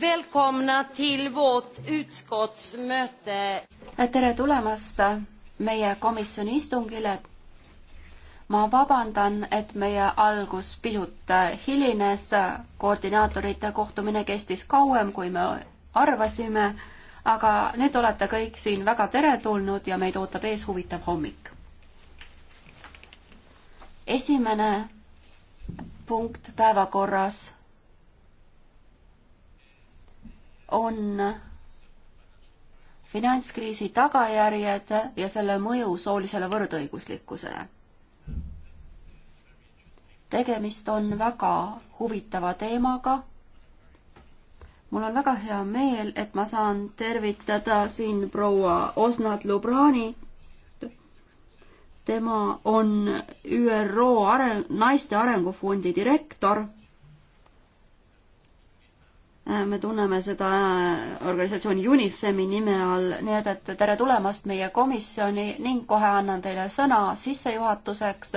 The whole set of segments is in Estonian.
Välkomna till vårt utskottsmöte. tere tulemast meie komisjoni istungile. ma vabandan, et meie algus pisut hilines, koordinaatorite kohtumine kestis kauem, kui me arvasime, aga nüüd olete kõik siin väga teretulnud ja meid ootab ees huvitav hommik. esimene punkt päevakorras on finantskriisi tagajärjed ja selle mõju soolisele võrdõiguslikkusele. tegemist on väga huvitava teemaga. mul on väga hea meel, et ma saan tervitada siin proua Osnat Lubrani. tema on ÜRO are-, naiste arengufondi direktor Äh, me tunneme seda äh, organisatsiooni UNIFEM-i nime all, nii et, et tere tulemast meie komisjoni ning kohe annan teile sõna sissejuhatuseks.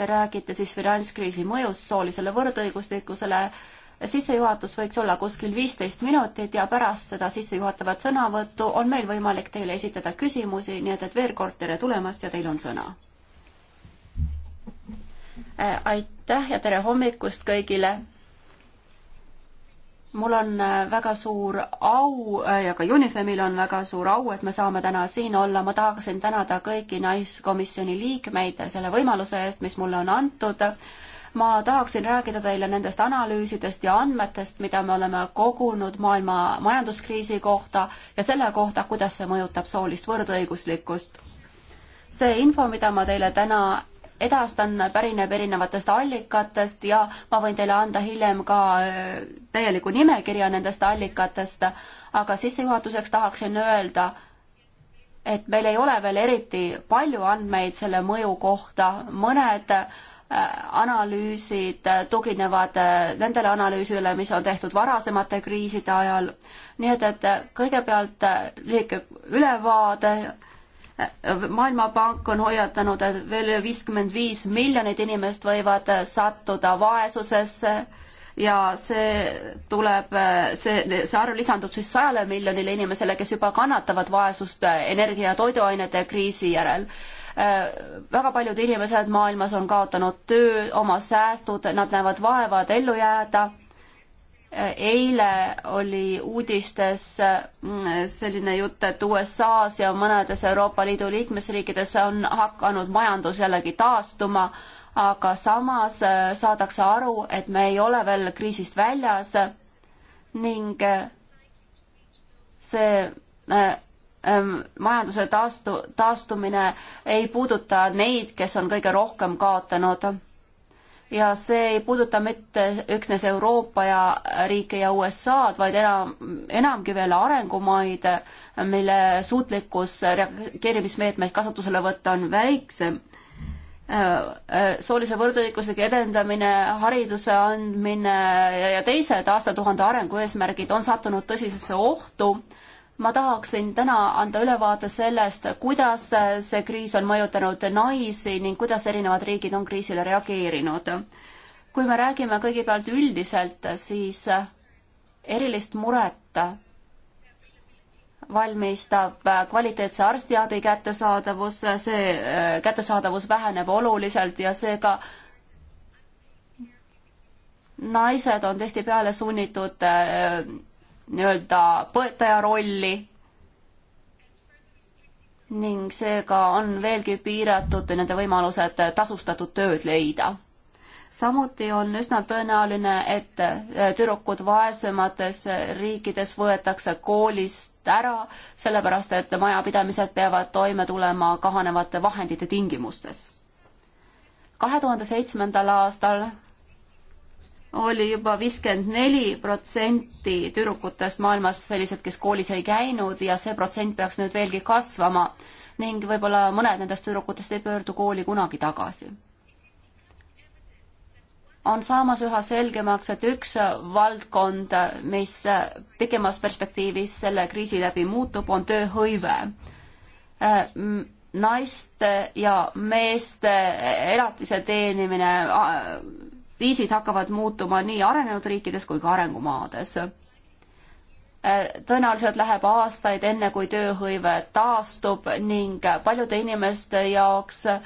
Te räägite siis finantskriisi mõjust soolisele võrdõiguslikkusele. sissejuhatus võiks olla kuskil viisteist minutit ja pärast seda sissejuhatavat sõnavõttu on meil võimalik teile esitada küsimusi, nii et, et veel kord tere tulemast ja teil on sõna. Äh, aitäh ja tere hommikust kõigile mul on äh, väga suur au äh, ja ka UNIFEMil on väga suur au, et me saame täna siin olla. ma tahaksin tänada kõiki naiskomisjoni liikmeid selle võimaluse eest, mis mulle on antud. ma tahaksin rääkida teile nendest analüüsidest ja andmetest, mida me oleme kogunud maailma majanduskriisi kohta ja selle kohta, kuidas see mõjutab soolist võrdõiguslikkust. see info, mida ma teile täna edastan, pärineb erinevatest allikatest ja ma võin teile anda hiljem ka äh, täieliku nimekirja nendest allikatest, aga sissejuhatuseks tahaksin öelda, et meil ei ole veel eriti palju andmeid selle mõju kohta, mõned äh, analüüsid äh, tuginevad nendele analüüsidele, mis on tehtud varasemate kriiside ajal. nii et, et kõigepealt lühike ülevaade maailmapank on hoiatanud, et veel viiskümmend viis miljonit inimest võivad sattuda vaesusesse ja see tuleb, see, see arv lisandub siis sajale miljonile inimesele, kes juba kannatavad vaesust energia ja toiduainete kriisi järel. väga paljud inimesed maailmas on kaotanud töö, oma säästud, nad näevad vaeva, et ellu jääda eile oli uudistes mm, selline jutt, et USA-s ja mõnedes Euroopa Liidu liikmesriikides on hakanud majandus jällegi taastuma, aga samas äh, saadakse aru, et me ei ole veel kriisist väljas ning äh, see äh, ähm, majanduse taastu, taastumine ei puuduta neid, kes on kõige rohkem kaotanud ja see ei puuduta mitte üksnes Euroopa ja riike ja USA-d, vaid enam, enamgi veel arengumaid, mille suutlikkus reageerimismeetmeid kasutusele võtta on väiksem. Äh, äh, soolise võrdõiguslike edendamine, hariduse andmine ja teised aastatuhande arengu eesmärgid on sattunud tõsisesse ohtu ma tahaksin täna anda ülevaate sellest, kuidas see kriis on mõjutanud naisi ning kuidas erinevad riigid on kriisile reageerinud. kui me räägime kõigepealt üldiselt, siis erilist muret valmistab kvaliteetse arstiabi kättesaadavus, see äh, kättesaadavus väheneb oluliselt ja seega naised on tihtipeale sunnitud äh, nii-öelda põetaja rolli ning seega on veelgi piiratud nende võimalused tasustatud tööd leida. samuti on üsna tõenäoline, et äh, tüdrukud vaesemates riikides võetakse koolist ära, sellepärast et majapidamised peavad toime tulema kahanevate vahendite tingimustes. kahe tuhande seitsmendal aastal oli juba viiskümmend neli protsenti tüdrukutest maailmas sellised, kes koolis ei käinud ja see protsent peaks nüüd veelgi kasvama ning võib-olla mõned nendest tüdrukutest ei pöördu kooli kunagi tagasi. on saamas üha selgemaks, et üks valdkond, mis pikemas perspektiivis selle kriisi läbi muutub, on tööhõive naiste ja meeste elatise teenimine viisid hakkavad muutuma nii arenenud riikides kui ka arengumaades. tõenäoliselt läheb aastaid, enne kui tööhõive taastub ning paljude inimeste jaoks eh,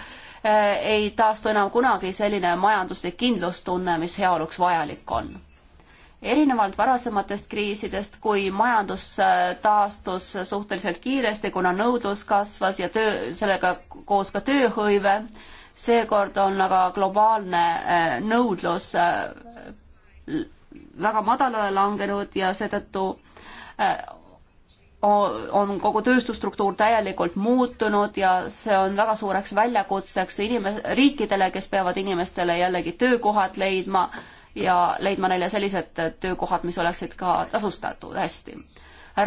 ei taastu enam kunagi selline majanduslik kindlustunne, mis heaoluks vajalik on. erinevalt varasematest kriisidest, kui majandus eh, taastus suhteliselt kiiresti, kuna nõudlus kasvas ja töö, sellega koos ka tööhõive, seekord on aga globaalne äh, nõudlus äh, väga madalale langenud ja seetõttu äh, on kogu tööstusstruktuur täielikult muutunud ja see on väga suureks väljakutseks inimes-, riikidele, kes peavad inimestele jällegi töökohad leidma ja leidma neile sellised töökohad, mis oleksid ka tasustatud hästi.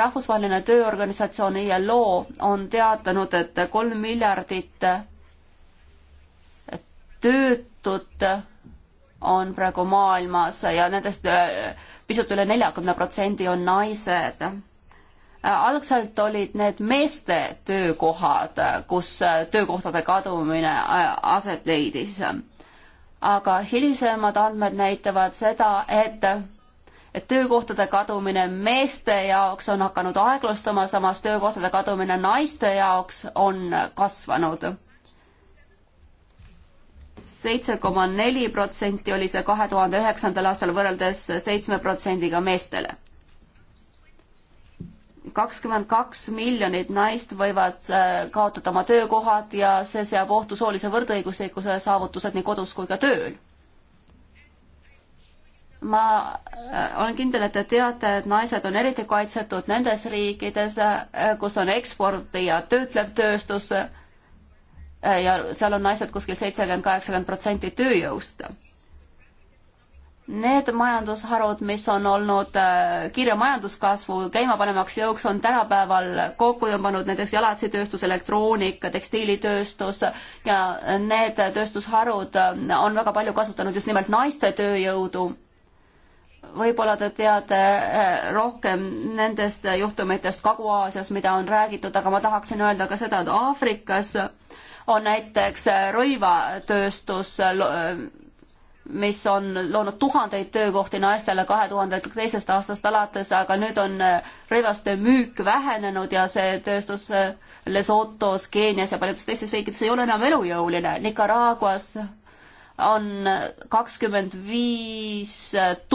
rahvusvaheline Tööorganisatsioon ILO e on teatanud, et kolm miljardit töötut on praegu maailmas ja nendest äh, pisut üle neljakümne protsendi on naised. algselt olid need meeste töökohad, kus töökohtade kadumine äh, aset leidis. aga hilisemad andmed näitavad seda, et et töökohtade kadumine meeste jaoks on hakanud aeglustuma, samas töökohtade kadumine naiste jaoks on kasvanud seitse koma neli protsenti oli see kahe tuhande üheksandal aastal võrreldes seitsme protsendiga meestele. kakskümmend kaks miljonit naist võivad äh, kaotada oma töökohad ja see seab ohtu soolise võrdõiguslikkuse saavutused nii kodus kui ka tööl. ma äh, olen kindel, et te teate, et naised on eriti kaitsetud nendes riikides, äh, kus on ekspordi ja töötlev tööstus Äh, ja seal on naised kuskil seitsekümmend, kaheksakümmend protsenti tööjõust. Need majandusharud, mis on olnud äh, kiire majanduskasvu käimapanemaks jõuks, on tänapäeval kokku tõmmanud näiteks jalatsitööstus, elektroonika, tekstiilitööstus ja need tööstusharud äh, on väga palju kasutanud just nimelt naiste tööjõudu võib-olla te teate rohkem nendest juhtumitest Kagu-Aasias, mida on räägitud, aga ma tahaksin öelda ka seda, et Aafrikas on näiteks rõivatööstus, mis on loonud tuhandeid töökohti naistele kahe tuhande teisest aastast alates, aga nüüd on rõivaste müük vähenenud ja see tööstus Lesotos, Keenias ja paljudes teistes riikides ei ole enam elujõuline. Nicaraguas on kakskümmend viis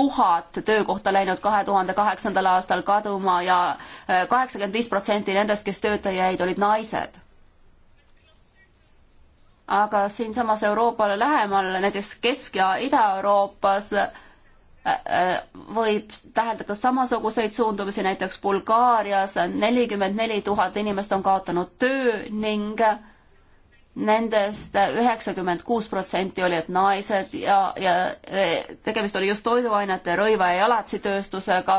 tuhat töökohta läinud kahe tuhande kaheksandal aastal kaduma ja kaheksakümmend viis protsenti nendest, kes tööta jäid, olid naised aga siinsamas Euroopale lähemal, näiteks Kesk- ja Ida-Euroopas äh, äh, võib täheldada samasuguseid suundumusi, näiteks Bulgaarias nelikümmend neli tuhat inimest on kaotanud töö ning nendest üheksakümmend kuus protsenti olid naised ja, ja e, tegemist oli just toiduainete, rõiva ja jalatsitööstusega.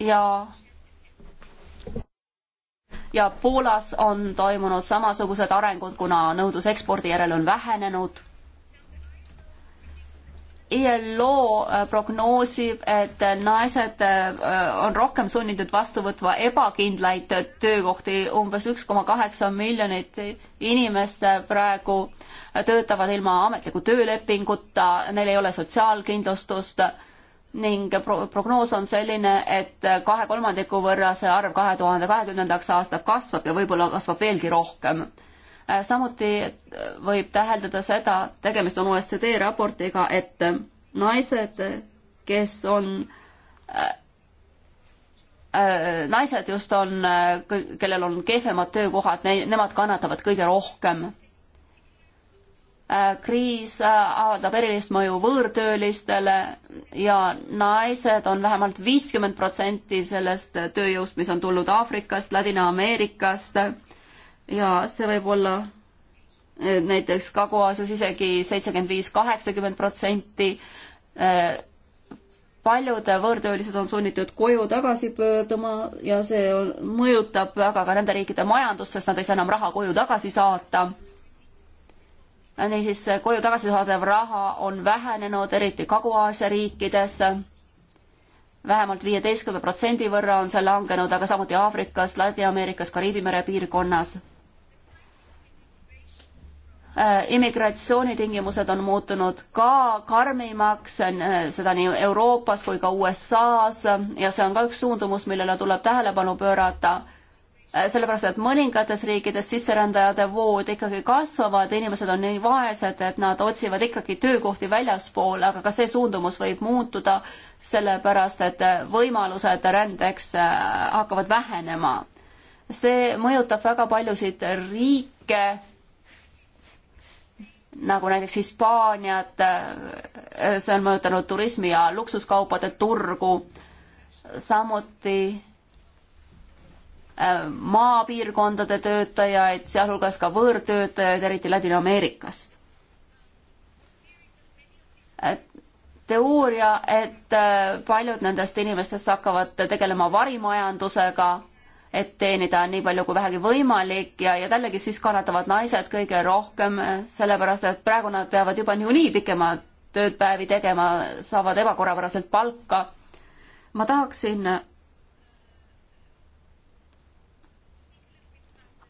ja ja Poolas on toimunud samasugused arengud, kuna nõudlus ekspordi järele on vähenenud. ILO äh, prognoosib, et naised äh, on rohkem sunnitud vastu võtma ebakindlaid töökohti, umbes üks koma kaheksa miljonit inimest praegu töötavad ilma ametliku töölepinguta, neil ei ole sotsiaalkindlustust ning pro prognoos on selline, et kahe kolmandiku võrra see arv kahe tuhande kahekümnendaks aastaks kasvab ja võib-olla kasvab veelgi rohkem. Äh, samuti äh, võib täheldada seda, tegemist on OECD raportiga, et naised, kes on äh, naised just on, kellel on kehvemad töökohad, nemad kannatavad kõige rohkem Äh, kriis äh, avaldab erilist mõju võõrtöölistele ja naised on vähemalt viiskümmend protsenti sellest tööjõust, mis on tulnud Aafrikast, Ladina-Ameerikast ja see võib olla äh, näiteks Kagu-Aasias isegi seitsekümmend viis, kaheksakümmend protsenti. paljud võõrtöölised on sunnitud koju tagasi pöörduma ja see on, mõjutab väga ka nende riikide majandust, sest nad ei saa enam raha koju tagasi saata niisiis koju tagasi saadav raha on vähenenud, eriti Kagu-Aasia riikides vähemalt viieteistkümne protsendi võrra on see langenud, aga samuti Aafrikas, Ladina-Ameerikas, Kariibi mere piirkonnas. Äh, immigratsioonitingimused on muutunud ka karmimaks, äh, seda nii Euroopas kui ka USA-s ja see on ka üks suundumus, millele tuleb tähelepanu pöörata Äh, sellepärast et mõningates riikides sisserändajate vood ikkagi kasvavad, inimesed on nii vaesed, et nad otsivad ikkagi töökohti väljaspool, aga ka see suundumus võib muutuda, sellepärast et äh, võimalused rändeks äh, hakkavad vähenema. see mõjutab väga paljusid riike, nagu näiteks Hispaaniat, see on mõjutanud turismi ja luksuskaupade turgu, samuti Äh, maapiirkondade töötajaid, sealhulgas ka võõrtöötajaid, eriti Ladina-Ameerikast. teooria, et äh, paljud nendest inimestest hakkavad tegelema varimajandusega, et teenida nii palju kui vähegi võimalik ja, ja jällegi siis kannatavad naised kõige rohkem, sellepärast et praegu nad peavad juba niikuinii pikemad tööpäevi tegema, saavad ebakorrapäraselt palka. ma tahaksin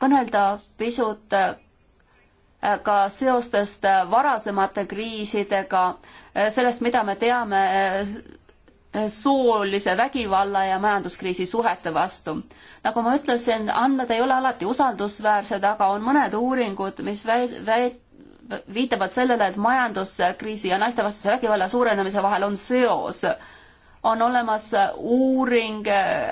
kõnelda pisut äh, ka seostest äh, varasemate kriisidega, äh, sellest, mida me teame soolise vägivalla ja majanduskriisi suhete vastu. nagu ma ütlesin, andmed ei ole alati usaldusväärsed, aga on mõned uuringud, mis väid-, väid-, viitavad sellele, et majanduskriisi ja naistevastase vägivalla suurenemise vahel on seos on olemas uuring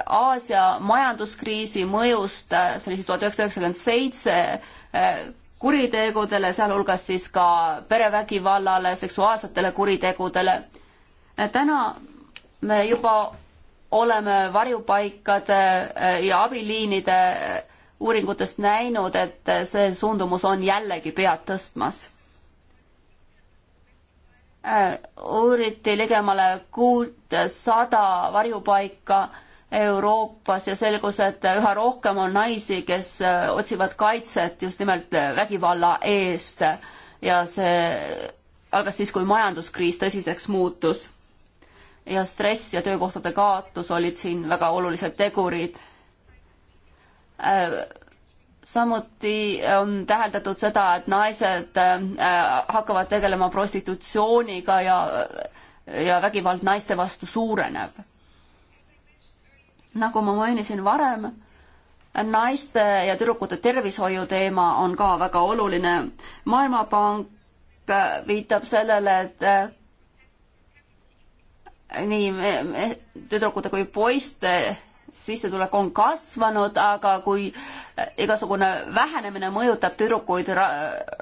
Aasia majanduskriisi mõjust, see oli siis tuhat üheksasada üheksakümmend seitse, kuritegudele, sealhulgas siis ka perevägivallale, seksuaalsetele kuritegudele. täna me juba oleme varjupaikade ja abiliinide uuringutest näinud, et see suundumus on jällegi pead tõstmas Äh, uuriti ligemale kuutsada varjupaika Euroopas ja selgus, et üha rohkem on naisi, kes äh, otsivad kaitset just nimelt äh, vägivalla eest ja see algas siis, kui majanduskriis tõsiseks muutus. ja stress ja töökohtade kaotus olid siin väga olulised tegurid samuti on täheldatud seda, et naised äh, hakkavad tegelema prostitutsiooniga ja, ja vägivald naiste vastu suureneb. nagu ma mainisin varem, naiste ja tüdrukute tervishoiu teema on ka väga oluline. maailmapank äh, viitab sellele, et äh, nii tüdrukute kui poiste sissetulek on kasvanud, aga kui äh, igasugune vähenemine mõjutab tüdrukuid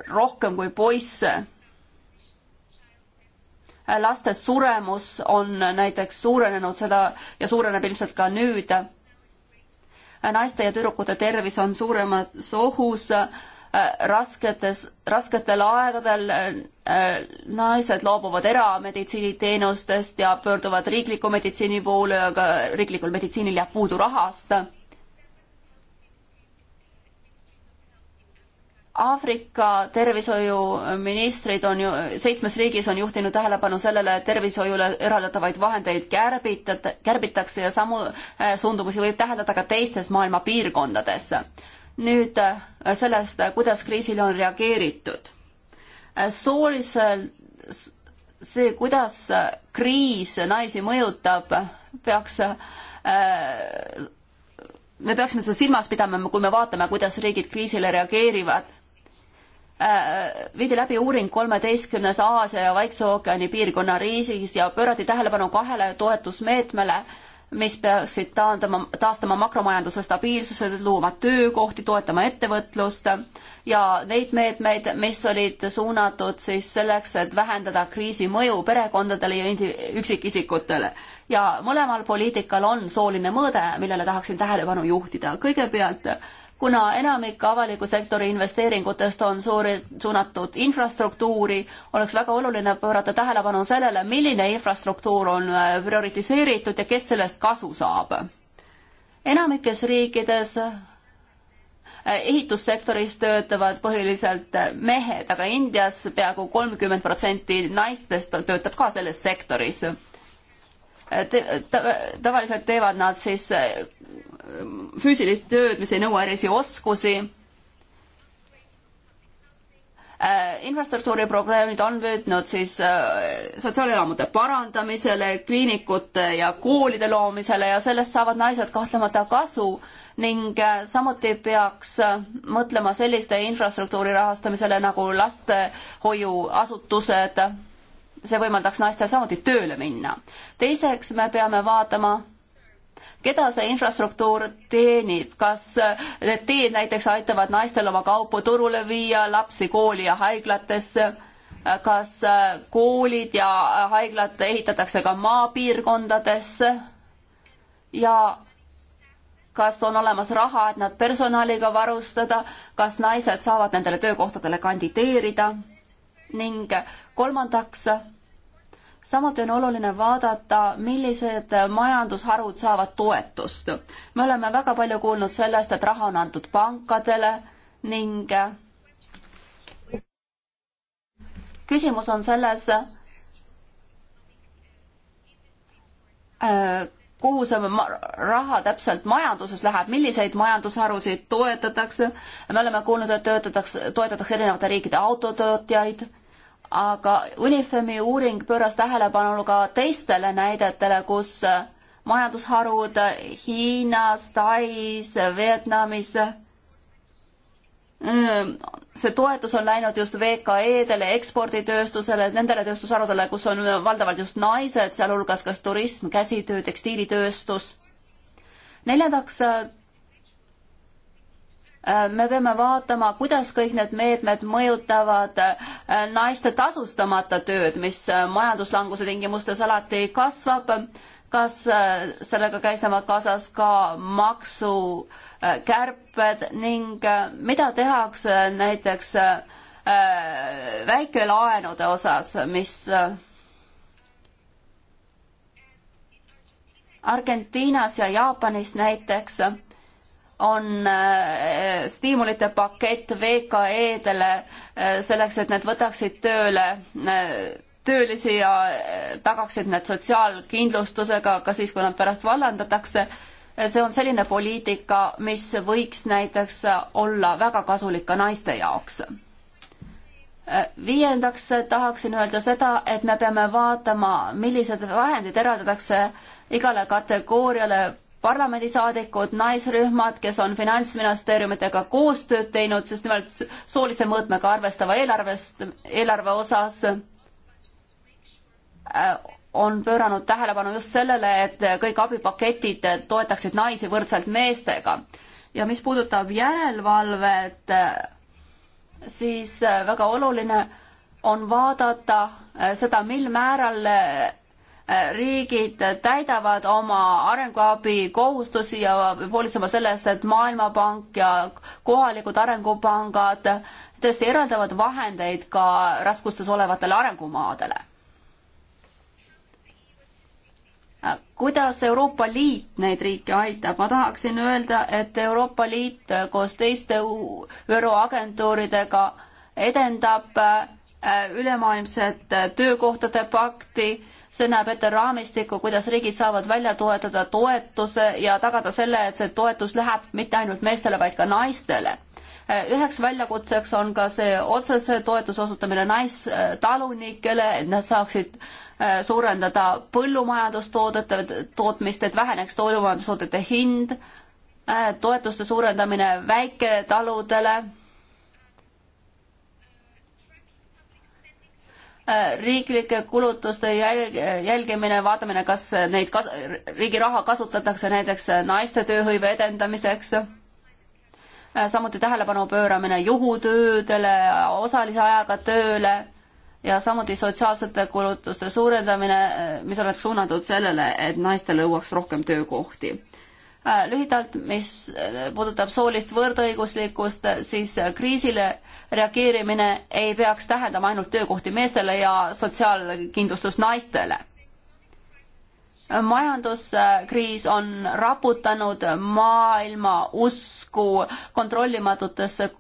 rohkem kui poisse, laste suremus on näiteks suurenenud seda ja suureneb ilmselt ka nüüd naiste ja tüdrukute tervis on suuremas ohus, Äh, rasketes, rasketel aegadel äh, naised loobuvad erameditsiiniteenustest ja pöörduvad riikliku meditsiini poole, aga riiklikul meditsiinil jääb puudu rahast. Aafrika tervishoiuministrid on ju, seitsmes riigis on juhtinud tähelepanu sellele, et tervishoiule eraldatavaid vahendeid kärbitat-, kärbitakse ja samu äh, suundumusi võib täheldada ka teistes maailma piirkondades nüüd äh, sellest, äh, kuidas kriisile on reageeritud. Äh, sooliselt see, kuidas kriis naisi mõjutab, peaks me peaksime seda silmas pidama, kui me vaatame, kuidas riigid kriisile reageerivad. viidi läbi uuring kolmeteistkümnes Aasia ja Vaikse ookeani piirkonna riigis ja pöörati tähelepanu kahele toetusmeetmele mis peaksid taandama, taastama makromajanduse stabiilsuse, looma töökohti, toetama ettevõtlust ja neid meetmeid, mis olid suunatud siis selleks, et vähendada kriisi mõju perekondadele ja üksikisikutele. ja mõlemal poliitikal on sooline mõõde, millele tahaksin tähelepanu juhtida. kõigepealt äh, kuna enamik avaliku sektori investeeringutest on suuri, suunatud infrastruktuuri, oleks väga oluline pöörata tähelepanu sellele, milline infrastruktuur on äh, prioritiseeritud ja kes sellest kasu saab. enamikes riikides äh, ehitussektoris töötavad põhiliselt äh, mehed, aga Indias peaaegu kolmkümmend protsenti naistest töötab ka selles sektoris te, ta, tavaliselt teevad nad siis äh, füüsilist tööd, mis ei nõua erilisi oskusi äh, infrastruktuuri probleemid on püüdnud siis äh, sotsiaalelamute parandamisele, kliinikute ja koolide loomisele ja sellest saavad naised kahtlemata kasu ning samuti peaks mõtlema selliste infrastruktuuri rahastamisele nagu lastehoiuasutused see võimaldaks naistel samuti tööle minna. teiseks me peame vaatama, keda see infrastruktuur teenib, kas need teed näiteks aitavad naistel oma kaupu turule viia, lapsi kooli ja haiglatesse, kas koolid ja haiglad ehitatakse ka maapiirkondadesse ja kas on olemas raha, et nad personaliga varustada, kas naised saavad nendele töökohtadele kandideerida ning kolmandaks samuti on oluline vaadata, millised majandusharud saavad toetust. me oleme väga palju kuulnud sellest, et raha on antud pankadele ning küsimus on selles, kuhu see raha täpselt majanduses läheb, milliseid majandusharusid toetatakse, me oleme kuulnud, et töötatakse, toetatakse erinevate riikide autotootjaid aga UNIFEM-i uuring pööras tähelepanu ka teistele näidetele, kus äh, majandusharud Hiinas, Tais, Vietnamis, äh, see toetus on läinud just VKE-dele, eksporditööstusele, nendele tööstusharudele, kus on valdavalt just naised, sealhulgas kas turism, käsitöö, tekstiilitööstus. neljandaks äh, Äh, me peame vaatama, kuidas kõik need meetmed mõjutavad äh, naiste tasustamata tööd, mis äh, majanduslanguse tingimustes alati kasvab. kas sellega käisavad kaasas ka maksukärped ning mida tehakse näiteks väikelaenude osas, mis Argentiinas ja Jaapanis näiteks on äh, stiimulite pakett VKE-dele äh, selleks, et need võtaksid tööle äh, töölisi ja tagaksid need sotsiaalkindlustusega ka siis, kui nad pärast vallandatakse. see on selline poliitika, mis võiks näiteks olla väga kasulik ka naiste jaoks. Viiendaks tahaksin öelda seda, et me peame vaatama, millised vahendid eraldatakse igale kategooriale parlamendisaadikud, naisrühmad, kes on finantsministeeriumitega koostööd teinud just nimelt soolise mõõtmega arvestava eelarvest, eelarve osas äh, on pööranud tähelepanu just sellele, et kõik abipaketid toetaksid naisi võrdselt meestega. ja mis puudutab järelevalvet, siis väga oluline on vaadata äh, seda, mil määral riigid täidavad oma arenguabi kohustusi ja hoolitsema selle eest, et Maailmapank ja kohalikud arengupangad tõesti eraldavad vahendeid ka raskustes olevatele arengumaadele. kuidas Euroopa Liit neid riike aitab, ma tahaksin öelda, et Euroopa Liit koos teiste ÜRO agentuuridega edendab äh, ülemaailmset töökohtade pakti, see näeb ette raamistikku, kuidas riigid saavad välja toetada toetuse ja tagada selle, et see toetus läheb mitte ainult meestele, vaid ka naistele. üheks väljakutseks on ka see otsese toetuse osutamine naistalunikele, et nad saaksid äh, suurendada põllumajandustoodete tootmist, et väheneks põllumajandustoodete hind, äh, toetuste suurendamine väiketaludele Äh, riiklike kulutuste jälg, jälgimine, vaatamine, kas neid kas, riigi raha kasutatakse näiteks naiste tööhõive edendamiseks, äh, samuti tähelepanu pööramine juhutöödele, osalise ajaga tööle ja samuti sotsiaalsete kulutuste suurendamine, äh, mis oleks suunatud sellele, et naistele õuaks rohkem töökohti Äh, lühidalt, mis äh, puudutab soolist võrdõiguslikkust, äh, siis kriisile reageerimine ei peaks tähendama ainult töökohti meestele ja sotsiaalkindlustus naistele. majanduskriis on raputanud maailma usku kontrollimatutesse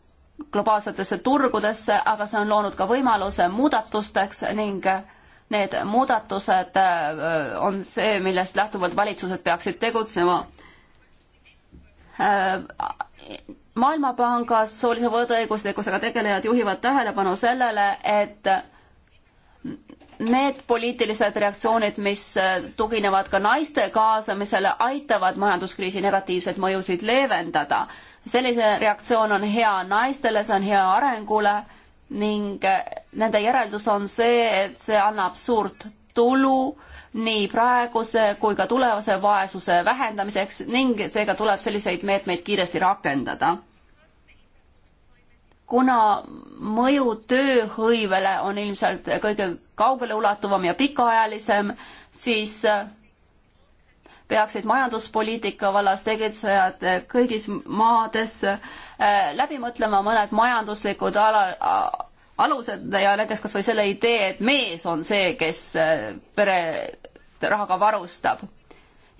globaalsetesse turgudesse, aga see on loonud ka võimaluse muudatusteks ning need muudatused on see, millest lähtuvalt valitsused peaksid tegutsema Äh, maailmapangas soolise võrdõiguslikkusega tegelejad juhivad tähelepanu sellele, et need poliitilised reaktsioonid, mis äh, tuginevad ka naiste kaasamisele, aitavad majanduskriisi negatiivseid mõjusid leevendada. selline reaktsioon on hea naistele, see on hea arengule ning äh, nende järeldus on see, et see annab suurt tulu äh, nii praeguse kui ka tulevase vaesuse vähendamiseks ning seega tuleb selliseid meetmeid kiiresti rakendada. kuna mõju tööhõivele on ilmselt kõige kaugeleulatuvam ja pikaajalisem, siis peaksid majanduspoliitika vallas tegutsejad kõigis maades äh, läbi mõtlema mõned majanduslikud ala, alused ja näiteks kas või selle idee, et mees on see, kes äh, pere rahaga varustab.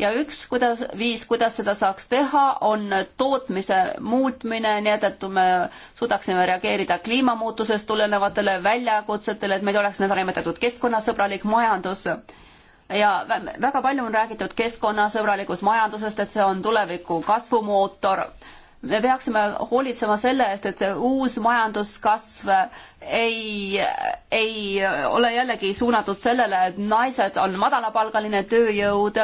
ja üks kuidas, viis, kuidas seda saaks teha, on tootmise muutmine, nii et, et me suudaksime reageerida kliimamuutusest tulenevatele väljakutsetele, et meil oleks nõndanimetatud keskkonnasõbralik majandus ja väga palju on räägitud keskkonnasõbralikust majandusest, et see on tuleviku kasvumootor me peaksime hoolitsema selle eest, et see uus majanduskasv ei, ei ole jällegi suunatud sellele, et naised on madalapalgaline tööjõud,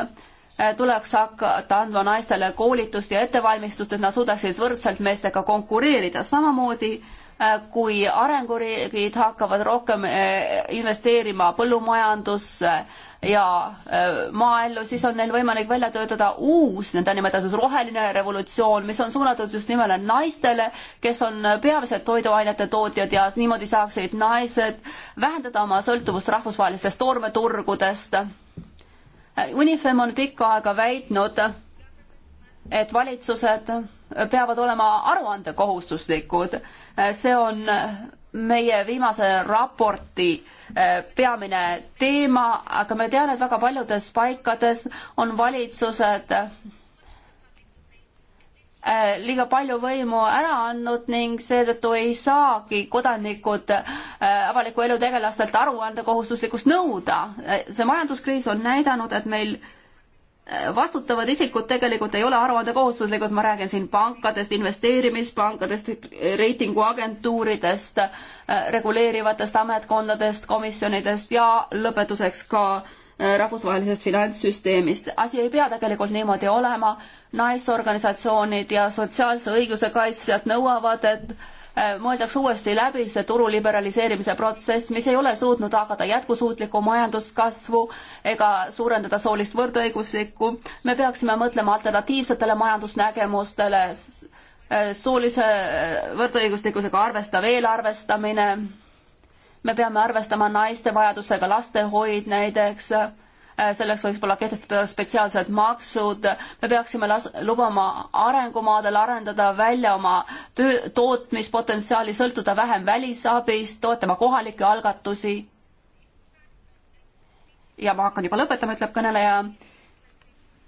tuleks hakata andma naistele koolitust ja ettevalmistust, et nad suudaksid võrdselt meestega konkureerida, samamoodi kui arenguriigid hakkavad rohkem eh, investeerima põllumajandusse, ja äh, maaellu, siis on neil võimalik välja töötada uus nõndanimetatud roheline revolutsioon, mis on suunatud just nimelt naistele, kes on peamised toiduainete tootjad ja niimoodi saaksid naised vähendada oma sõltuvust rahvusvahelistest toormeturgudest. UNIFEM on pikka aega väitnud, et valitsused peavad olema aruandekohustuslikud. see on meie viimase raporti äh, peamine teema, aga ma tean, et väga paljudes paikades on valitsused äh, liiga palju võimu ära andnud ning seetõttu ei saagi kodanikud äh, avaliku elu tegelastelt aruandekohustuslikkust nõuda. see majanduskriis on näidanud, et meil vastutavad isikud tegelikult ei ole aruandekohustuslikud, ma räägin siin pankadest, investeerimispankadest, reitinguagentuuridest, äh, reguleerivatest ametkondadest, komisjonidest ja lõpetuseks ka äh, rahvusvahelisest finantssüsteemist. asi ei pea tegelikult niimoodi olema, naisorganisatsioonid ja sotsiaalse õiguse kaitsjad nõuavad, et Äh, mõeldaks uuesti läbi see turu liberaliseerimise protsess, mis ei ole suutnud tagada jätkusuutlikku majanduskasvu ega suurendada soolist võrdõiguslikku. me peaksime mõtlema alternatiivsetele majandusnägemustele, äh, soolise äh, võrdõiguslikkusega arvestav eelarvestamine, me peame arvestama naiste vajadustega lastehoid näiteks Äh, selleks võiks olla kehtestada spetsiaalsed maksud, me peaksime las-, lubama arengumaadel arendada välja oma töö, tootmispotentsiaali, sõltuda vähem välisabist, toetama kohalikke algatusi. ja ma hakkan juba lõpetama, ütleb kõneleja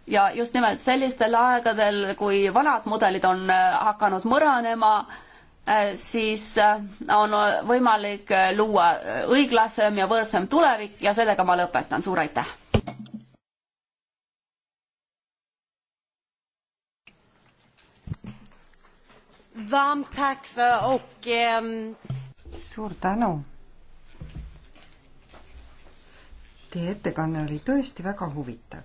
ja just nimelt sellistel aegadel, kui vanad mudelid on äh, hakanud mõranema, Äh, siis äh, on võimalik äh, luua õiglasem ja võrdsem tulevik ja sellega ma lõpetan, suur aitäh! Ehm, suur tänu! Teie ettekanne oli tõesti väga huvitav.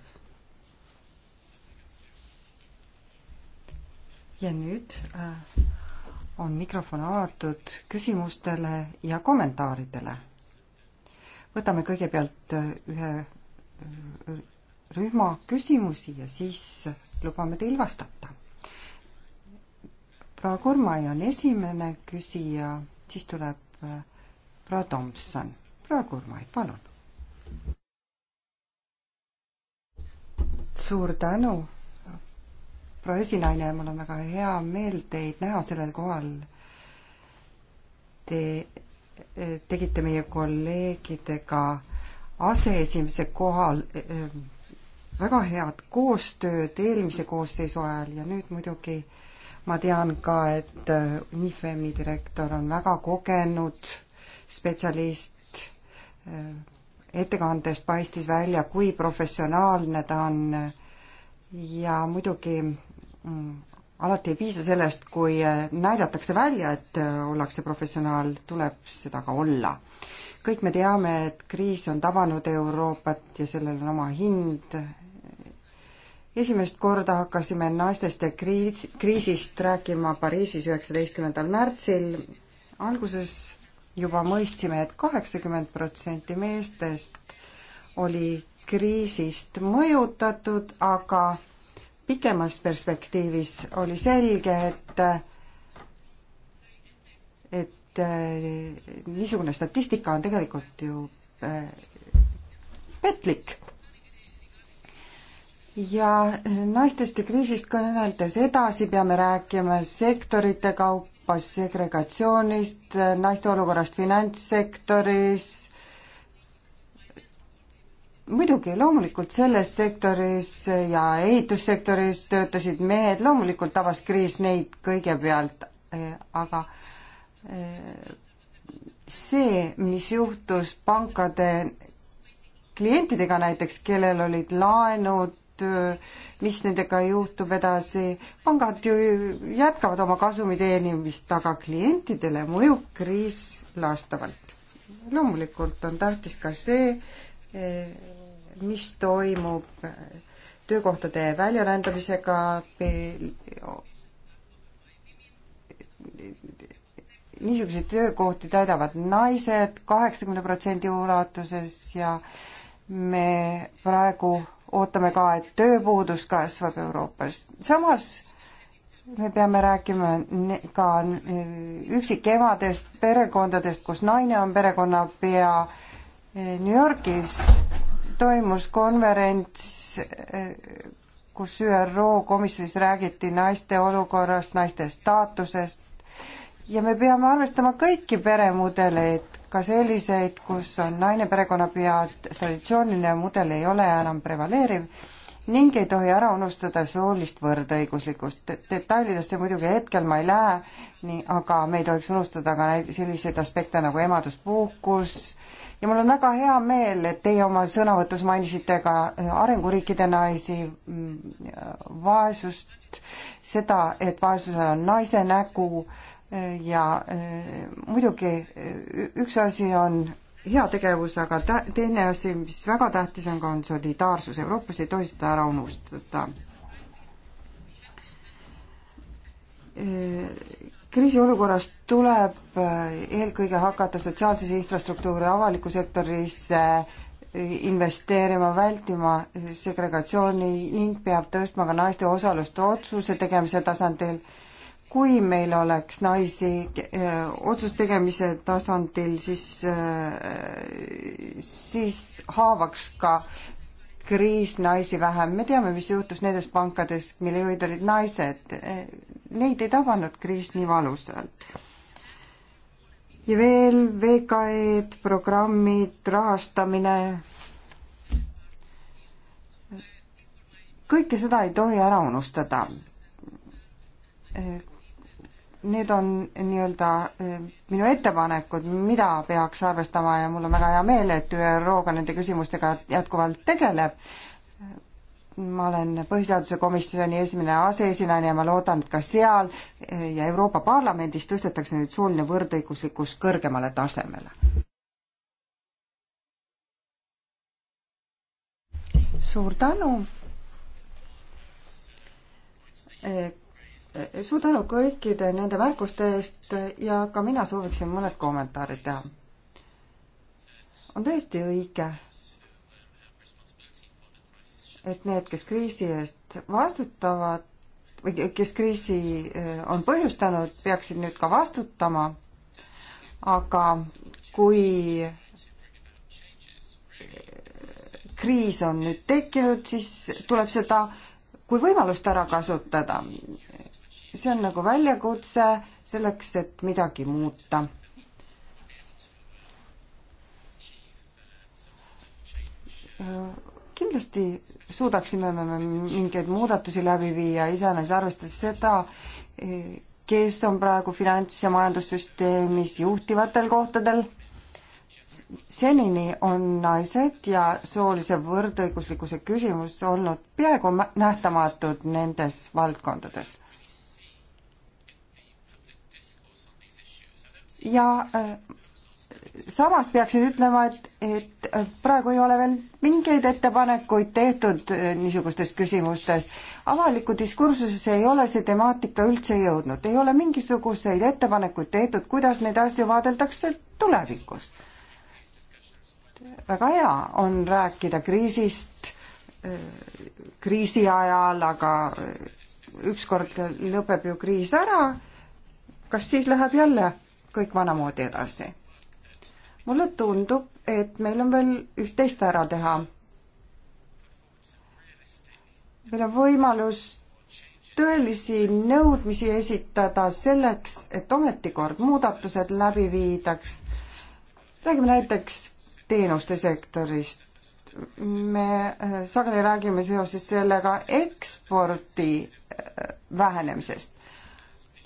ja nüüd äh, on mikrofon avatud küsimustele ja kommentaaridele. võtame kõigepealt äh, ühe äh, rühma küsimusi ja siis lubame teil vastata. proua Kurmai on esimene küsija, siis tuleb äh, proua Tomson. proua Kurmai, palun. suur tänu proua esinaine, mul on väga hea meel teid näha sellel kohal. Te eh, tegite meie kolleegidega aseesimese kohal eh, väga head koostööd eelmise koosseisu ajal ja nüüd muidugi ma tean ka, et eh, UNIFEM-i direktor on väga kogenud spetsialist. ettekandest paistis välja, kui professionaalne ta on. ja muidugi Mm. alati ei piisa sellest, kui eh, näidatakse välja, et eh, ollakse professionaal, tuleb seda ka olla. kõik me teame, et kriis on tabanud Euroopat ja sellel on oma hind. esimest korda hakkasime naistest ja kriis, kriisist rääkima Pariisis üheksateistkümnendal märtsil. alguses juba mõistsime et, et kaheksakümmend protsenti meestest oli kriisist mõjutatud, aga pikemas perspektiivis oli selge, et et niisugune statistika on tegelikult ju äh, petlik. ja naistest ja kriisist kõneldes edasi peame rääkima sektorite kaupa segregatsioonist, äh, naiste olukorrast finantssektoris, muidugi, loomulikult selles sektoris ja ehitussektoris töötasid mehed, loomulikult tabas kriis neid kõigepealt, eh, aga eh, see, mis juhtus pankade klientidega näiteks, kellel olid laenud, mis nendega juhtub edasi, pangad ju jätkavad oma kasumi teenimist, aga klientidele mõjub kriis laastavalt. loomulikult on tähtis ka see, eh, mis toimub töökohtade väljarändamisega, niisuguseid töökohti täidavad naised kaheksakümne protsendi ulatuses ja me praegu ootame ka, et tööpuudus kasvab Euroopas. samas me peame rääkima ka äh, üksikemadest, perekondadest, kus naine on perekonnapea. Äh, New Yorgis toimus konverents, kus ÜRO komisjonis räägiti naiste olukorrast, naiste staatusest ja me peame arvestama kõiki peremudeleid, ka selliseid, kus on naine perekonnapead, traditsiooniline mudel ei ole enam prevaleeriv ning ei tohi ära unustada soolist võrdõiguslikkust. detailidesse muidugi hetkel ma ei lähe, nii, aga me ei tohiks unustada ka selliseid aspekte nagu emaduspuhkus, ja mul on väga hea meel, et teie oma sõnavõtus mainisite ka äh, arenguriikide naisi, mm, vaesust, seda, et vaesusel on naise nägu äh, ja äh, muidugi üks asi on heategevus, aga tä-, teine asi, mis väga tähtis on ka, on solidaarsus. Euroopas ei tohi seda ära unustada kriisiolukorras tuleb eh, eelkõige hakata sotsiaalsesse infrastruktuuri avalikku sektorisse eh, investeerima, vältima eh, segregatsiooni ning peab tõstma ka naiste osalust otsuse tegemise tasandil. kui meil oleks naisi otsuse tegemise tasandil, siis, siis haavaks ka kriis naisi vähem. me teame, mis juhtus nendes pankades, mille juhid olid naised neid ei tabanud kriis nii valusalt. ja veel VKE-d, programmid, rahastamine. kõike seda ei tohi ära unustada. Need on nii-öelda eh, minu ettepanekud, mida peaks arvestama ja mul on väga hea meel, et ÜRO ka nende küsimustega jätkuvalt tegeleb ma olen Põhiseaduse Komisjoni esimene aseesinane ja ma loodan, et ka seal eh, ja Euroopa Parlamendis tõstetakse nüüd sooline võrdõiguslikkus kõrgemale tasemele. suur tänu. Eh, eh, suur tänu kõikide nende märkuste eest ja ka mina sooviksin mõned kommentaarid teha. on täiesti õige et need, kes kriisi eest vastutavad või kes kriisi eh, on põhjustanud, peaksid nüüd ka vastutama. aga kui eh, kriis on nüüd tekkinud, siis tuleb seda kui võimalust ära kasutada. see on nagu väljakutse selleks, et midagi muuta kindlasti suudaksime me mingeid muudatusi läbi viia, iseenesest arvestades seda, kes on praegu finants- ja majandussüsteemis juhtivatel kohtadel. senini on naised ja soolise võrdõiguslikkuse küsimus olnud peaaegu nähtamatud nendes valdkondades. ja äh, samas peaksin ütlema, et, et praegu ei ole veel mingeid ettepanekuid tehtud eh, niisugustes küsimustes. avalikku diskursusesse ei ole see temaatika üldse jõudnud, ei ole mingisuguseid ettepanekuid tehtud, kuidas neid asju vaadeldakse tulevikus. väga hea on rääkida kriisist eh, kriisi ajal, aga eh, ükskord lõpeb ju kriis ära, kas siis läheb jälle kõik vanamoodi edasi? mulle tundub, et meil on veel üht-teist ära teha. meil on võimalus tõelisi nõudmisi esitada selleks, et ometi kord muudatused läbi viidaks. räägime näiteks teenuste sektorist. me äh, sageli räägime seoses sellega ekspordi äh, vähenemisest,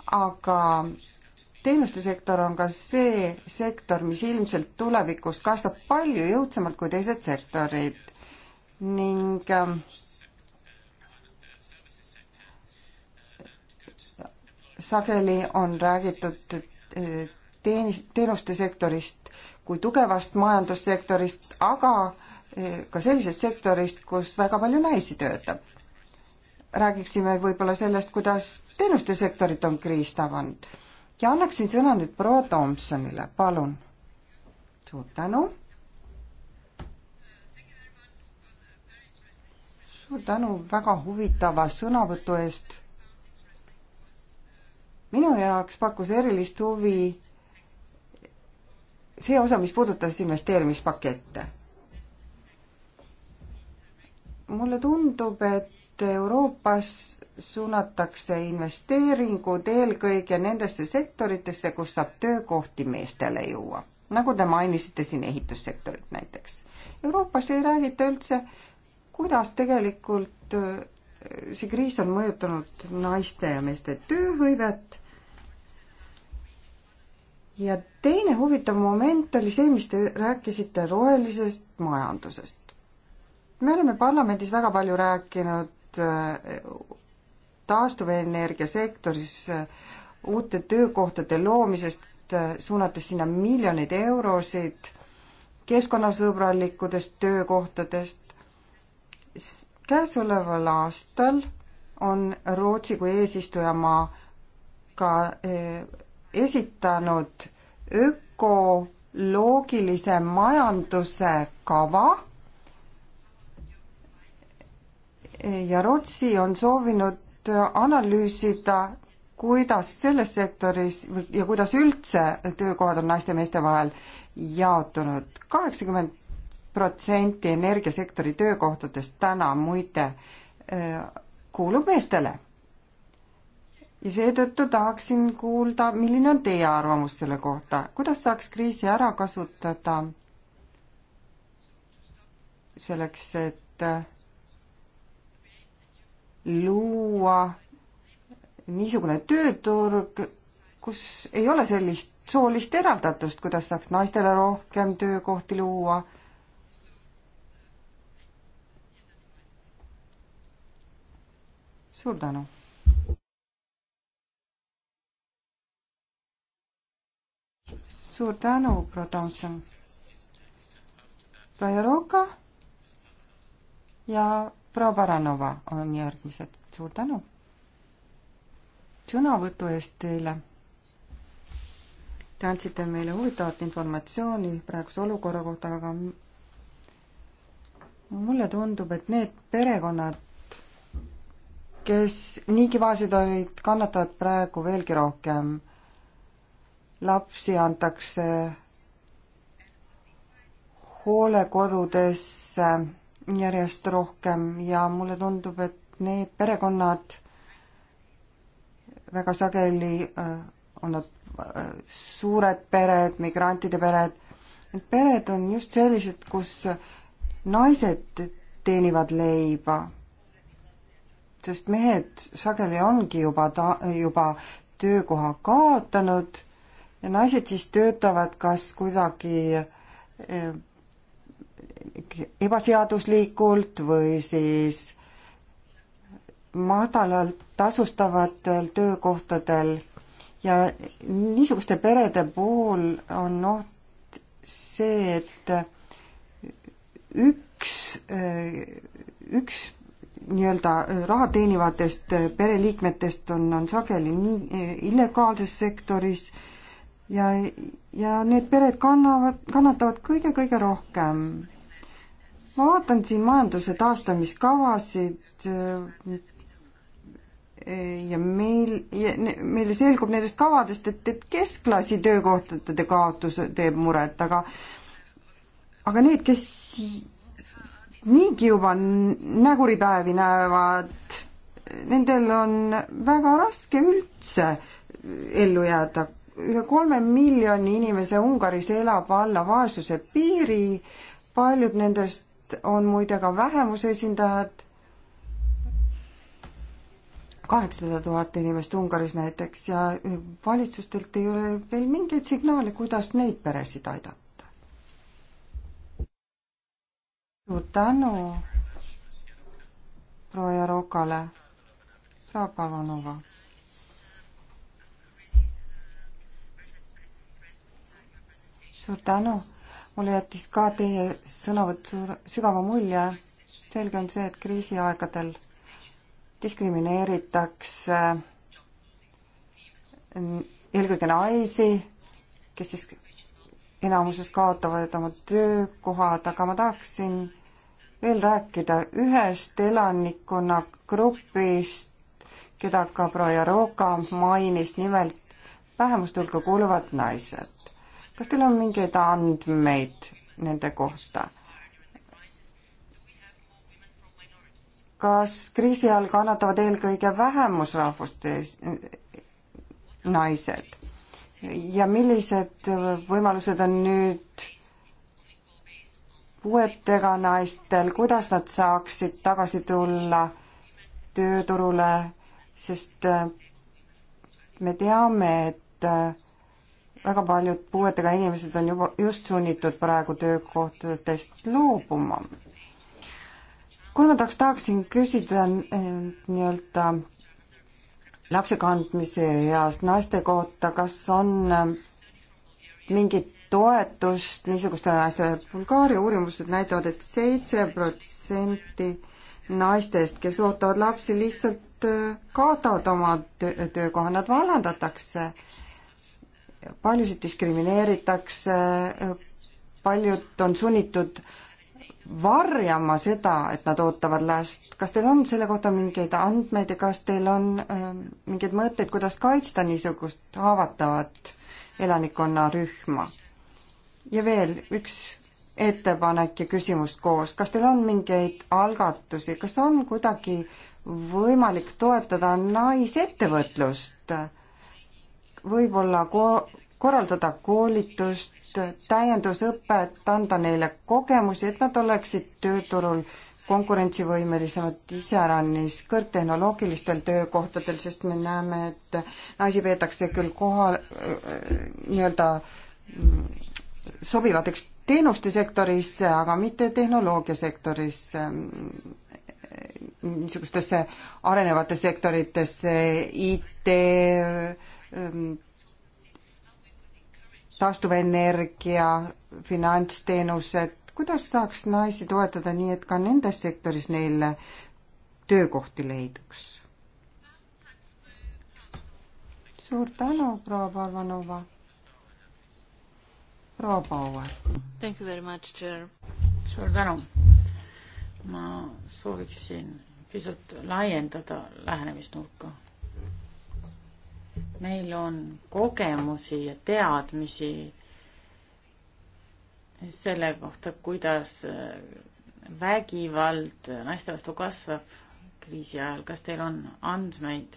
aga teenuste sektor on ka see sektor, mis ilmselt tulevikus kasvab palju jõudsamalt kui teised sektorid ning ähm, sageli on räägitud teenis, teenuste sektorist kui tugevast majandussektorist, aga eh, ka sellisest sektorist, kus väga palju naisi töötab. räägiksime võib-olla sellest, kuidas teenuste sektorit on kriis tabanud ja annaksin sõna nüüd proua Tomsonile, palun. suur tänu. suur tänu väga huvitava sõnavõtu eest. minu jaoks pakkus erilist huvi see osa, mis puudutas investeerimispakette. mulle tundub, et Euroopas suunatakse investeeringud eelkõige nendesse sektoritesse, kus saab töökohti meestele juua. nagu te mainisite siin ehitussektorit näiteks. Euroopas ei räägita üldse, kuidas tegelikult äh, see kriis on mõjutanud naiste ja meeste tööhõivet. ja teine huvitav moment oli see, mis te rääkisite rohelisest majandusest. me oleme parlamendis väga palju rääkinud äh, taastuvenergia sektoris äh, uute töökohtade loomisest, äh, suunates sinna miljoneid eurosid keskkonnasõbralikudest töökohtadest. käesoleval aastal on Rootsi kui eesistujamaa ka äh, esitanud ökoloogilise majanduse kava ja Rootsi on soovinud et analüüsida, kuidas selles sektoris ja kuidas üldse töökohad on naiste ja meeste vahel jaotunud. kaheksakümmend protsenti energiasektori töökohtadest täna muide eh, kuulub meestele. ja seetõttu tahaksin kuulda, milline on teie arvamus selle kohta, kuidas saaks kriisi ära kasutada selleks, et luua niisugune tööturg, kus ei ole sellist soolist eraldatust, kuidas saaks naistele rohkem töökohti luua. suur tänu. suur tänu, proua Tomson. Kaja Roka ja proua Baranova on järgmised, suur tänu sõnavõtu eest teile. Te andsite meile huvitavat informatsiooni praeguse olukorra kohta, aga mulle tundub, et need perekonnad, kes niigi vaesed olid, kannatavad praegu veelgi rohkem. lapsi antakse hoolekodudesse järjest rohkem ja mulle tundub, et need perekonnad väga sageli äh, on nad äh, suured pered, migrantide pered, need pered on just sellised, kus naised teenivad leiba, sest mehed sageli ongi juba ta-, juba töökoha kaotanud ja naised siis töötavad kas kuidagi äh, ebaseaduslikult või siis madalalt tasustavatel töökohtadel ja niisuguste perede puhul on oht see, et üks, üks nii-öelda raha teenivatest pereliikmetest on, on sageli nii eh, illegaalses sektoris ja, ja need pered kannavad, kannatavad kõige-kõige rohkem ma vaatan siin majanduse taastamiskavasid eh, ja meil, meile selgub nendest kavadest, et, et keskklassi töökohtade kaotus teeb muret, aga aga need, kes niigi juba näguripäevi näevad, nendel on väga raske üldse ellu jääda. üle kolme miljoni inimese Ungaris elab alla vaesuse piiri, paljud nendest on muide ka vähemuse esindajad, kaheksasada tuhat inimest Ungaris näiteks ja valitsustelt ei ole veel mingeid signaale, kuidas neid peresid aidata. suur tänu proua Jarokale, proua Palonova. suur tänu mulle jättis ka teie sõnavõtt sügava mulje. selge on see, et kriisiaegadel diskrimineeritakse mm, eelkõige naisi, kes siis enamuses kaotavad oma töökohad, aga ma tahaksin veel rääkida ühest elanikkonna grupist, keda ka proua Jaroka mainis, nimelt vähemuste hulka kuuluvad naised kas teil on mingeid andmeid nende kohta? kas kriisi all kannatavad eelkõige vähemusrahvuste naised? ja millised võimalused on nüüd puuetega naistel, kuidas nad saaksid tagasi tulla tööturule, sest äh, me teame, et äh, väga paljud puuetega inimesed on juba just sunnitud praegu töökohtadest loobuma. kolmandaks tahaksin küsida eh, nii-öelda lapsekandmise eas naiste kohta, kas on eh, mingit toetust niisugustele naistele. Bulgaaria uurimused näitavad et, et seitse protsenti naistest, kes ootavad lapsi, lihtsalt eh, kaotavad oma töökoha, nad vallandatakse paljusid diskrimineeritakse, paljud on sunnitud varjama seda, et nad ootavad last. kas teil on selle kohta mingeid andmeid ja kas teil on ähm, mingeid mõtteid, kuidas kaitsta niisugust haavatavat elanikkonnarühma? ja veel üks ettepanek ja küsimus koos, kas teil on mingeid algatusi, kas on kuidagi võimalik toetada naisettevõtlust äh, võib-olla ko-, korraldada koolitust, täiendusõpet, anda neile kogemusi, et nad oleksid tööturul konkurentsivõimelisemad iseäranis kõrgtehnoloogilistel töökohtadel, sest me näeme, et naisi peetakse küll kohal nii-öelda sobivateks teenuste sektorisse, aga mitte tehnoloogiasektorisse, niisugustesse arenevatesse sektoritesse, IT, Ehm, taastuvenergia, finantsteenused, kuidas saaks naisi toetada nii, et ka nendes sektoris neile töökohti leiduks? suur tänu, proua Parvanova. proua Bauer. Thank you very much, chair. suur tänu. ma sooviksin pisut laiendada lähenemisnurka meil on kogemusi ja teadmisi selle kohta, kuidas äh, vägivald naiste vastu kasvab kriisi ajal, kas teil on andmeid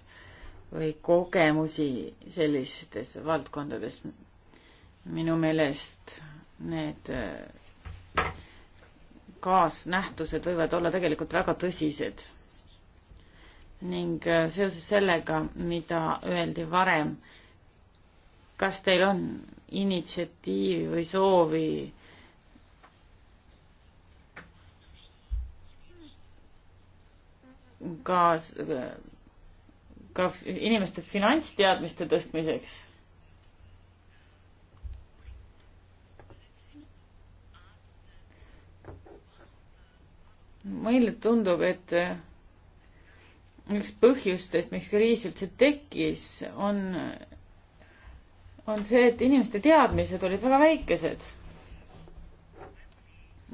või kogemusi sellistes valdkondades? minu meelest need äh, kaasnähtused võivad olla tegelikult väga tõsised ning äh, seoses sellega, mida öeldi varem, kas teil on initsiatiivi või soovi ka, ka inimeste finantsteadmiste tõstmiseks? meile tundub, et üks põhjustest, miks kriis üldse tekkis, on, on see, et inimeste teadmised olid väga väikesed.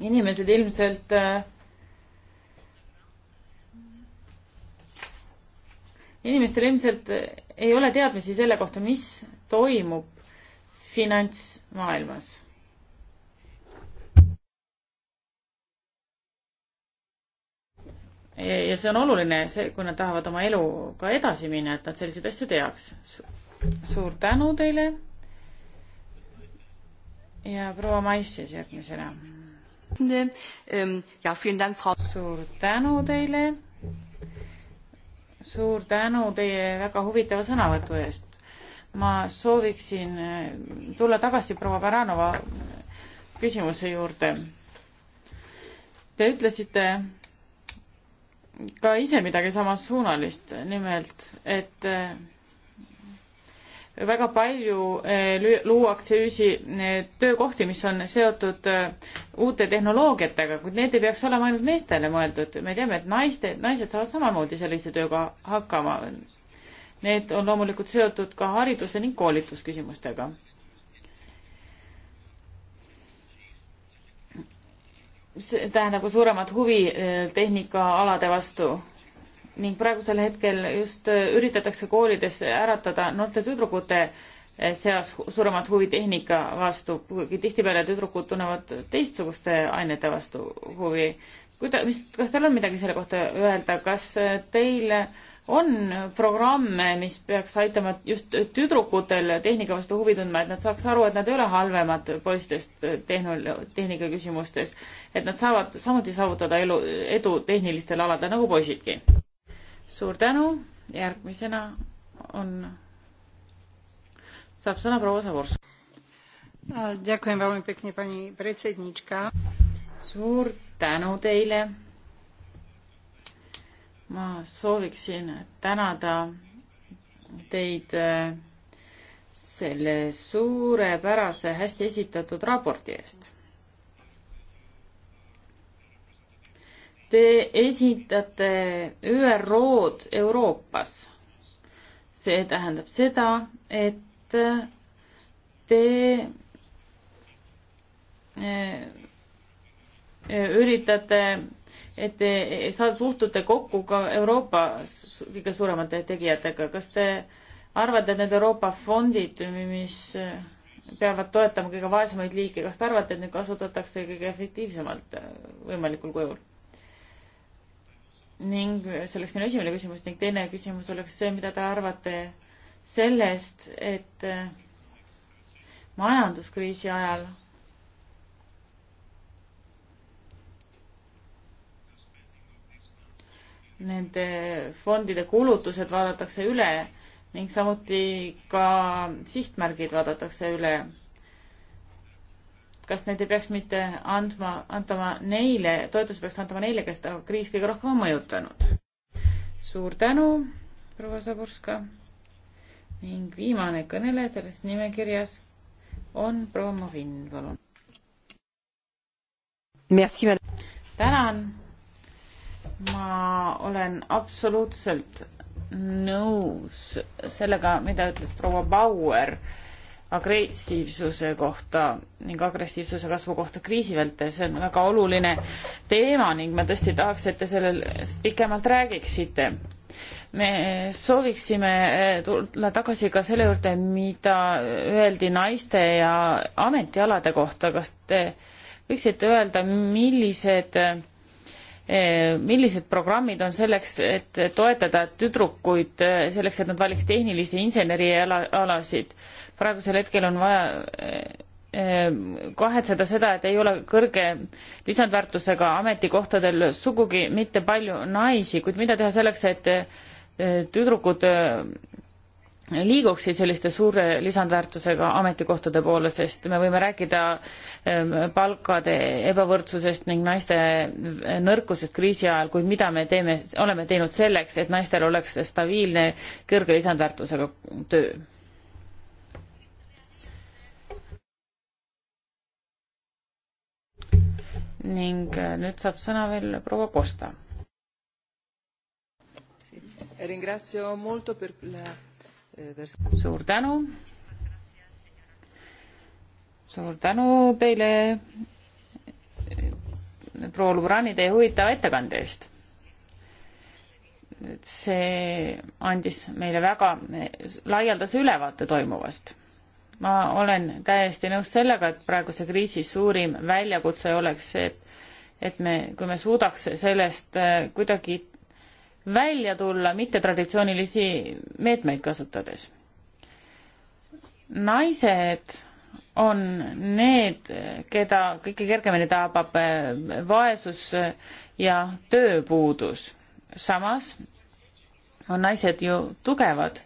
inimesed ilmselt äh, inimestel ilmselt ei ole teadmisi selle kohta, mis toimub finantsmaailmas ja see on oluline, see, kui nad tahavad oma eluga edasi minna, et nad selliseid asju teaks. suur tänu teile. ja proua Maissis järgmisena. Ähm, suur tänu teile. suur tänu teie väga huvitava sõnavõtu eest. ma sooviksin äh, tulla tagasi proua Baranova küsimuse juurde. Te ütlesite, ka ise midagi samassuunalist, nimelt, et eh, väga palju eh, luuakse uusi eh, töökohti, mis on seotud uute tehnoloogiatega, kuid need ei peaks olema ainult meestele mõeldud. me teame, et naiste, naised saavad samamoodi sellise tööga hakkama. Need on loomulikult seotud ka hariduse ning koolitusküsimustega see tähendab ka suuremat huvi äh, tehnikaalade vastu ning praegusel hetkel just äh, üritatakse koolides äratada noorte tüdrukute äh, seas suuremat huvi tehnika vastu, kuigi tihtipeale tüdrukud tunnevad teistsuguste ainete vastu huvi. kuida-, mis, kas teil on midagi selle kohta öelda, kas teil äh, on programme, mis peaks aitama just tüdrukutel tehnika vastu huvi tundma, et nad saaks aru, et nad ei ole halvemad poistest tehnol-, tehnika küsimustes. et nad saavad samuti saavutada elu, edu tehnilistel aladel nagu poisidki. suur tänu, järgmisena on, saab sõna proua Savurs. suur tänu teile ma sooviksin tänada teid äh, selle suurepärase, hästi esitatud raporti eest Te esindate ÜRO-d Euroopas. see tähendab seda, et te äh, üritate et te saad, puhtute kokku ka Euroopa kõige suuremate tegijatega, kas te arvate, et need Euroopa fondid, mis äh, peavad toetama kõige vaesemaid liike, kas te arvate, et neid kasutatakse kõige efektiivsemalt äh, võimalikul kujul? ning see oleks minu esimene küsimus ning teine küsimus oleks see, mida te arvate sellest, et äh, majanduskriisi ajal nende fondide kulutused vaadatakse üle ning samuti ka sihtmärgid vaadatakse üle. kas neid ei peaks mitte andma, antama neile, toetus peaks antama neile, kes ta kriis kõige rohkem on mõjutanud? suur tänu, proua Saburska. ning viimane kõneleja selles nimekirjas on proua Movin, palun. tänan ma olen absoluutselt nõus sellega, mida ütles proua Bauer agressiivsuse kohta ning agressiivsuse kasvu kohta kriisi vältel, see on väga oluline teema ning ma tõesti tahaks, et te sellest pikemalt räägiksite. me sooviksime eh, tulla tagasi ka selle juurde, mida öeldi naiste ja ametialade kohta, kas te võiksite öelda, millised eh, Eh, millised programmid on selleks, et toetada tüdrukuid eh, selleks, et nad valiks tehnilisi insenerialasid. praegusel hetkel on vaja eh, kahetseda seda, et ei ole kõrge lisandväärtusega ametikohtadel sugugi mitte palju naisi, kuid mida teha selleks, et tüdrukud liiguksid selliste suure lisandväärtusega ametikohtade poole, sest me võime rääkida ähm, palkade ebavõrdsusest ning naiste äh, nõrkusest kriisi ajal, kuid mida me teeme, oleme teinud selleks, et naistel oleks stabiilne kõrge lisandväärtusega töö? ning äh, nüüd saab sõna veel proua Kosta. ringrazio molto per la suur tänu. suur tänu teile, proua Lubrani, teie huvitava ettekande eest. see andis meile väga laialdase ülevaate toimuvast. ma olen täiesti nõus sellega, et praeguse kriisi suurim väljakutse oleks see, et et me, kui me suudaks sellest kuidagi välja tulla mittetraditsioonilisi meetmeid kasutades. naised on need, keda kõige kergemini tabab äh, vaesus äh, ja tööpuudus. samas on naised ju tugevad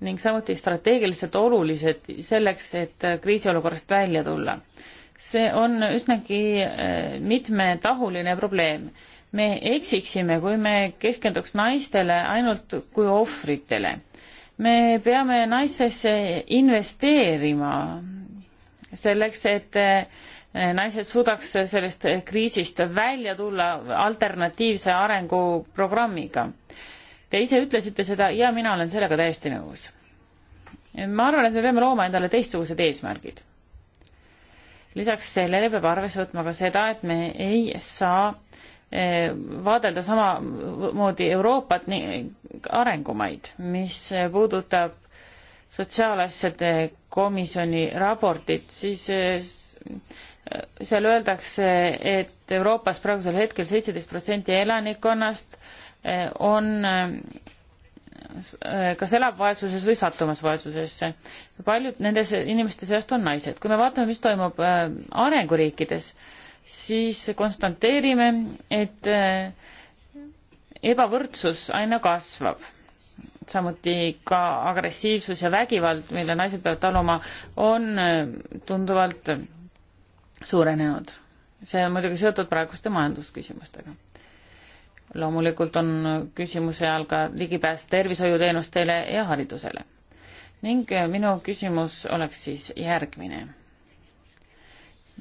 ning samuti strateegiliselt olulised selleks, et äh, kriisiolukorrast välja tulla. see on üsnagi mitmetahuline probleem me eksiksime, kui me keskenduks naistele ainult kui ohvritele. me peame naistesse investeerima selleks, et eh, naised suudaks sellest kriisist välja tulla alternatiivse arenguprogrammiga. Te ise ütlesite seda ja mina olen sellega täiesti nõus. ma arvan, et me peame looma endale teistsugused eesmärgid. lisaks sellele peab arvesse võtma ka seda, et me ei saa vaadelda samamoodi Euroopat, arengumaid, mis puudutab sotsiaalasjade komisjoni raportit, siis eh, seal öeldakse, et Euroopas praegusel hetkel seitseteist protsenti elanikkonnast eh, on eh, kas elab vaesuses või sattumas vaesusesse. paljud nende inimeste seast on naised. kui me vaatame, mis toimub arenguriikides äh,, siis konstanteerime, et äh, ebavõrdsus aina kasvab. samuti ka agressiivsus ja vägivald, mille naised peavad taluma, on äh, tunduvalt suurenenud. see on muidugi seotud praeguste majandusküsimustega. loomulikult on küsimuse all ka ligipääs tervishoiuteenustele ja haridusele. ning äh, minu küsimus oleks siis järgmine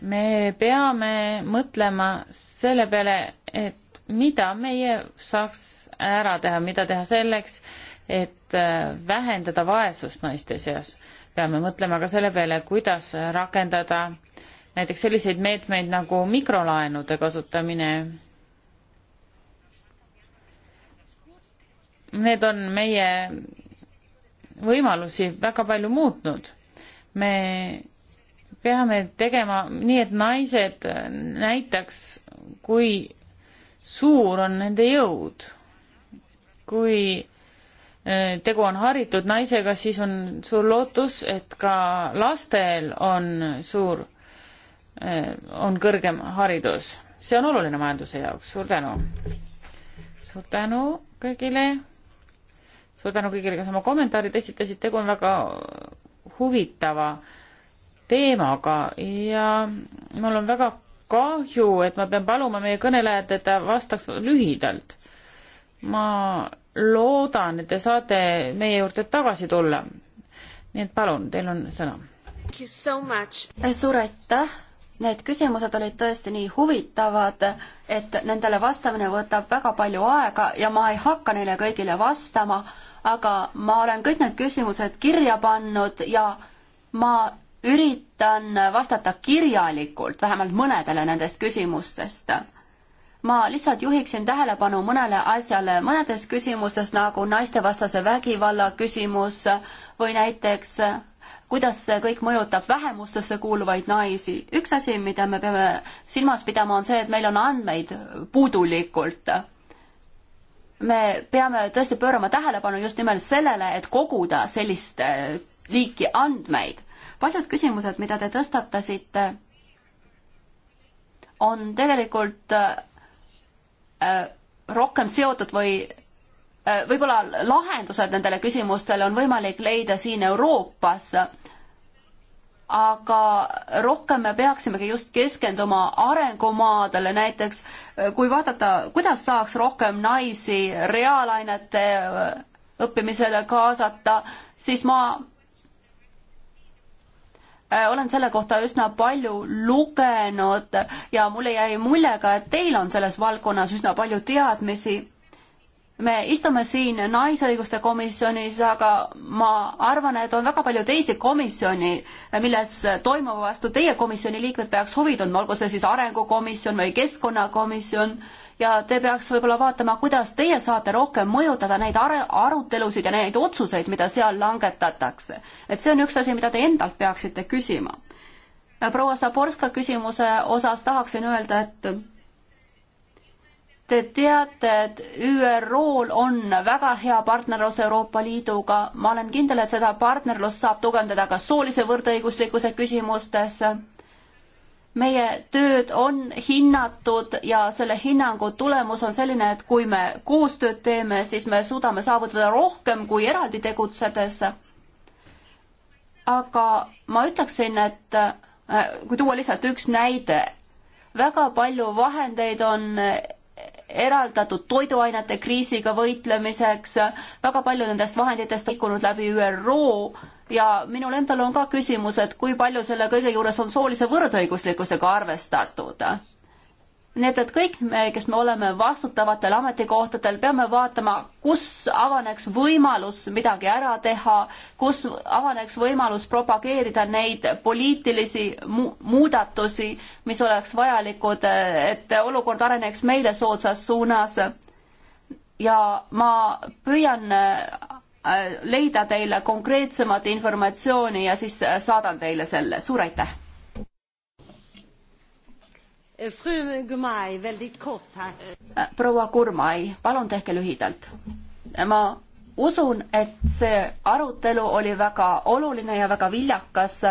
me peame mõtlema selle peale, et mida meie saaks ära teha, mida teha selleks, et äh, vähendada vaesust naiste seas. peame mõtlema ka selle peale, kuidas rakendada näiteks selliseid meetmeid nagu mikrolaenude kasutamine. Need on meie võimalusi väga palju muutnud. me peame tegema nii, et naised näitaks, kui suur on nende jõud. kui eh, tegu on haritud naisega, siis on suur lootus, et ka lastel on suur, eh, on kõrgem haridus. see on oluline majanduse jaoks, suur tänu. suur tänu kõigile. suur tänu kõigile, kes oma kommentaarid esitasid, tegu on väga huvitava äh, teemaga ja mul on väga kahju, et ma pean paluma meie kõnelejat, et ta vastaks lühidalt. ma loodan, et te saate meie juurde tagasi tulla. nii et palun, teil on sõna. suur aitäh. Need küsimused olid tõesti nii huvitavad, et nendele vastamine võtab väga palju aega ja ma ei hakka neile kõigile vastama, aga ma olen kõik need küsimused kirja pannud ja ma üritan vastata kirjalikult vähemalt mõnedele nendest küsimustest. ma lihtsalt juhiksin tähelepanu mõnele asjale, mõnedes küsimustes nagu naistevastase vägivalla küsimus või näiteks kuidas see kõik mõjutab vähemustesse kuuluvaid naisi. üks asi, mida me peame silmas pidama, on see, et meil on andmeid puudulikult me peame tõesti pöörama tähelepanu just nimelt sellele, et koguda sellist liiki andmeid paljud küsimused, mida te tõstatasite, on tegelikult äh, rohkem seotud või äh, võib-olla lahendused nendele küsimustele on võimalik leida siin Euroopas, aga rohkem me peaksimegi just keskenduma arengumaadele, näiteks äh, kui vaadata, kuidas saaks rohkem naisi reaalainete õppimisele kaasata, siis ma Äh, olen selle kohta üsna palju lugenud ja mulle jäi mulje ka, et teil on selles valdkonnas üsna palju teadmisi. me istume siin Naisõiguste komisjonis, aga ma arvan, et on väga palju teisi komisjoni, milles toimuva vastu teie komisjoni liikmed peaks huvi tundma, olgu see siis arengukomisjon või keskkonnakomisjon ja te peaks võib-olla vaatama, kuidas teie saate rohkem mõjutada neid ar arutelusid ja neid otsuseid, mida seal langetatakse. et see on üks asi, mida te endalt peaksite küsima. proua Saborska küsimuse osas tahaksin öelda, et Te teate, et ÜRO-l on väga hea partnerlus Euroopa Liiduga. ma olen kindel, et seda partnerlust saab tugevdada ka soolise võrdõiguslikkuse küsimustes meie tööd on hinnatud ja selle hinnangu tulemus on selline, et kui me koostööd teeme, siis me suudame saavutada rohkem kui eraldi tegutsedes. aga ma ütleksin, et äh, kui tuua lihtsalt üks näide, väga palju vahendeid on eraldatud toiduainete kriisiga võitlemiseks, väga palju nendest vahenditest liikunud läbi ÜRO ja minul endal on ka küsimus, et kui palju selle kõige juures on soolise võrdõiguslikkusega arvestatud nii et, et kõik me, kes me oleme vastutavatel ametikohtadel, peame vaatama, kus avaneks võimalus midagi ära teha, kus avaneks võimalus propageerida neid poliitilisi mu muudatusi, mis oleks vajalikud, et olukord areneks meile soodsas suunas. ja ma püüan äh, leida teile konkreetsemat informatsiooni ja siis saadan teile selle, suur aitäh! Eh, fru Gumai, väldigt kort här. Eh, proua Gurmai, palun tehke lühidalt. ma usun, et see arutelu oli väga oluline ja väga viljakas.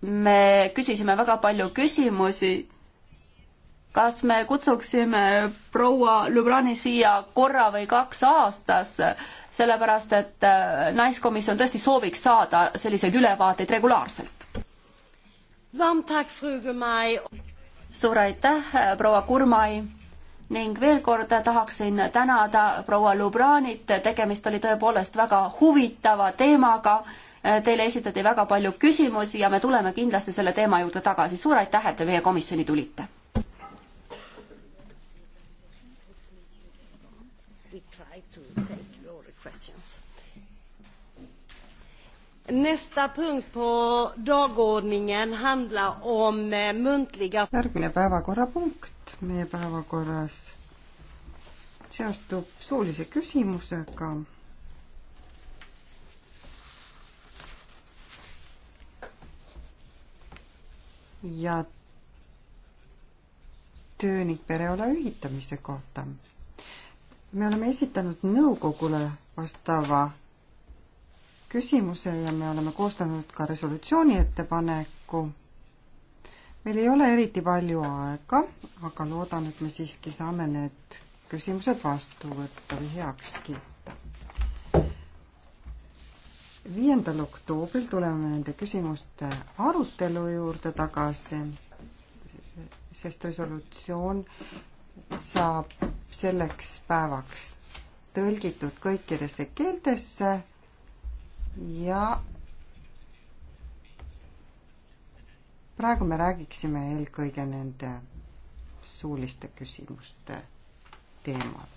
me küsisime väga palju küsimusi. kas me kutsuksime proua Ljublani siia korra või kaks aastas, sellepärast et eh, naiskomisjon tõesti sooviks saada selliseid ülevaateid regulaarselt suur aitäh, proua Kurmai ning veel kord tahaksin tänada proua Lubranit, tegemist oli tõepoolest väga huvitava teemaga. Teile esitati väga palju küsimusi ja me tuleme kindlasti selle teema juurde tagasi. suur aitäh, et te meie komisjoni tulite! Nästa punkt på dagordningen handlar om eh, muntliga... järgmine päevakorrapunkt meie päevakorras seostub suulise küsimusega. ja töönik pereola ühitamise kohta. me oleme esitanud nõukogule vastava küsimuse ja me oleme koostanud ka resolutsiooni ettepaneku. meil ei ole eriti palju aega, aga loodan, et me siiski saame need küsimused vastu võtta või heaks kiita. Viiendal oktoobril tuleme nende küsimuste arutelu juurde tagasi, sest resolutsioon saab selleks päevaks tõlgitud kõikidesse keeltesse ja praegu me räägiksime eelkõige nende suuliste küsimuste teemal.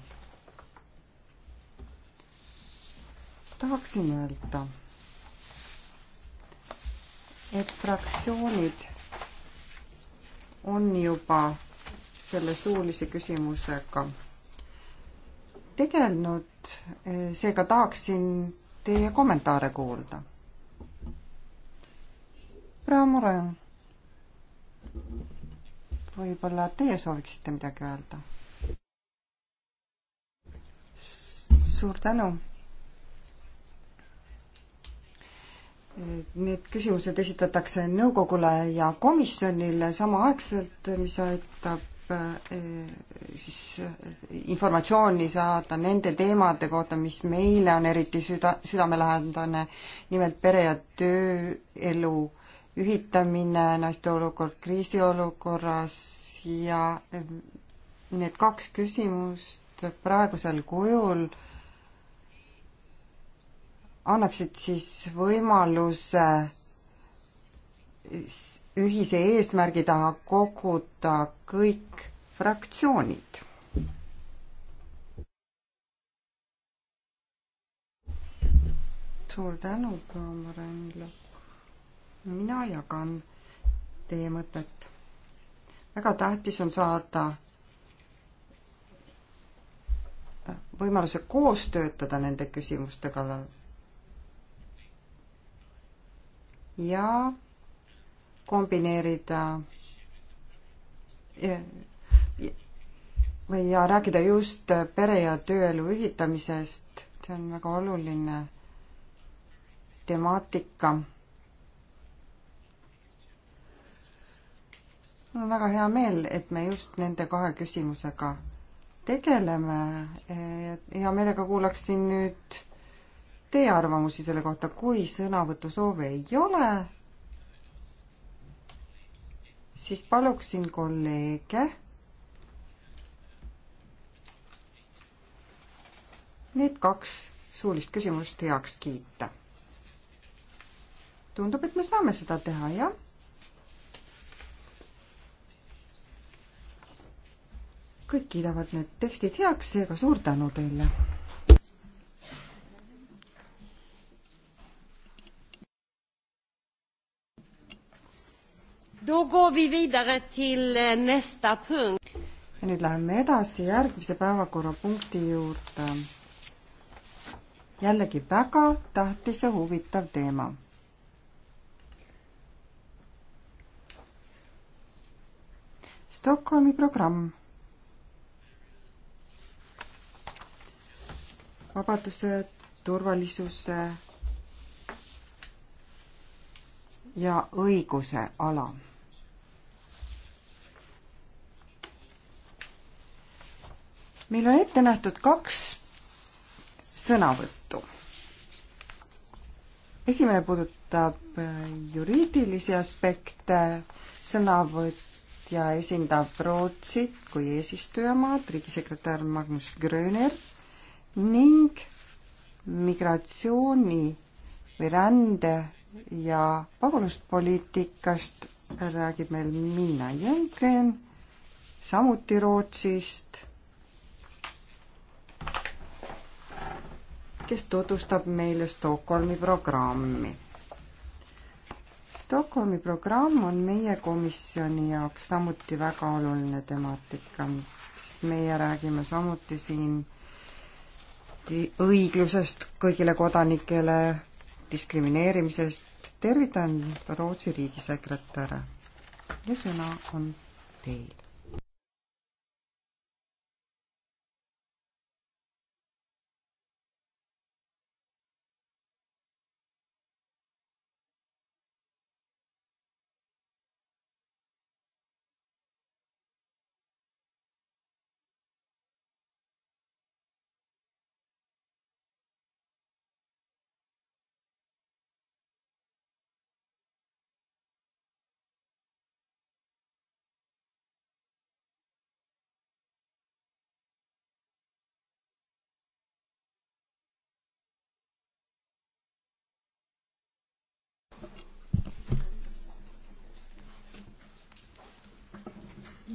tahaksin öelda, et fraktsioonid on juba selle suulise küsimusega tegelenud, seega tahaksin teie kommentaare kuulda. võib-olla teie sooviksite midagi öelda? suur tänu. Need küsimused esitatakse nõukogule ja komisjonile samaaegselt, mis aitab Eh, siis eh, informatsiooni saada nende teemade kohta, mis meile on eriti süda, südamelähedane, nimelt pere ja tööelu ühitamine, naiste olukord kriisiolukorras ja eh, need kaks küsimust praegusel kujul annaksid siis võimaluse ühise eesmärgi taha koguda kõik fraktsioonid. suur tänu, proua Marendla. mina jagan teie mõtet. väga tähtis on saada võimaluse koos töötada nende küsimuste kallal. ja kombineerida ja, ja, ja rääkida just pere- ja tööelu ühitamisest, see on väga oluline temaatika. mul on väga hea meel, et me just nende kahe küsimusega tegeleme. hea meelega kuulaksin nüüd teie arvamusi selle kohta, kui sõnavõtusoove ei ole siis paluksin kolleege need kaks suulist küsimust heaks kiita. tundub, et me saame seda teha, jah. kõik kiidavad need tekstid heaks, seega suur tänu teile Eh, ja nüüd läheme edasi järgmise päevakorrapunkti juurde. jällegi väga tähtis ja huvitav teema Stockholmi programm. vabaduse, turvalisuse ja õiguse ala meil on ette nähtud kaks sõnavõttu. esimene puudutab äh, juriidilisi aspekte, sõnavõtja esindab Rootsit kui eesistujamaad, riigisekretär Magnus Gröner ning migratsiooni või rände ja pagulaspoliitikast räägib meil Minna Jõngren, samuti Rootsist kes tutvustab meile Stockholmi programmi. Stockholmi programm on meie komisjoni jaoks samuti väga oluline temaatika, sest meie räägime samuti siin õiglusest kõigile kodanikele, diskrimineerimisest. tervitan Rootsi riigisekretäre ja sõna on teil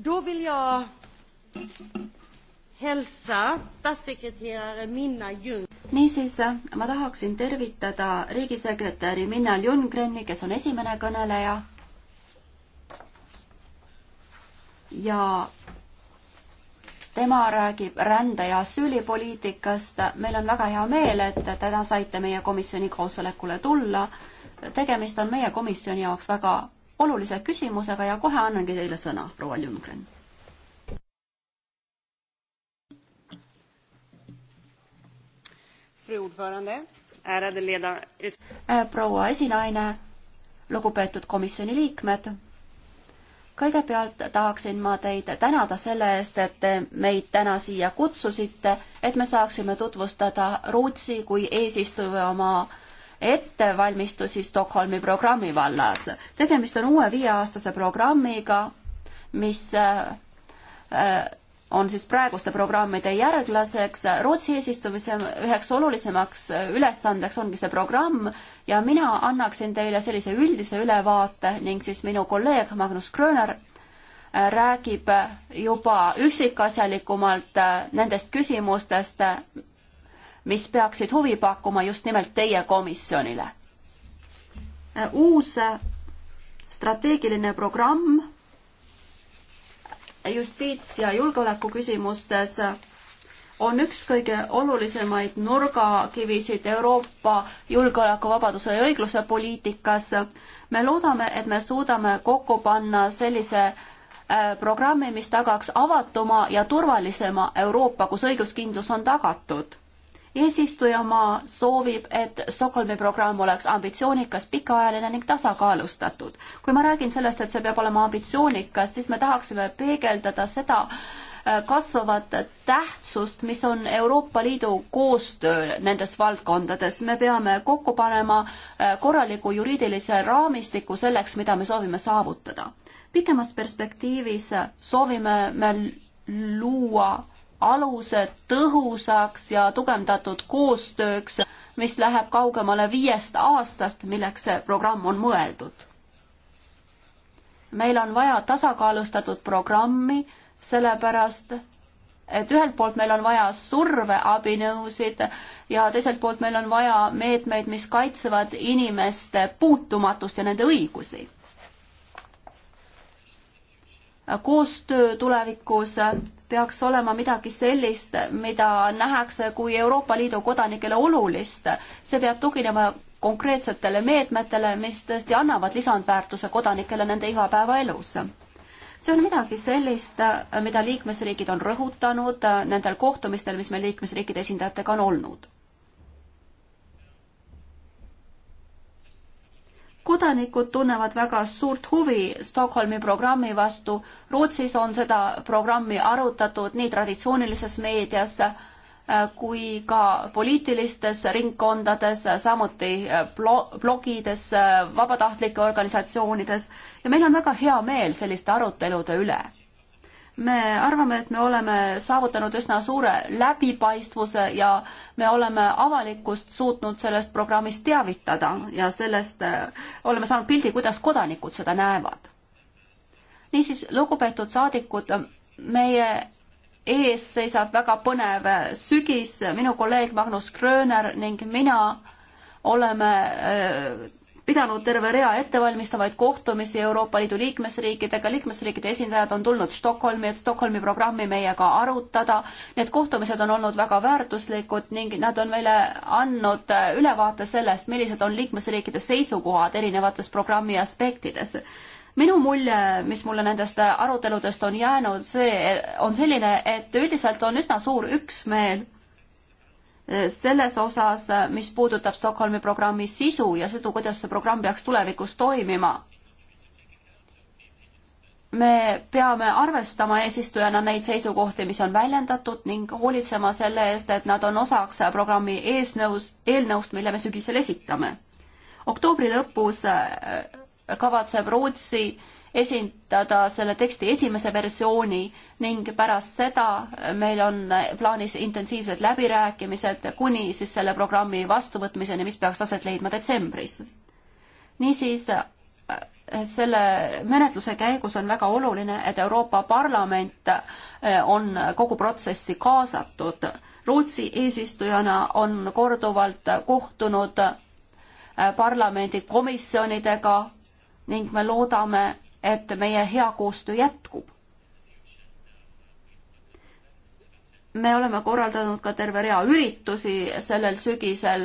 Då vill jag hälsa statssekreterare Minna Ljung. niisiis, ma tahaksin tervitada riigisekretäri Minna Ljunggreni, kes on esimene kõneleja. ja tema räägib rände- ja asüülipoliitikast. meil on väga hea meel, et täna saite meie komisjoni koosolekule tulla. tegemist on meie komisjoni jaoks väga olulise küsimusega ja kohe annangi teile sõna, proua Ljunggren. Äh, proua esinaine, lugupeetud komisjoni liikmed, kõigepealt tahaksin ma teid tänada selle eest, et te meid täna siia kutsusite, et me saaksime tutvustada Rootsi kui eesistuja oma ettevalmistusi Stockholmi programmi vallas. tegemist on uue viieaastase programmiga, mis äh, on siis praeguste programmide järglaseks. Rootsi eesistumise üheks olulisemaks ülesandeks ongi see programm ja mina annaksin teile sellise üldise ülevaate ning siis minu kolleeg Magnus Gröner äh, räägib juba üksikasjalikumalt äh, nendest küsimustest, mis peaksid huvi pakkuma just nimelt teie komisjonile. uus strateegiline programm justiits- ja julgeolekuküsimustes on üks kõige olulisemaid nurgakivisid Euroopa julgeoleku, vabaduse ja õigluse poliitikas. me loodame, et me suudame kokku panna sellise äh, programmi, mis tagaks avatuma ja turvalisema Euroopa, kus õiguskindlus on tagatud eesistujamaa soovib, et Stockholmi programm oleks ambitsioonikas, pikaajaline ning tasakaalustatud. kui ma räägin sellest, et see peab olema ambitsioonikas, siis me tahaksime peegeldada seda äh, kasvavat tähtsust, mis on Euroopa Liidu koostöö nendes valdkondades. me peame kokku panema äh, korraliku juriidilise raamistiku selleks, mida me soovime saavutada. pikemas perspektiivis soovime me luua aluse tõhusaks ja tugevdatud koostööks, mis läheb kaugemale viiest aastast, milleks see programm on mõeldud. meil on vaja tasakaalustatud programmi, sellepärast et ühelt poolt meil on vaja surveabinõusid ja teiselt poolt meil on vaja meetmeid, mis kaitsevad inimeste puutumatust ja nende õigusi. koostöö tulevikus peaks olema midagi sellist, mida nähakse kui Euroopa Liidu kodanikele olulist. see peab tuginema konkreetsetele meetmetele, mis tõesti annavad lisandväärtuse kodanikele nende igapäevaelus. see on midagi sellist, mida liikmesriigid on rõhutanud nendel kohtumistel, mis meil liikmesriikide esindajatega on olnud kodanikud tunnevad väga suurt huvi Stockholmi programmi vastu. Rootsis on seda programmi arutatud nii traditsioonilises meedias äh, kui ka poliitilistes ringkondades, samuti äh, blogides, äh, vabatahtlike organisatsioonides ja meil on väga hea meel selliste arutelude üle me arvame, et me oleme saavutanud üsna suure läbipaistvuse ja me oleme avalikkust suutnud sellest programmist teavitada ja sellest äh, oleme saanud pildi, kuidas kodanikud seda näevad. niisiis, lugupeetud saadikud, meie ees seisab väga põnev sügis, minu kolleeg Magnus Gröner ning mina oleme äh, pidanud terve rea ettevalmistavaid kohtumisi Euroopa Liidu liikmesriikidega, liikmesriikide esindajad on tulnud Stockholmi, et Stockholmi programmi meiega arutada. Need kohtumised on olnud väga väärtuslikud ning nad on meile andnud ülevaate sellest, millised on liikmesriikide seisukohad erinevates programmi aspektides. minu mulje, mis mulle nendest aruteludest on jäänud, see on selline, et üldiselt on üsna suur üksmeel selles osas, mis puudutab Stockholmi programmi sisu ja seda, kuidas see programm peaks tulevikus toimima. me peame arvestama eesistujana neid seisukohti, mis on väljendatud ning hoolitsema selle eest, et nad on osaks programmi eesnõus, eelnõust, mille me sügisel esitame. oktoobri lõpus äh, kavatseb Rootsi äh, esindada selle teksti esimese versiooni ning pärast seda meil on plaanis intensiivsed läbirääkimised kuni siis selle programmi vastuvõtmiseni, mis peaks aset leidma detsembris. niisiis selle menetluse käigus on väga oluline, et Euroopa Parlament on kogu protsessi kaasatud. Rootsi eesistujana on korduvalt kohtunud parlamendikomisjonidega ning me loodame, et meie hea koostöö jätkub. me oleme korraldanud ka terve rea üritusi sellel sügisel.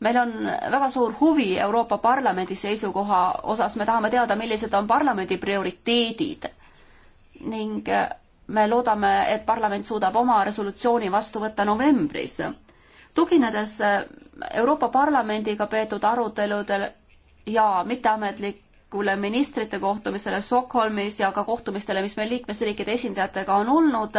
meil on väga suur huvi Euroopa Parlamendi seisukoha osas, me tahame teada, millised on parlamendi prioriteedid ning me loodame, et parlament suudab oma resolutsiooni vastu võtta novembris. tuginedes Euroopa Parlamendiga peetud aruteludel ja mitteametlik kuule ministrite kohtumisele Stockholmis ja ka kohtumistele, mis meil liikmesriikide esindajatega on olnud.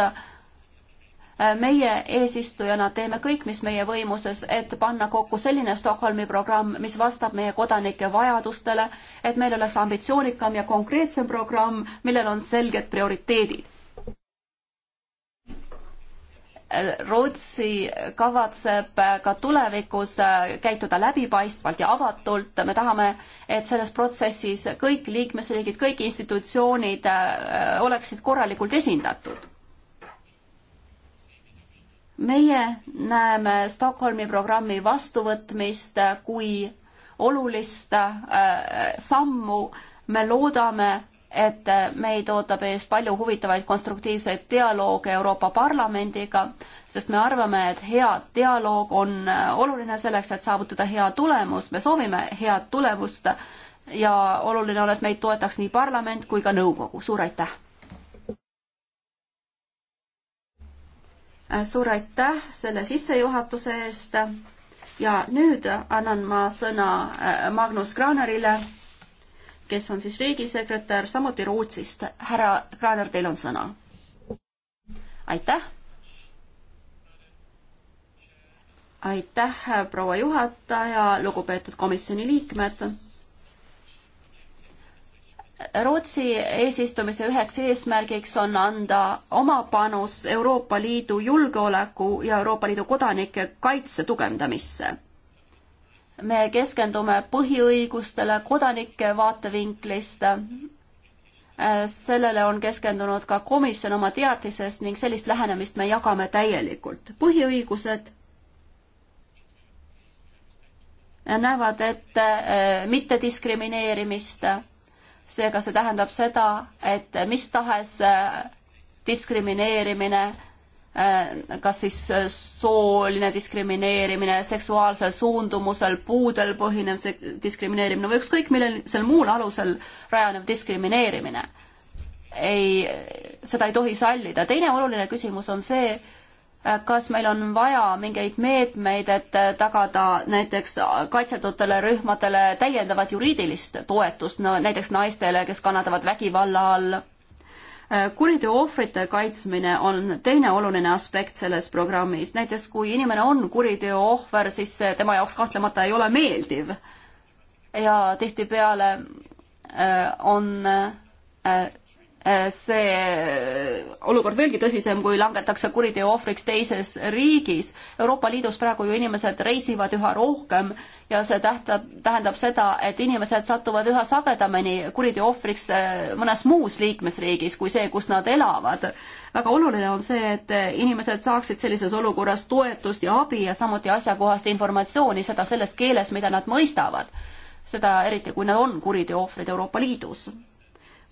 meie eesistujana teeme kõik, mis meie võimuses, et panna kokku selline Stockholmi programm, mis vastab meie kodanike vajadustele, et meil oleks ambitsioonikam ja konkreetsem programm, millel on selged prioriteedid Rootsi kavatseb ka tulevikus käituda läbipaistvalt ja avatult, me tahame, et selles protsessis kõik liikmesriigid, kõik institutsioonid äh, oleksid korralikult esindatud. meie näeme Stockholmi programmi vastuvõtmist kui olulist äh, sammu, me loodame, et äh, meid ootab ees palju huvitavaid konstruktiivseid dialoog Euroopa Parlamendiga, sest me arvame, et hea dialoog on äh, oluline selleks, et saavutada hea tulemus, me soovime head tulemust ja oluline on, et meid toetaks nii parlament kui ka nõukogu, suur aitäh! Äh, suur aitäh selle sissejuhatuse eest ja nüüd annan ma sõna Magnus Graanerile kes on siis riigisekretär, samuti Rootsist. härra Kraner, teil on sõna. aitäh. aitäh, proua juhataja, lugupeetud komisjoni liikmed. Rootsi eesistumise üheks eesmärgiks on anda oma panus Euroopa Liidu julgeoleku ja Euroopa Liidu kodanike kaitse tugevdamisse me keskendume põhiõigustele kodanike vaatevinklist. Äh, sellele on keskendunud ka komisjon oma teatises ning sellist lähenemist me jagame täielikult. põhiõigused näevad ette äh, mittediskrimineerimist, seega see tähendab seda, et mis tahes äh, diskrimineerimine Äh, kas siis äh, sooline diskrimineerimine, seksuaalsel suundumusel, puudel põhinev diskrimineerimine või ükskõik millisel muul alusel rajanev diskrimineerimine. ei, seda ei tohi sallida. teine oluline küsimus on see, äh, kas meil on vaja mingeid meetmeid, et tagada näiteks kaitsetutele rühmadele täiendavat juriidilist toetust, no näiteks naistele, kes kannatavad vägivalla all kuriteo ohvrite kaitsmine on teine oluline aspekt selles programmis, näiteks kui inimene on kuriteo ohver, siis tema jaoks kahtlemata ei ole meeldiv. ja tihtipeale äh, on äh, Äh, see äh, olukord veelgi tõsisem, kui langetakse kuriteo ohvriks teises riigis. Euroopa Liidus praegu ju inimesed reisivad üha rohkem ja see tähtab, tähendab seda, et inimesed satuvad üha sagedamini kuriteo ohvriks äh, mõnes muus liikmesriigis kui see, kus nad elavad. väga oluline on see, et inimesed saaksid sellises olukorras toetust ja abi ja samuti asjakohast informatsiooni, seda selles keeles, mida nad mõistavad. seda eriti, kui nad on kuriteo ohvrid Euroopa Liidus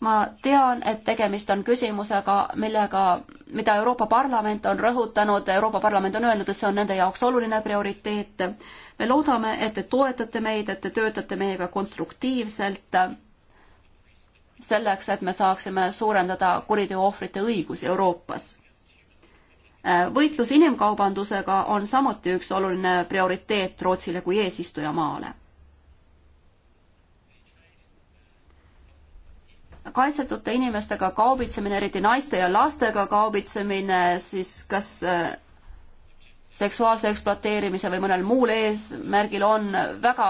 ma tean, et tegemist on küsimusega, millega, mida Euroopa Parlament on rõhutanud, Euroopa Parlament on öelnud, et see on nende jaoks oluline prioriteet. me loodame, et te toetate meid, et te töötate meiega konstruktiivselt selleks, et me saaksime suurendada kuriteo ohvrite õigusi Euroopas. võitlus inimkaubandusega on samuti üks oluline prioriteet Rootsile kui eesistujamaale kaitsetute inimestega kaubitsemine, eriti naiste ja lastega kaubitsemine, siis kas äh, seksuaalse ekspluateerimise või mõnel muul eesmärgil on väga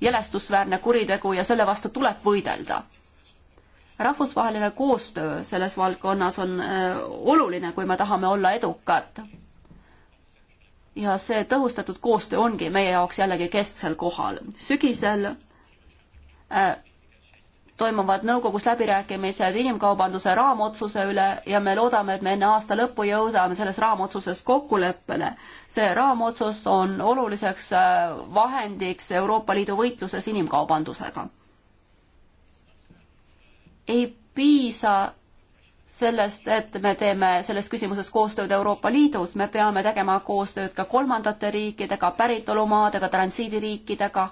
jälestusväärne kuritegu ja selle vastu tuleb võidelda. rahvusvaheline koostöö selles valdkonnas on äh, oluline, kui me tahame olla edukad. ja see tõhustatud koostöö ongi meie jaoks jällegi kesksel kohal. sügisel äh, toimuvad nõukogus läbirääkimised inimkaubanduse raamotsuse üle ja me loodame, et me enne aasta lõppu jõudame selles raamotsuses kokkuleppele. see raamotsus on oluliseks äh, vahendiks Euroopa Liidu võitluses inimkaubandusega. ei piisa sellest, et me teeme selles küsimuses koostööd Euroopa Liidus, me peame tegema koostööd ka kolmandate riikidega, päritolumaadega, transiidiriikidega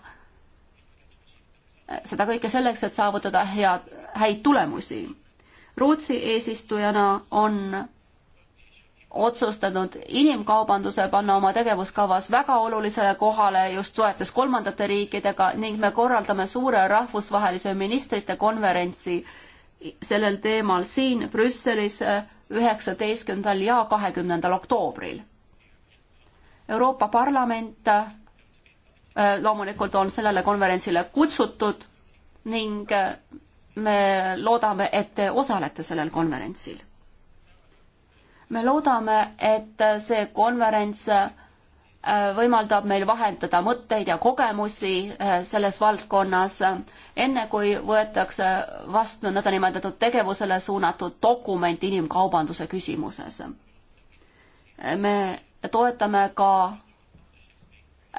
seda kõike selleks, et saavutada head, häid tulemusi. Rootsi eesistujana on otsustanud inimkaubanduse panna oma tegevuskavas väga olulisele kohale just suhetes kolmandate riikidega ning me korraldame suure rahvusvahelise ministrite konverentsi sellel teemal siin Brüsselis üheksateistkümnendal ja kahekümnendal oktoobril. Euroopa Parlament Äh, loomulikult on sellele konverentsile kutsutud ning äh, me loodame, et te osalete sellel konverentsil. me loodame, et äh, see konverents võimaldab meil vahendada mõtteid ja kogemusi selles valdkonnas, enne kui võetakse vastu nõndanimetatud tegevusele suunatud dokument inimkaubanduse küsimuses. me toetame ka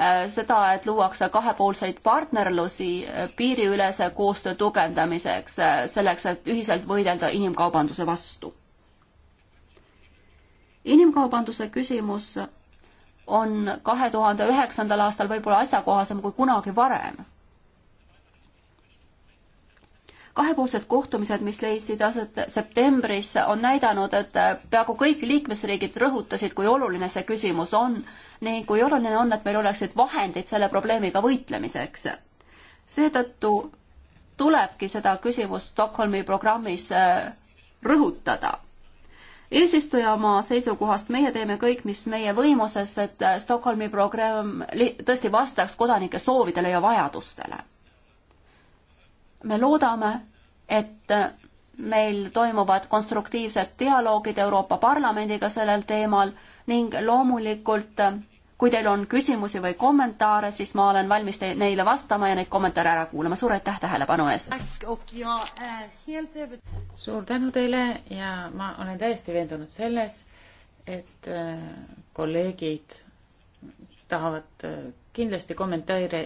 Äh, seda, et luuakse kahepoolseid partnerlusi äh, piiriülese koostöö tugevdamiseks, äh, selleks, et ühiselt võidelda inimkaubanduse vastu. inimkaubanduse küsimus on kahe tuhande üheksandal aastal võib-olla asjakohasem kui kunagi varem kahepoolsed kohtumised, mis leidsid aset septembris, on näidanud, et peaaegu kõik liikmesriigid rõhutasid, kui oluline see küsimus on ning kui oluline on, et meil oleksid vahendid selle probleemiga võitlemiseks. seetõttu tulebki seda küsimust Stockholmi programmis äh, rõhutada eesistujamaa seisukohast meie teeme kõik, mis meie võimuses, et äh, Stockholmi programm tõesti vastaks kodanike soovidele ja vajadustele me loodame, et meil toimuvad konstruktiivsed dialoogid Euroopa Parlamendiga sellel teemal ning loomulikult kui teil on küsimusi või kommentaare, siis ma olen valmis neile vastama ja neid kommentaare ära kuulama. suur aitäh tähelepanu eest! suur tänu teile ja ma olen täiesti veendunud selles, et äh, kolleegid tahavad äh, kindlasti kommentaare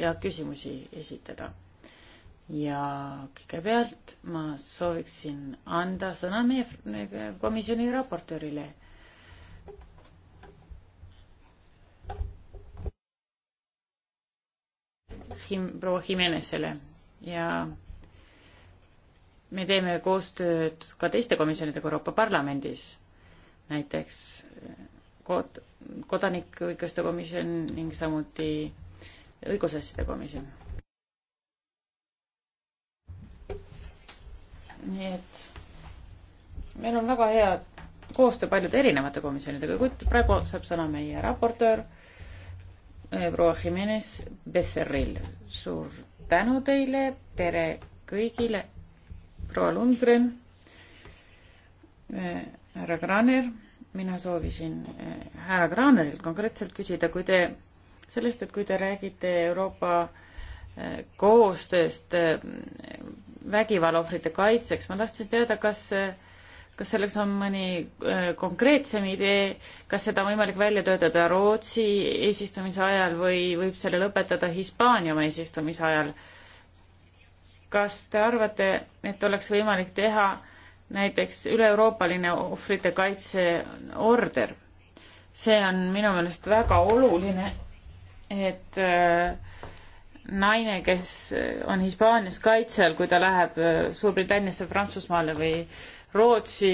ja küsimusi esitada ja kõigepealt ma sooviksin anda sõna meie komisjoni raportöörile. Him-, proua Jimenezele ja me teeme koostööd ka teiste komisjonidega Euroopa Parlamendis, näiteks kod-, kodanikuõiguste komisjon ning samuti õigusasjade komisjon nii et meil on väga hea koostöö paljude erinevate komisjonidega, kuid praegu saab sõna meie raportöör eh, proua Jimenez Becerril. suur tänu teile, tere kõigile, proua Lundgren, eh, härra Graner, mina soovisin eh, härra Granerilt konkreetselt küsida, kui te sellest, et kui te räägite Euroopa koostööst vägivallaohvrite kaitseks. ma tahtsin teada, kas, kas selleks on mõni äh, konkreetsem idee, kas seda on võimalik välja töötada Rootsi eesistumise ajal või võib selle lõpetada Hispaania oma eesistumise ajal? kas te arvate, et oleks võimalik teha näiteks üle-euroopaline ohvrite kaitse order? see on minu meelest väga oluline, et äh, naine, kes on Hispaanias kaitse all, kui ta läheb äh, Suurbritanniasse, Prantsusmaale või Rootsi,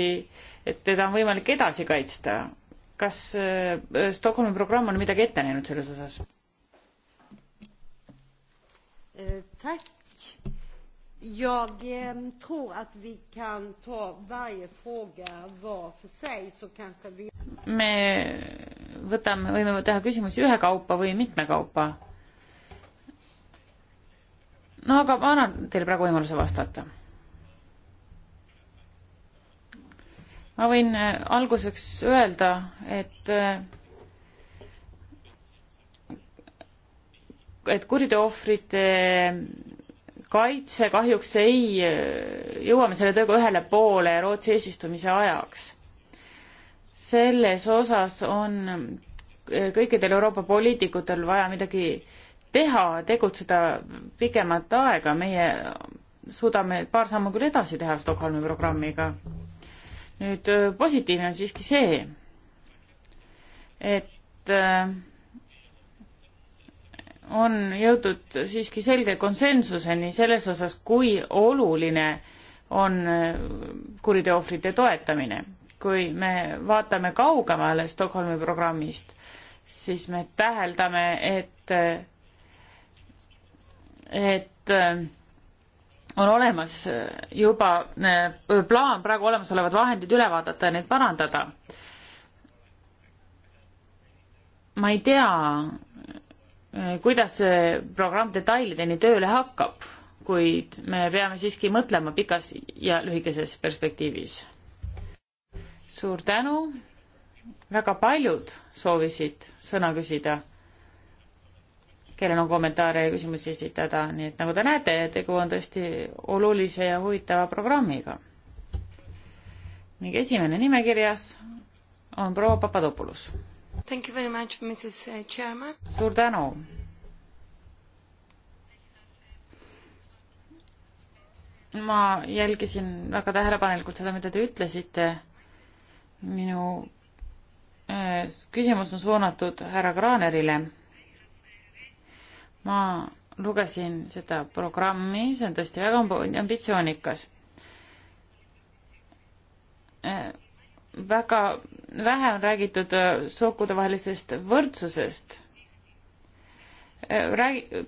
et teda on võimalik edasi kaitsta. kas äh, Stockholmi programm on midagi ette näinud selles osas? Eh, Jag eh, tror att vi kan ta varje fråga var för sig så kanske vi me võtame, võime teha küsimusi ühekaupa või mitmekaupa no aga ma annan teile praegu võimaluse vastata. ma võin äh, alguseks öelda, et äh, et kuriteo ohvrite äh, kaitse kahjuks ei, jõuame selle tööga ühele poole Rootsi eesistumise ajaks. selles osas on kõikidel Euroopa poliitikutel vaja midagi äh, teha, tegutseda pikemat aega, meie suudame paar sammu küll edasi teha Stockholmi programmiga. nüüd äh, positiivne on siiski see, et äh, on jõudnud siiski selge konsensuseni selles osas, kui oluline on äh, kuriteoohvrite toetamine. kui me vaatame kaugemale Stockholmi programmist, siis me täheldame, et et äh, on olemas äh, juba äh, plaan praegu olemasolevad vahendid üle vaadata ja neid parandada. ma ei tea, kuidas see programm detailideni tööle hakkab, kuid me peame siiski mõtlema pikas ja lühikeses perspektiivis. suur tänu, väga paljud soovisid sõna küsida kellel on kommentaare ja küsimusi esitada, nii et nagu te näete, tegu on tõesti olulise ja huvitava programmiga. ning esimene nimekirjas on proua Papadopoulos. Uh, suur tänu. ma jälgisin väga tähelepanelikult seda, mida te ütlesite. minu äh, küsimus on suunatud härra Kraanerile ma lugesin seda programmi, see on tõesti väga ambitsioonikas. Äh, väga vähe on räägitud äh, sookudevahelisest võrdsusest. Äh, räägi-,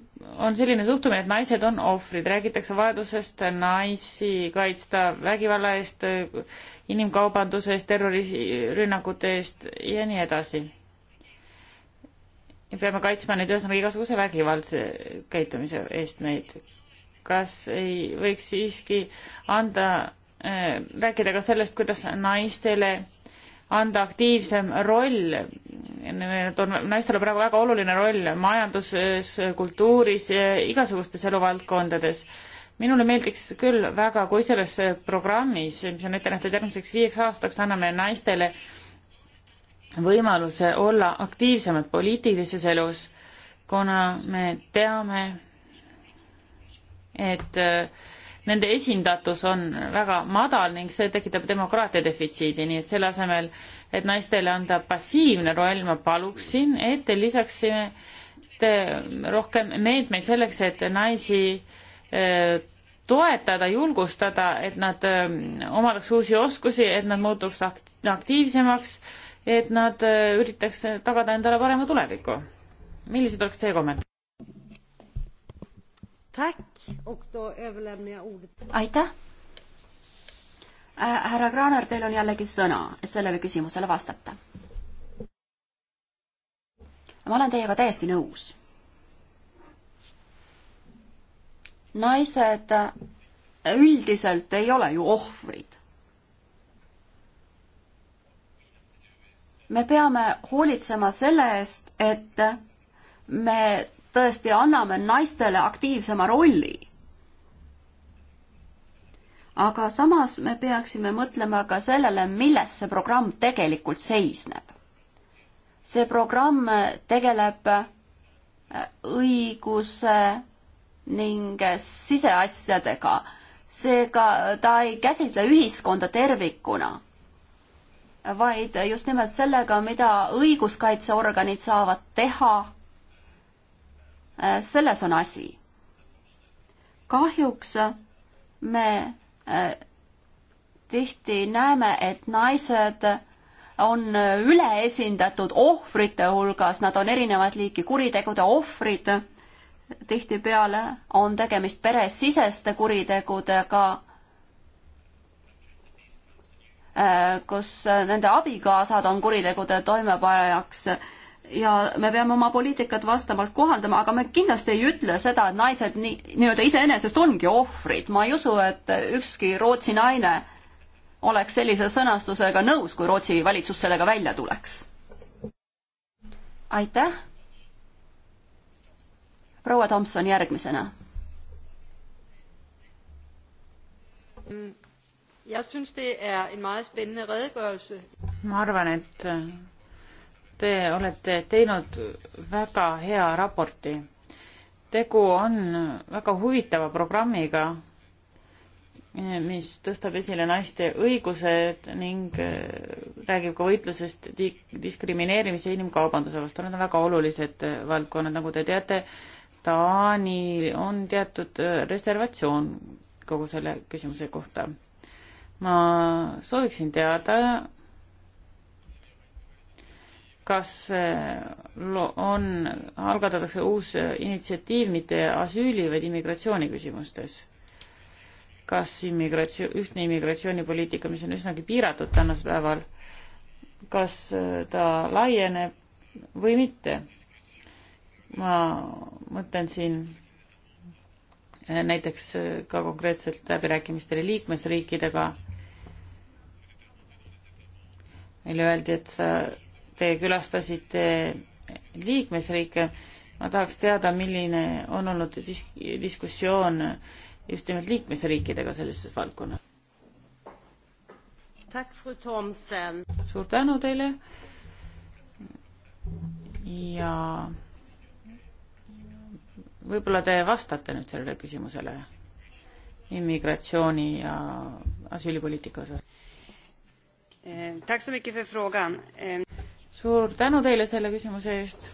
on selline suhtumine, et naised on ohvrid, räägitakse vajadusest naisi kaitsta vägivalla eest, inimkaubanduse eest, terrorirünnakute eest ja nii edasi ja peame kaitsma neid ühesõnaga igasuguse vägivaldse käitumise eest neid. kas ei võiks siiski anda äh,, rääkida ka sellest, kuidas naistele anda aktiivsem roll, on naistel on praegu väga oluline roll majanduses, kultuuris, igasugustes eluvaldkondades. minule meeldiks küll väga, kui selles programmis, mis on ette nähtud järgmiseks viieks aastaks, anname naistele äh, võimaluse olla aktiivsemad poliitilises elus, kuna me teame, et äh, nende esindatus on väga madal ning see tekitab demokraatia defitsiidi, nii et selle asemel, et naistele anda passiivne roll, ma paluksin, et te lisaksime rohkem meetmeid selleks, et naisi äh, toetada, julgustada, et nad äh, omadaks uusi oskusi, et nad muutuks aktiivsemaks et nad äh, üritaks tagada endale parema tuleviku. millised oleks teie kommentaarid? aitäh! Äh, härra Kraaner, teil on jällegi sõna, et sellele küsimusele vastata. ma olen teiega täiesti nõus. naised üldiselt ei ole ju ohvrid me peame hoolitsema selle eest, et me tõesti anname naistele aktiivsema rolli. aga samas me peaksime mõtlema ka sellele, milles see programm tegelikult seisneb. see programm tegeleb äh, õiguse ning siseasjadega, seega ta ei käsitle ühiskonda tervikuna vaid just nimelt sellega, mida õiguskaitseorganid saavad teha. selles on asi. kahjuks me eh, tihti näeme, et naised on üleesindatud ohvrite hulgas, nad on erinevat liiki kuritegude ohvrid. tihtipeale on tegemist peresiseste kuritegudega Äh, kus äh, nende abikaasad on kuritegude toimepanejaks ja me peame oma poliitikat vastavalt kohandama, aga me kindlasti ei ütle seda, et naised nii, nii-öelda iseenesest ongi ohvrid, ma ei usu, et ükski Rootsi naine oleks sellise sõnastusega nõus, kui Rootsi valitsus sellega välja tuleks. aitäh. proua Tomson järgmisena mm Jeg synes, det er en meget spændende redegørelse. Ma arvan, et äh, te olete teinud väga hea raporti. Tegu on väga huvitava programmiga, äh, mis tõstab esile naiste õigused ning äh, räägib ka võitlusest diskrimineerimise ja inimkaubanduse vastu. Need on väga olulised valdkonnad, nagu te teate. Taanil on teatud reservatsioon kogu selle küsimuse kohta ma sooviksin teada, kas eh, on, algatatakse uus initsiatiiv mitte asüüli, vaid immigratsiooni küsimustes? kas immigratsioon, ühtne immigratsioonipoliitika, mis on üsnagi piiratud tänasel päeval, kas eh, ta laieneb või mitte? ma mõtlen siin Eh, näiteks eh, ka konkreetselt läbirääkimistele liikmesriikidega. meile öeldi, et sa, te külastasite liikmesriike. ma tahaks teada, milline on olnud dis-, diskussioon just nimelt liikmesriikidega selles valdkonnas. suur tänu teile ja võib-olla te vastate nüüd sellele küsimusele immigratsiooni ja asüülipoliitika osas. Ehm, suur tänu teile selle küsimuse eest.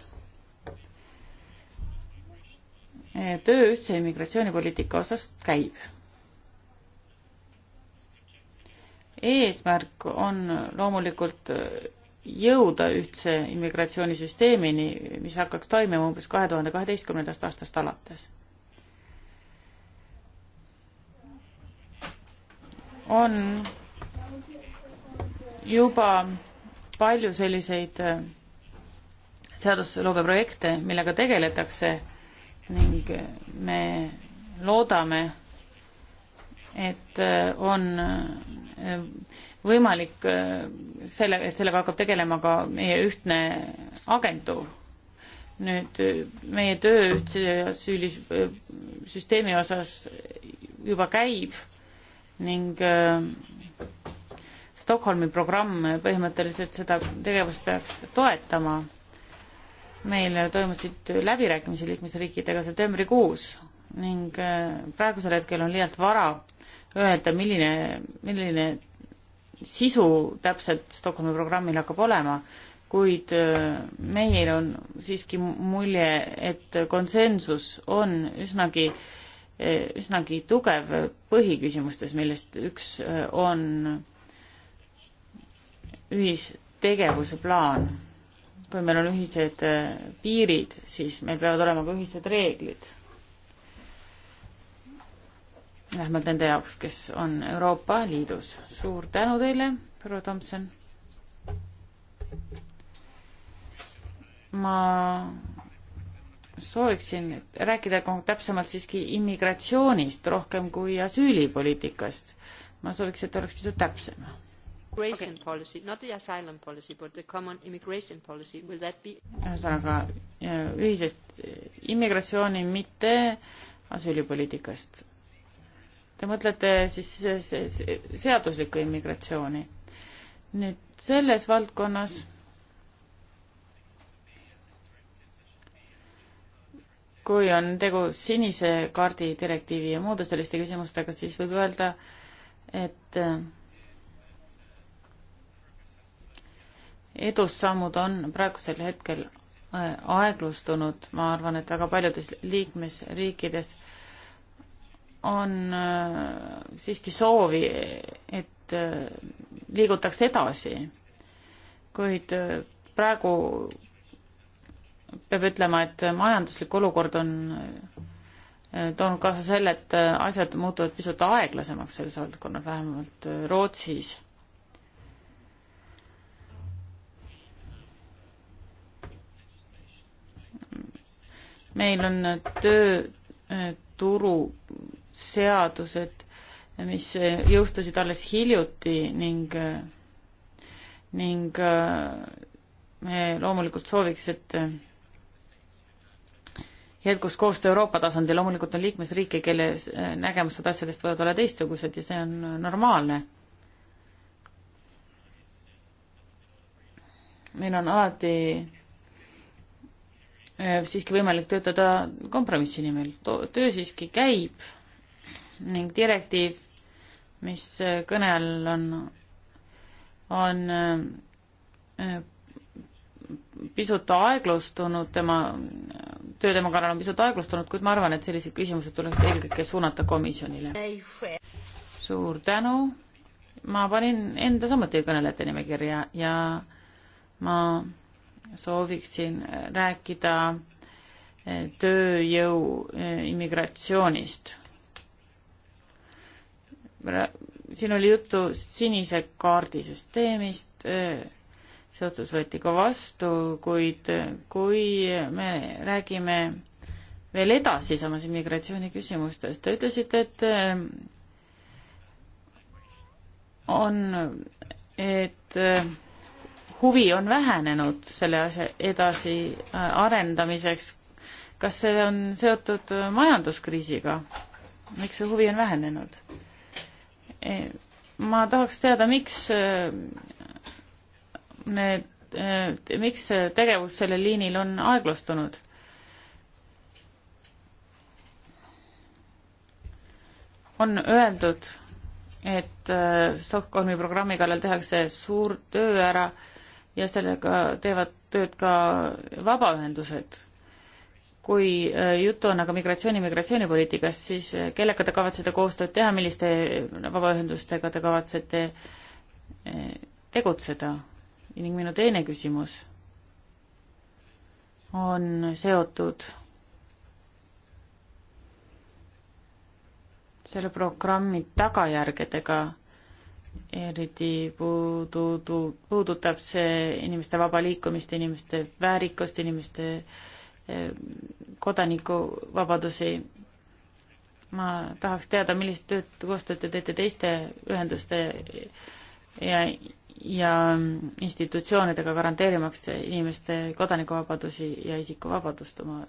Eh, töö ühtse immigratsioonipoliitika osas käib. eesmärk on loomulikult jõuda ühtse immigratsioonisüsteemini, mis hakkaks toimima umbes kahe tuhande kaheteistkümnendast aastast alates. on juba palju selliseid äh, seadusloome projekte, millega tegeletakse ning me loodame, et äh, on äh, võimalik äh, selle, sellega hakkab tegelema ka meie ühtne agentuur. nüüd äh, meie töö ühtse asüülisüsteemi äh, osas juba käib ning Stockholmi programm põhimõtteliselt seda tegevust peaks toetama. meil toimusid läbirääkimisi liikmesriikidega septembrikuus ning praegusel hetkel on liialt vara öelda, milline, milline sisu täpselt Stockholmi programmil hakkab olema, kuid äh, meil on siiski mulje, et konsensus on üsnagi, äh, üsnagi tugev põhiküsimustes, millest üks äh, on ühistegevuse plaan. kui meil on ühised piirid, siis meil peavad olema ka ühised reeglid vähemalt nende jaoks, kes on Euroopa Liidus. suur tänu teile, proua Tomson. ma sooviksin rääkida täpsemalt siiski immigratsioonist rohkem kui asüülipoliitikast. ma sooviks, et oleks pisut täpsem. Immigration okay. policy, not the asylum policy, but the common immigration policy, will that be? ühesõnaga ühisest immigratsiooni, mitte asüülipoliitikast Te mõtlete siis seaduslikku immigratsiooni. nüüd selles valdkonnas kui on tegu sinise kaardi direktiivi ja muude selliste küsimustega, siis võib öelda, et äh, edussammud on praegusel hetkel äh, aeglustunud, ma arvan, et väga paljudes liikmesriikides äh, on äh, siiski soovi, et äh, liigutakse edasi. kuid äh, praegu peab ütlema, et majanduslik olukord on toonud kaasa selle, et asjad muutuvad pisut aeglasemaks selles valdkonnas, vähemalt Rootsis. meil on töö, turu seadused, mis jõustusid alles hiljuti ning, ning äh, me loomulikult sooviks, et äh, jätkuks koostöö Euroopa tasandil, loomulikult on liikmesriike, kelle äh, nägemused asjadest võivad olla teistsugused ja see on normaalne. meil on alati siiski võimalik töötada kompromissi nimel, töö siiski käib ning direktiiv, mis äh, kõne all on, on äh, pisut aeglustunud, tema, töö tema kallal on pisut aeglustunud, kuid ma arvan, et sellised küsimused tuleks eelkõige suunata komisjonile. suur tänu, ma panin enda samuti kõnelejate nimekirja ja ma sooviksin rääkida äh, tööjõu immigratsioonist siin oli juttu sinise kaardi süsteemist, see otsus võeti ka vastu, kuid kui me räägime veel edasi samas immigratsiooniküsimustest, te ütlesite, et on, et huvi on vähenenud selle asja edasiarendamiseks. Äh, kas see on seotud majanduskriisiga? miks see huvi on vähenenud? Eh, ma tahaks teada, miks need, eh, eh, miks tegevus sellel liinil on aeglustunud? on öeldud, et Stockholmi programmi kallal tehakse suur töö ära ja sellega teevad tööd ka vabaühendused kui äh, juttu on aga migratsiooni, migratsioonipoliitikast, siis äh, kellega te kavatsete koostööd teha, milliste äh, vabaühendustega te kavatsete tegutseda? ning minu teine küsimus on seotud selle programmi tagajärgedega, eriti puudu, puudutab see inimeste vaba liikumist, inimeste väärikust, inimeste äh, kodanikuvabadusi. ma tahaks teada, millist tööd, koostööd te teete teiste ühenduste ja, ja institutsioonidega, garanteerimaks inimeste kodanikuvabadusi ja isikuvabadust oma,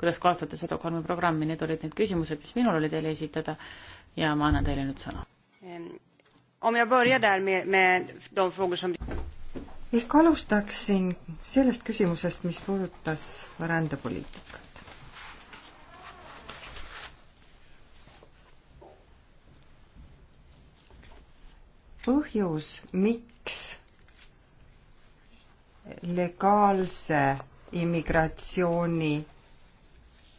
kuidas kaasate Stockholmi programmi, need olid need küsimused, mis minul oli teile esitada ja ma annan teile nüüd sõna. Om jag börjar där med, med de frågor som ehk alustaksin sellest küsimusest, mis puudutas rändepoliitikat. põhjus, miks legaalse immigratsiooni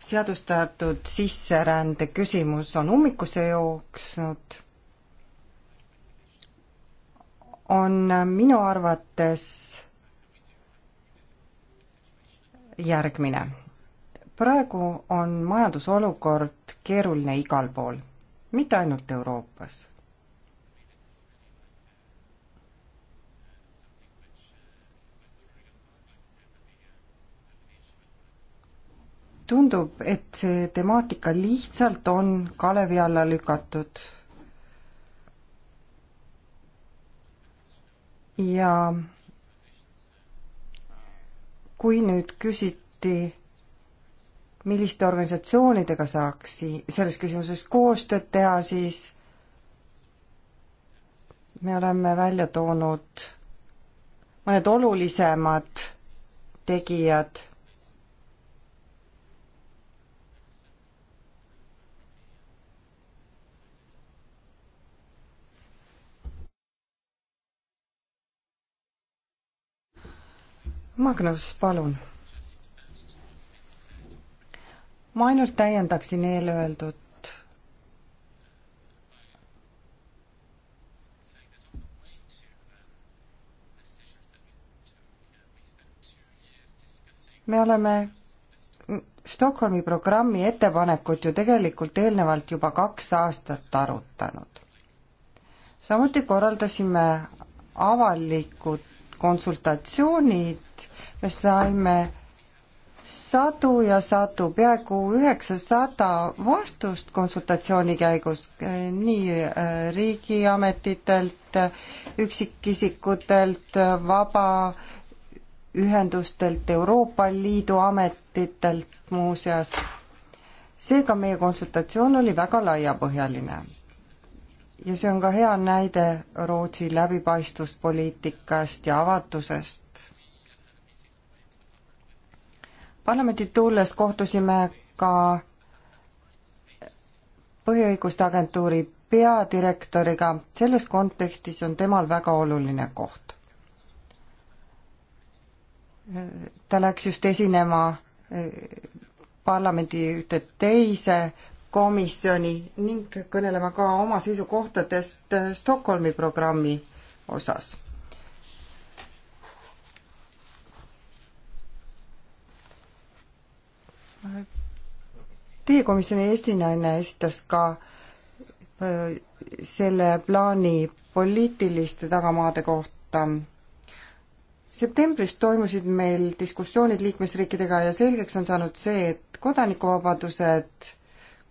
seadustatud sisserände küsimus on ummikusse jooksnud on minu arvates järgmine. praegu on majandusolukord keeruline igal pool, mitte ainult Euroopas tundub, et see temaatika lihtsalt on kalevi alla lükatud ja kui nüüd küsiti, milliste organisatsioonidega saaks selles küsimuses koostööd teha, siis me oleme välja toonud mõned olulisemad tegijad Magnus, palun. ma ainult täiendaksin eelöeldut. me oleme Stockholmi programmi ettepanekut ju tegelikult eelnevalt juba kaks aastat arutanud. samuti korraldasime avalikud konsultatsioonid, me saime sadu ja sadu, peaaegu üheksasada vastust konsultatsiooni käigus nii äh, riigiametitelt, üksikisikutelt, vabaühendustelt, Euroopa Liidu ametitelt muuseas. seega meie konsultatsioon oli väga laiapõhjaline ja see on ka hea näide Rootsi läbipaistvuspoliitikast ja avatusest. parlamenti tulles kohtusime ka põhiõiguste agentuuri peadirektoriga, selles kontekstis on temal väga oluline koht. ta läks just esinema parlamendi ühte teise komisjoni ning kõnelema ka oma seisukohtadest Stockholmi programmi osas Teie komisjoni esinaine esitas ka selle plaani poliitiliste tagamaade kohta. septembris toimusid meil diskussioonid liikmesriikidega ja selgeks on saanud see, et kodanikuvabadused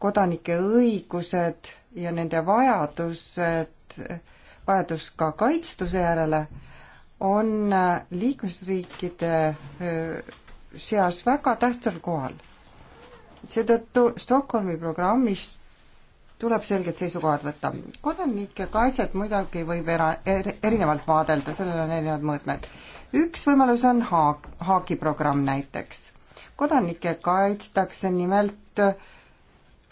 kodanike õigused ja nende vajadused, vajadus ka kaitstuse järele, on äh, liikmesriikide äh, seas väga tähtsal kohal. seetõttu Stockholmi programmis tuleb selged seisukohad võtta. kodanike kaitset muidugi võib era-, er-, erinevalt vaadelda, sellel on erinevad mõõtmed. üks võimalus on Haag, Haagi programm näiteks. kodanikke kaitstakse nimelt äh,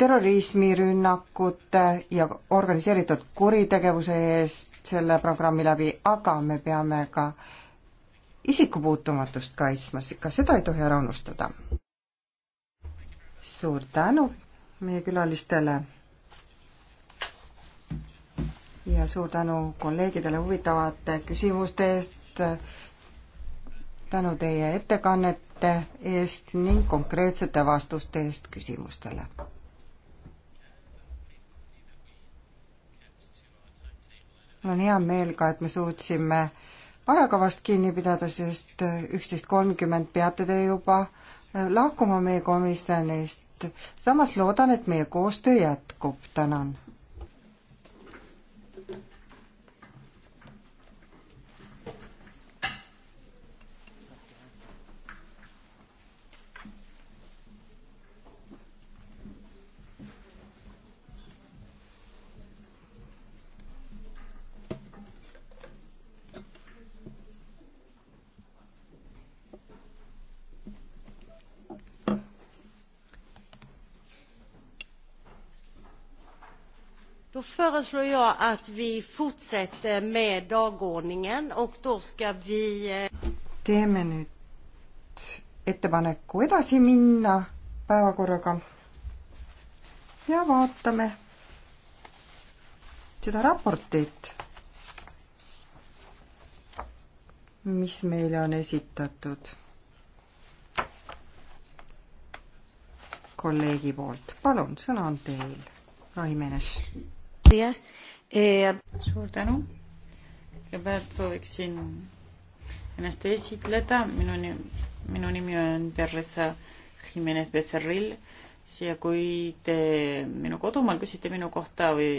terrorismirünnakute ja organiseeritud kuritegevuse eest selle programmi läbi, aga me peame ka isikupuutumatust kaitsma, ka seda ei tohi ära unustada. suur tänu meie külalistele ja suur tänu kolleegidele huvitavate küsimuste eest, tänu teie ettekannete eest ning konkreetsete vastuste eest küsimustele mul on hea meel ka, et me suutsime ajakavast kinni pidada, sest üksteist kolmkümmend peate te juba eh, lahkuma meie komisjonist. samas loodan, et meie koostöö jätkub, tänan Då föreslår jag att vi fortsätter med dagordningen och då ska vi... Eh, Teeme nüüd ettepaneku edasi minna päevakorraga ja vaatame seda raportit, mis meile on esitatud kolleegi poolt. palun, sõna on teil, Raimenes. Eh, suur tänu. kõigepealt sooviksin ennast esitleda, minu nimi, minu nimi on Teresa Jimenez Becerril ja kui te minu kodumaal küsite minu kohta või,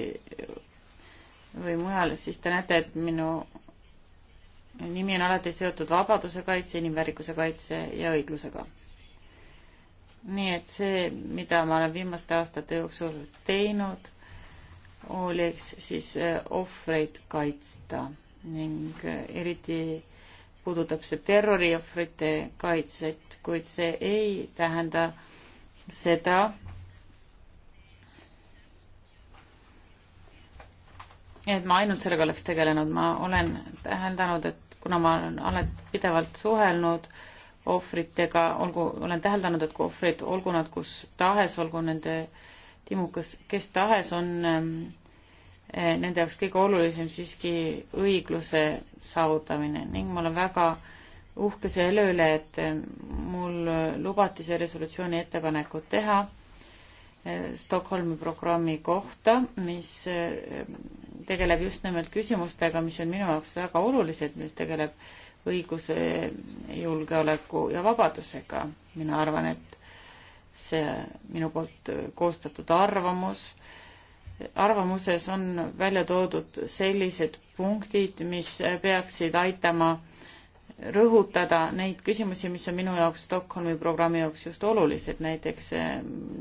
või mujal, siis te näete, et minu nimi on alati seotud vabaduse kaitse, inimväärikuse kaitse ja õiglusega. nii et see, mida ma olen viimaste aastate jooksul teinud oleks siis äh, ohvreid kaitsta ning äh, eriti puudutab see terroriohvrite kaitset, kuid see ei tähenda seda, et ma ainult sellega oleks tegelenud, ma olen täheldanud, et kuna ma olen alati pidevalt suhelnud ohvritega, olgu, olen täheldanud, et kui ohvrid, olgu nad kus tahes, olgu nende äh, timukas, kes tahes on ähm, äh, nende jaoks kõige olulisem siiski õigluse saavutamine ning ma olen väga uhke selle üle, et äh, mul lubati see resolutsiooni ettepanekud teha äh, Stockholmi programmi kohta, mis tegeleb just nimelt küsimustega, mis on minu jaoks väga olulised, mis tegeleb õiguse, julgeoleku ja vabadusega. mina arvan, et see minu poolt koostatud arvamus, arvamuses on välja toodud sellised punktid, mis peaksid aitama rõhutada neid küsimusi, mis on minu jaoks Stockholmi programmi jaoks just olulised, näiteks eh,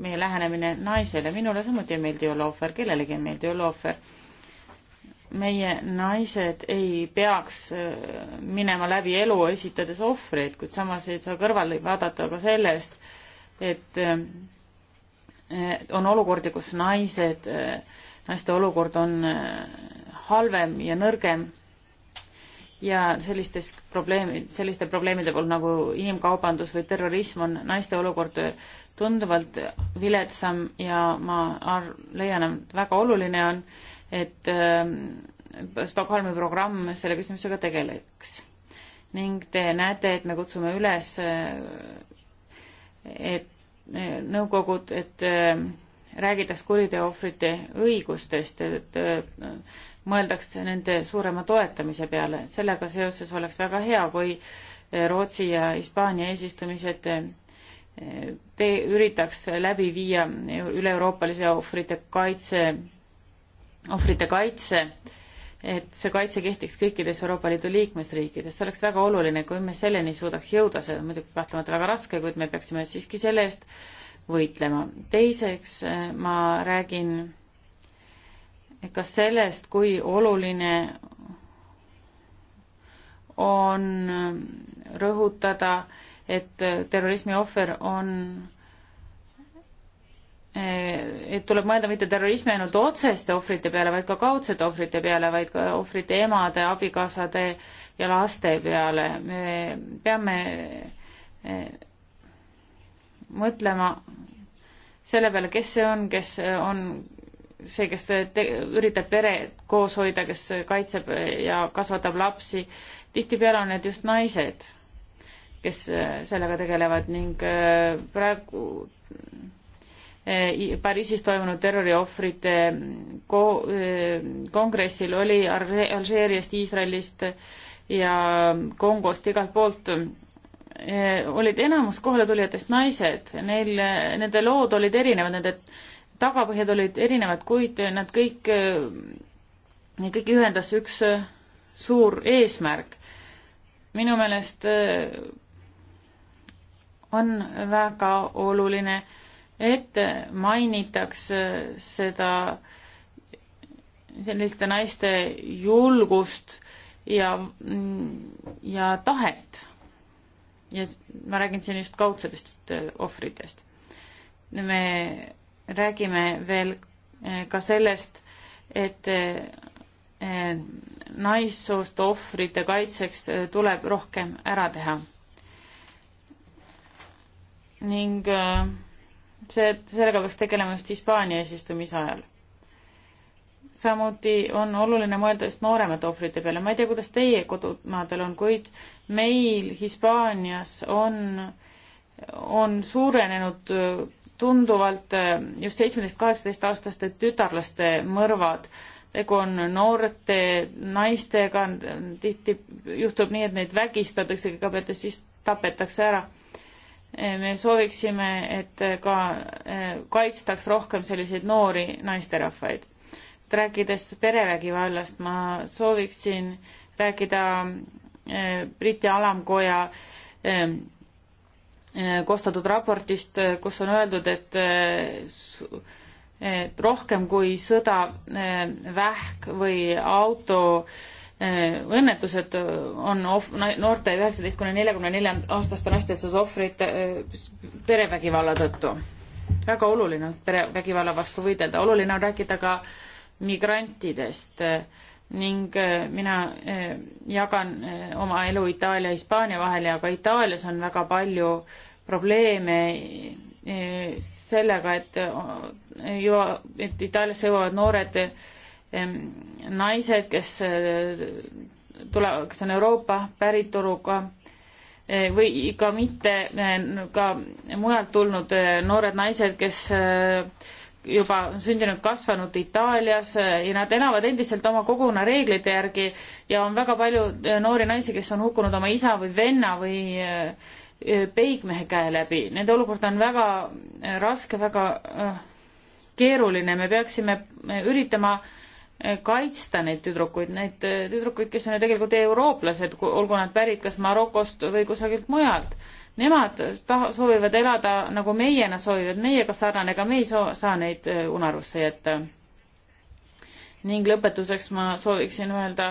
meie lähenemine naisele, minule samuti ei meeldi olla ohver, kellelegi ei meeldi olla ohver. meie naised ei peaks eh, minema läbi elu esitades ohvreid, kuid samas ei saa kõrvale vaadata ka sellest, et on olukordi, kus naised, naiste olukord on eh, halvem ja nõrgem ja sellistes probleemid, selliste probleemide puhul nagu inimkaubandus või terrorism on naiste olukord eh, tunduvalt viletsam ja ma ar-, leian, et väga oluline on, et äh, Stockholmi programm selle küsimusega tegeleks. ning te näete, et me kutsume üles äh, et eh, nõukogud, et eh, räägitaks kuriteo ohvrite õigustest, et eh, mõeldaks nende suurema toetamise peale. sellega seoses oleks väga hea, kui Rootsi ja Hispaania eesistumised te üritaks läbi viia üle-euroopalise ohvrite kaitse, ohvrite kaitse äh, et see kaitse kehtiks kõikides Euroopa Liidu liikmesriikides, see oleks väga oluline, kui me selleni suudaks jõuda, see on muidugi kahtlemata väga raske, kuid me peaksime siiski selle eest võitlema. teiseks eh, ma räägin ka sellest, kui oluline on rõhutada, et terrorismi ohver on Eh, et tuleb mõelda mitte terrorismi ainult otseste ohvrite peale, vaid ka kaudsete ohvrite peale, vaid ka ohvrite emade, abikaasade ja laste peale. me peame eh, mõtlema selle peale, kes see on, kes on see, kes te, üritab pere koos hoida, kes kaitseb ja kasvatab lapsi. tihtipeale on need just naised, kes eh, sellega tegelevad ning praegu Eh, Pariisis toimunud terroriohvrite mm, ko-, eh, kongressil oli Alžeeriast, Iisraelist ja Kongost igalt poolt eh, olid enamus kohaletulijatest naised, neil, nende lood olid erinevad, nende tagapõhjad olid erinevad, kuid nad kõik, kõik ühendas üks suur eesmärk. minu meelest on väga oluline äh, et mainitaks seda, selliste naiste julgust ja, ja tahet. ja ma räägin siin just kaudsetest äh, ohvritest. me räägime veel äh, ka sellest, et äh, naissoost ohvrite kaitseks tuleb rohkem ära teha. ning äh, see, sellega peaks tegelema just Hispaania eesistumise ajal. samuti on oluline mõelda just nooremate ohvrite peale, ma ei tea, kuidas teie kodumaadel on, kuid meil Hispaanias on, on suurenenud äh, tunduvalt äh, just seitsmeteist, kaheksateist aastaste tütarlaste mõrvad. tegu on noorte naistega, tihti juhtub nii, et neid vägistatakse kõigepealt ja siis tapetakse ära me sooviksime, et ka e, kaitstaks rohkem selliseid noori naisterahvaid. et rääkides perevägivallast, ma sooviksin rääkida e, Briti alamkoja e, koostatud raportist, kus on öeldud, et et rohkem kui sõda, vähk või auto äh, Äh, õnnetused äh, on of, noorte üheksateist kuni neljakümne nelja aastaste naiste seas ohvrid äh, perevägivalla tõttu. väga oluline on perevägivalla vastu võidelda, oluline on rääkida ka migrantidest ning mina jagan oma elu Itaalia ja Hispaania vahel ja ka Itaalias on väga palju probleeme sellega, et juba, et Itaaliasse jõuavad noored naised, kes eh, tule, kes on Euroopa päritoluga eh, või ka mitte, eh, ka mujalt tulnud noored naised, kes juba sündinud, kasvanud Itaalias ja nad elavad endiselt oma koguna reeglite järgi ja on väga palju noori naisi, kes on hukkunud oma isa või venna või peigmehe käe läbi. Nende olukord on väga raske, väga keeruline, me peaksime üritama äh, kaitsta neid tüdrukuid, neid äh, tüdrukuid, kes on ju tegelikult eurooplased, olgu nad pärit kas Marokost või kusagilt mujalt. Nemad taha, soovivad elada nagu meie, nad soovivad meiega sarnane, ega me ei soo, saa neid äh, unarusse jätta. ning lõpetuseks ma sooviksin öelda,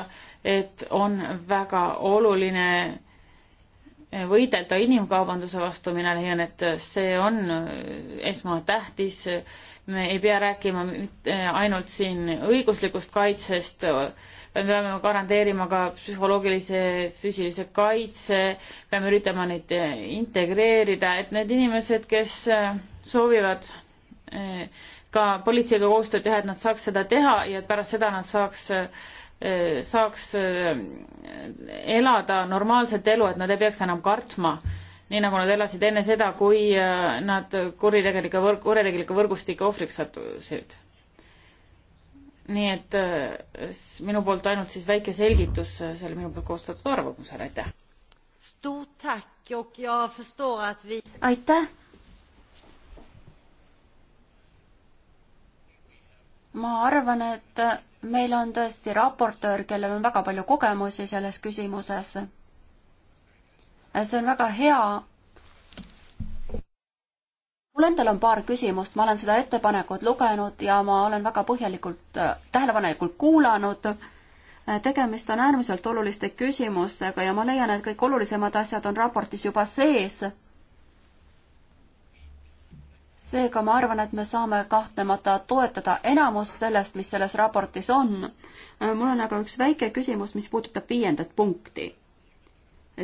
et on väga oluline äh, võidelda inimkaubanduse vastu, mina leian, et see on esmatähtis me ei pea rääkima eh, ainult siin õiguslikust kaitsest, me peame garanteerima ka psühholoogilise, füüsilise kaitse, peame üritama neid eh, integreerida, et need inimesed, kes eh, soovivad ka politseiga koostööd teha, et nad saaks seda teha ja pärast seda nad saaks, saaks elada normaalset elu, et nad ei peaks enam kartma äh, nii nagu nad elasid enne seda, kui äh, nad kuritegelike võrg, kuritegelike võrgustike ohvriks sattusid. nii et äh, minu poolt ainult siis väike selgitus äh, selle minu poolt koostatud arvamusele, aitäh! aitäh! ma arvan, et meil on tõesti raportöör, kellel on väga palju kogemusi selles küsimuses see on väga hea. mul endal on paar küsimust, ma olen seda ettepanekut lugenud ja ma olen väga põhjalikult, äh, tähelepanelikult kuulanud. Äh, tegemist on äärmiselt oluliste küsimustega ja ma leian, et kõik olulisemad asjad on raportis juba sees seega ma arvan, et me saame kahtlemata toetada enamust sellest, mis selles raportis on. Äh, mul on aga üks väike küsimus, mis puudutab viiendat punkti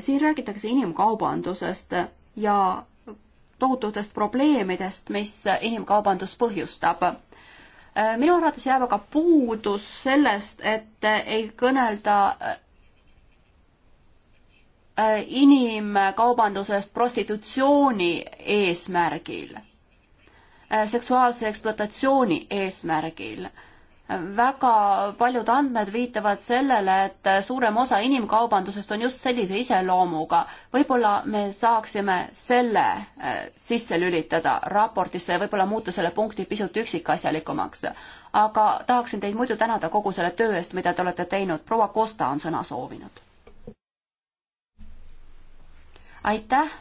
siin räägitakse inimkaubandusest ja tohututest probleemidest, mis inimkaubandus põhjustab. Äh, minu arvates jääb aga puudus sellest, et ei kõnelda äh, inimkaubandusest prostitutsiooni eesmärgil äh, seksuaalse ekspluatatsiooni eesmärgil väga paljud andmed viitavad sellele, et suurem osa inimkaubandusest on just sellise iseloomuga. võib-olla me saaksime selle äh, sisse lülitada raportisse ja võib-olla muuta selle punkti pisut üksikasjalikumaks. aga tahaksin teid muidu tänada kogu selle töö eest, mida te olete teinud. proua Kosta on sõna soovinud. aitäh.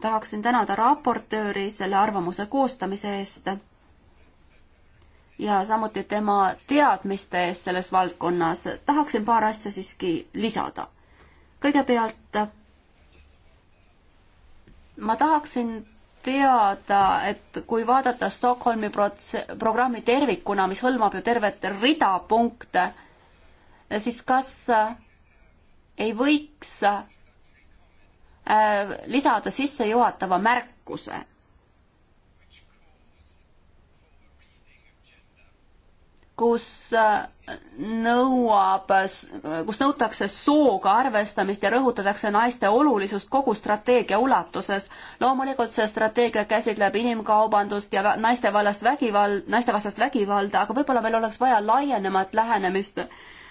tahaksin tänada raportööri selle arvamuse koostamise eest ja samuti tema teadmiste eest selles valdkonnas. tahaksin paar asja siiski lisada. kõigepealt ma tahaksin teada, et kui vaadata Stockholmi prots-, programmi tervikuna, mis hõlmab ju tervet rida punkte, siis kas äh, ei võiks äh, lisada sissejuhatava märkuse kus äh, nõuab, äh, kus nõutakse sooga arvestamist ja rõhutatakse naiste olulisust kogu strateegia ulatuses. loomulikult see strateegia käsitleb inimkaubandust ja naiste vallast vägivald, naistevastast vägivalda, aga võib-olla meil oleks vaja laienemat lähenemist.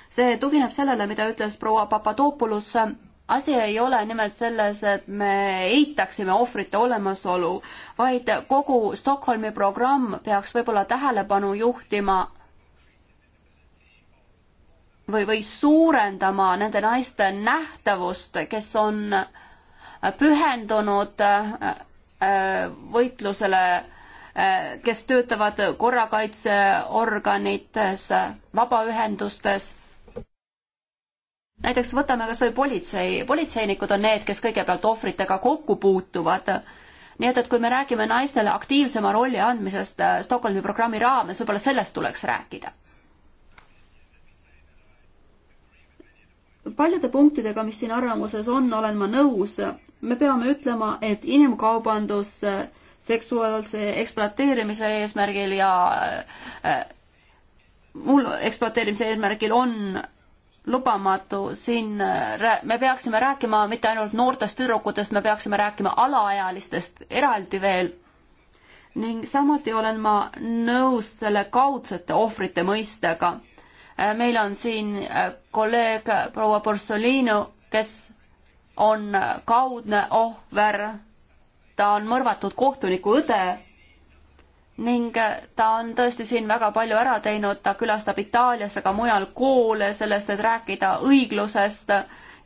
see tugineb sellele, mida ütles proua Papadopoulos asi ei ole nimelt selles, et me eitaksime ohvrite olemasolu, vaid kogu Stockholmi programm peaks võib-olla tähelepanu juhtima või, või suurendama nende naiste nähtavust, kes on pühendunud äh, äh, võitlusele, äh, kes töötavad korrakaitseorganites, vabaühendustes. näiteks võtame kas või politsei, politseinikud on need, kes kõigepealt ohvritega kokku puutuvad nii et, et kui me räägime naistele aktiivsema rolli andmisest Stockholmi programmi raames, võib-olla sellest tuleks rääkida paljude punktidega, mis siin arvamuses on, olen ma nõus. me peame ütlema, et inimkaubandus seksuaalse ekspluateerimise eesmärgil ja äh, mul ekspluateerimise eesmärgil on lubamatu siin, me peaksime rääkima mitte ainult noortest tüdrukutest, me peaksime rääkima alaealistest eraldi veel. ning samuti olen ma nõus selle kaudsete ohvrite mõistega Äh, meil on siin äh, kolleeg proua Borsolino, kes on äh, kaudne ohver, ta on mõrvatud kohtuniku õde ning ta on tõesti siin väga palju ära teinud, ta külastab Itaalias, aga mujal koole sellest, et rääkida õiglusest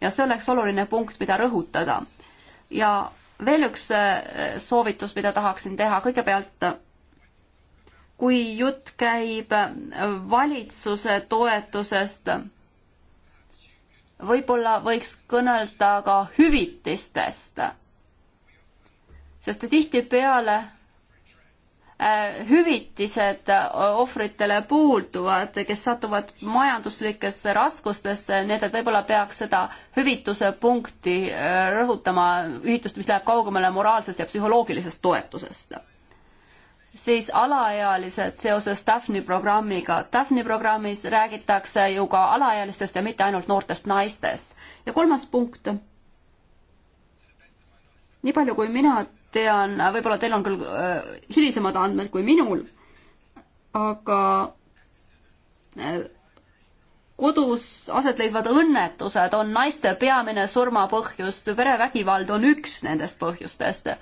ja see oleks oluline punkt, mida rõhutada. ja veel üks soovitus, mida tahaksin teha, kõigepealt kui jutt käib äh, valitsuse toetusest, võib-olla võiks kõnelda ka hüvitistest, sest tihtipeale äh, hüvitised äh, ohvritele puuduvad, kes satuvad majanduslikesse raskustesse, nii et, et võib-olla peaks seda hüvituse punkti rõhutama, ühitust, mis läheb kaugemale moraalsest ja psühholoogilisest toetusest siis alaealised seoses Daphne programmiga. Daphne programmis räägitakse ju ka alaealistest ja mitte ainult noortest naistest. ja kolmas punkt. nii palju, kui mina tean, võib-olla teil on küll äh, hilisemad andmed kui minul, aga äh, kodus aset leidvad õnnetused on naiste peamine surmapõhjus, perevägivald on üks nendest põhjustest äh,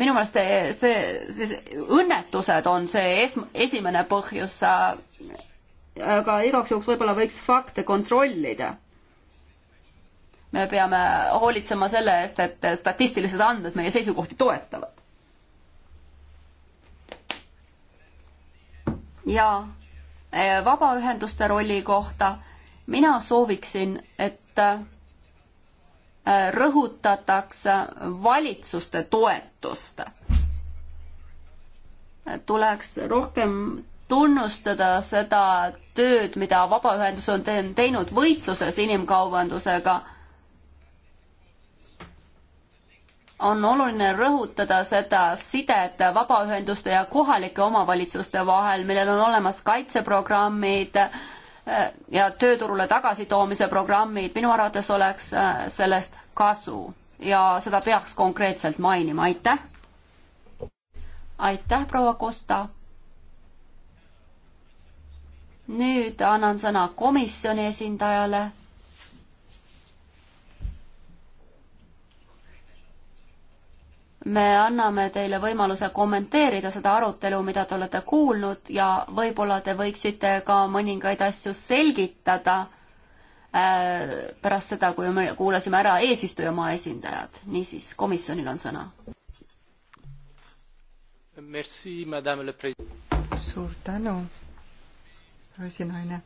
minu meelest see, see, õnnetused on see es-, esimene põhjus, aga igaks juhuks võib-olla võiks fakte kontrollida. me peame hoolitsema selle eest, et statistilised andmed meie seisukohti toetavad. ja eh, vabaühenduste rolli kohta mina sooviksin, et rõhutatakse valitsuste toetust. tuleks rohkem tunnustada seda tööd, mida vabaühendus on teinud võitluses inimkaubandusega. on oluline rõhutada seda sidet vabaühenduste ja kohalike omavalitsuste vahel, millel on olemas kaitseprogrammid äh,, ja tööturule tagasitoomise programmid, minu arvates oleks äh, sellest kasu ja seda peaks konkreetselt mainima, aitäh. aitäh, proua Kosta. nüüd annan sõna komisjoni esindajale me anname teile võimaluse kommenteerida seda arutelu, mida te olete kuulnud ja võib-olla te võiksite ka mõningaid asju selgitada äh, pärast seda, kui me kuulasime ära eesistujamaa esindajad. niisiis, komisjonil on sõna. suur tänu, esinaine.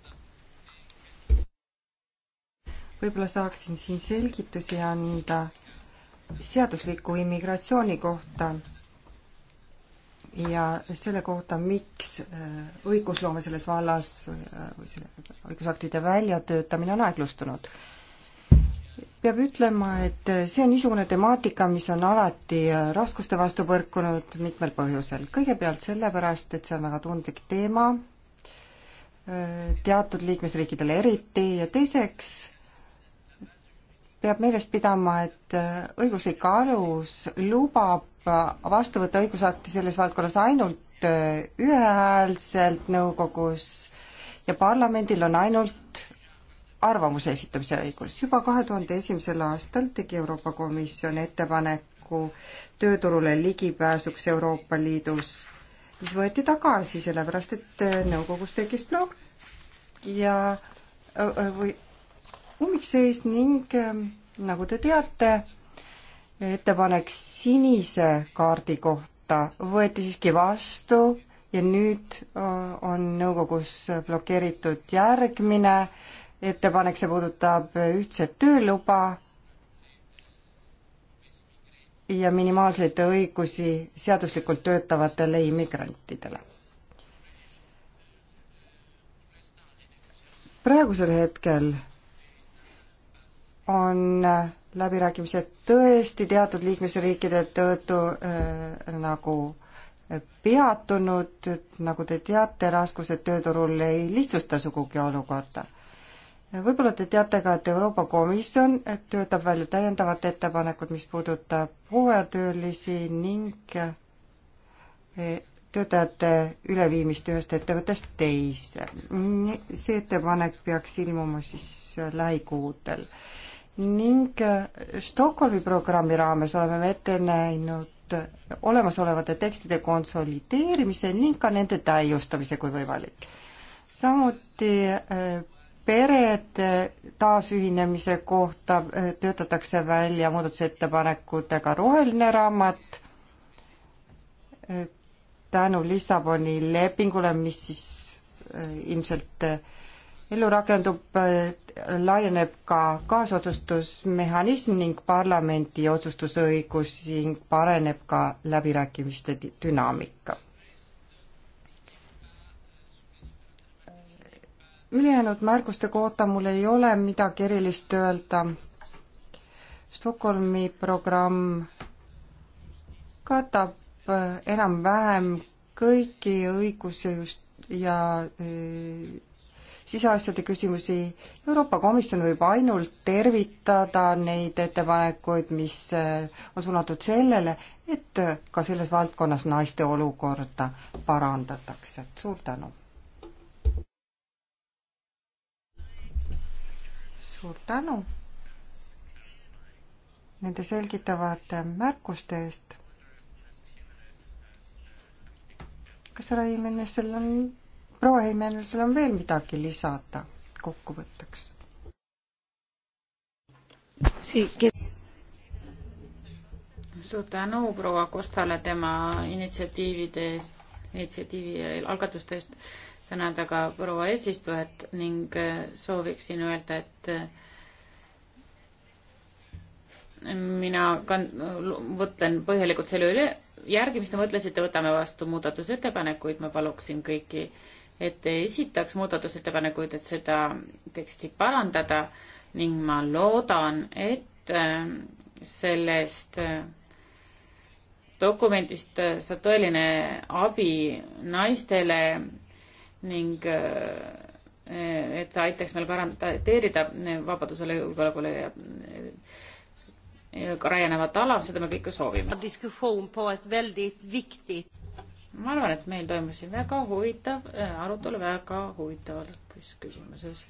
võib-olla saaksin siin selgitusi anda seadusliku immigratsiooni kohta ja selle kohta, miks äh, õigusloome selles vallas äh, või selle õigusaktide väljatöötamine on aeglustunud. peab ütlema, et äh, see on niisugune temaatika, mis on alati raskuste vastu põrkunud mitmel põhjusel. kõigepealt sellepärast, et see on väga tundlik teema, teatud liikmesriikidele eriti, ja teiseks peab meeles pidama, et äh, õiguslik alus lubab äh, vastu võtta õigusakti selles valdkonnas ainult äh, ühehäälselt nõukogus ja parlamendil on ainult arvamuse esitamise õigus. juba kahe tuhande esimesel aastal tegi Euroopa Komisjon ettepaneku tööturule ligipääsuks Euroopa Liidus, mis võeti tagasi, sellepärast et nõukogus tekkis blokk ja või ummikseis ning ehm, nagu te teate, ettepanek sinise kaardi kohta võeti siiski vastu ja nüüd on nõukogus blokeeritud järgmine ettepanek, see puudutab ühtset tööluba ja minimaalseid õigusi seaduslikult töötavatele immigrantidele. praegusel hetkel on äh, läbirääkimised tõesti teatud liikmesriikide tõttu äh, nagu äh, peatunud, nagu te teate, raskused tööturul ei lihtsusta sugugi olukorda. võib-olla te teate ka, et Euroopa Komisjon äh, töötab välja täiendavad ettepanekud, mis puudutab hooajatöölisi ning e, töötajate üleviimist ühest ettevõttest teise. see ettepanek peaks ilmuma siis lähikuudel ning äh, Stockholmi programmi raames oleme me ette näinud olemasolevate tekstide konsolideerimise ning ka nende täiustamise, kui võimalik. samuti äh, perede taasühinemise kohta äh, töötatakse välja muudatusettepanekutega roheline raamat tänu Lissaboni lepingule, mis siis ilmselt ellu rakendub, äh, laieneb ka kaasotsustusmehhanism ning parlamendi otsustusõigus ning pareneb ka läbirääkimiste dünaamika. ülejäänud märguste kohta mul ei ole midagi erilist öelda. Stockholmi programm katab äh, enam-vähem kõiki õigus- ja just- äh, ja siseasjade küsimusi. Euroopa Komisjon võib ainult tervitada neid ettepanekuid, mis eh, on suunatud sellele, et ka selles valdkonnas naiste olukorda parandatakse. suur tänu! suur tänu nende selgitavate märkuste eest. kas härra Jimenezil on proua Heimen, sul on veel midagi lisada kokkuvõtteks? suur tänu proua Kostale tema initsiatiivide eest, initsiatiivi algatuste eest, tänada ka proua eesistujat ning äh, sooviksin öelda, et äh, mina kan-, mõtlen põhjalikult selle üle, järgi, mis te mõtlesite, võtame vastu muudatusettepanekuid, ma paluksin kõiki äh, et esitaks muudatusettepanekuid, et seda teksti parandada ning ma loodan, et äh, sellest äh, dokumendist äh, saab tõeline abi naistele ning et see aitaks meil garanteerida vabadusele, julgeolekule ja rajanevat ala, seda me kõike soovime ma arvan, et meil toimus siin väga huvitav äh, arutelu väga huvitaval küsimuses.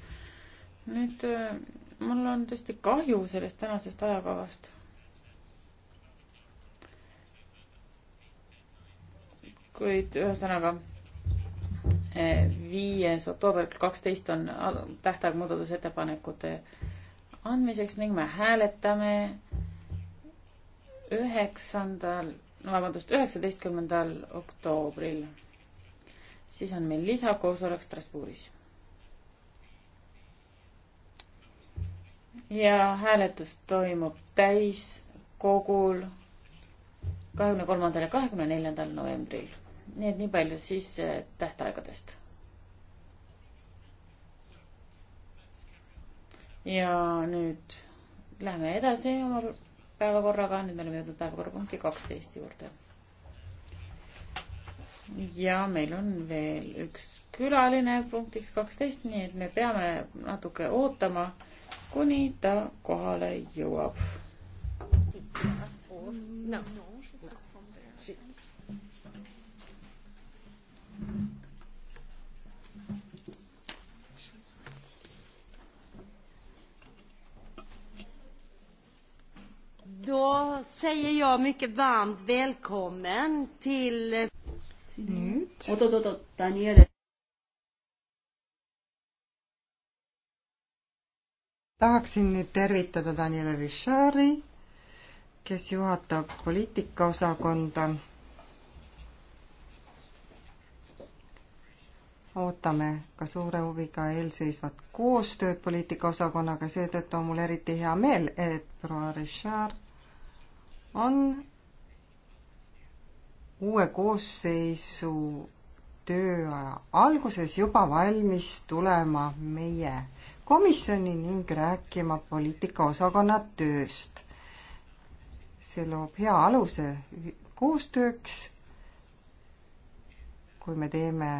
nüüd äh, mul on tõesti kahju sellest tänasest ajakavast. kuid ühesõnaga äh, viies oktoober kell kaksteist on tähtaeg muudatusettepanekute andmiseks ning me hääletame üheksandal 9 vabandust, üheksateistkümnendal oktoobril. siis on meil lisakoosolek Strasbourgis. ja hääletus toimub täiskogul kahekümne kolmandal ja kahekümne neljandal novembril. nii et nii palju siis eh, tähtaegadest. ja nüüd läheme edasi oma päevakorraga, nüüd me oleme jõudnud päevakorrapunkti kaksteist juurde. ja meil on veel üks külaline punktiks kaksteist, nii et me peame natuke ootama, kuni ta kohale jõuab. no, no. Då säger jag mycket varmt välkommen till... Nyt. Oot, oot, oot, Daniele. tahaksin nüüd tervitada Daniele Richari, kes juhatab poliitikaosakonda. ootame ka suure huviga eelseisvat koostööd poliitikaosakonnaga, seetõttu on mul eriti hea meel, et proua Richard on uue koosseisu tööaja alguses juba valmis tulema meie komisjoni ning rääkima poliitikaosakonna tööst. see loob hea aluse koostööks, kui me teeme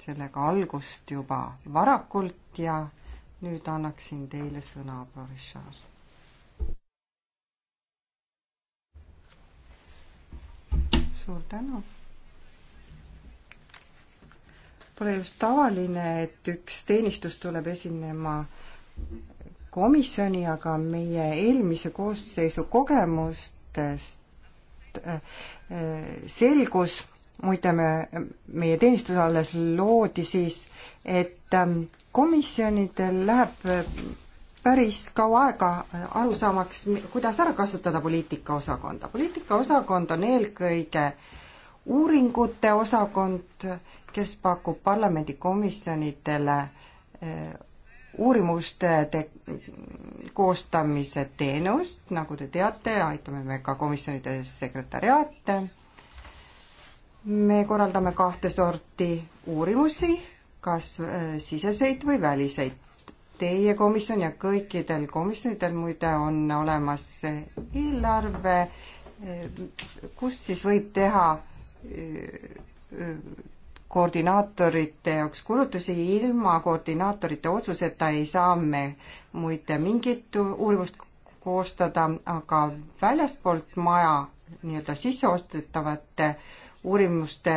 sellega algust juba varakult ja nüüd annaksin teile sõna, Boris Šaar. suur tänu. Pole just tavaline, et üks teenistus tuleb esinema komisjoni, aga meie eelmise koosseisu kogemustest äh, selgus, muide me, meie teenistus alles loodi siis, et ähm, komisjonidel läheb päris kaua aega aru saamaks, kuidas ära kasutada poliitikaosakonda. poliitikaosakond on eelkõige uuringute osakond, kes pakub parlamendikomisjonidele eh, uurimuste te-, koostamise teenust, nagu te teate, aitame me ka komisjonide sekretäriaate, me korraldame kahte sorti uurimusi, kas eh, siseseid või väliseid teie komisjon ja kõikidel komisjonidel muide on olemas eelarve, kus siis võib teha koordinaatorite jaoks kulutusi, ilma koordinaatorite otsuseta ei saa me muide mingit uurimust koostada, aga väljastpoolt maja nii-öelda sisseostetavate uurimuste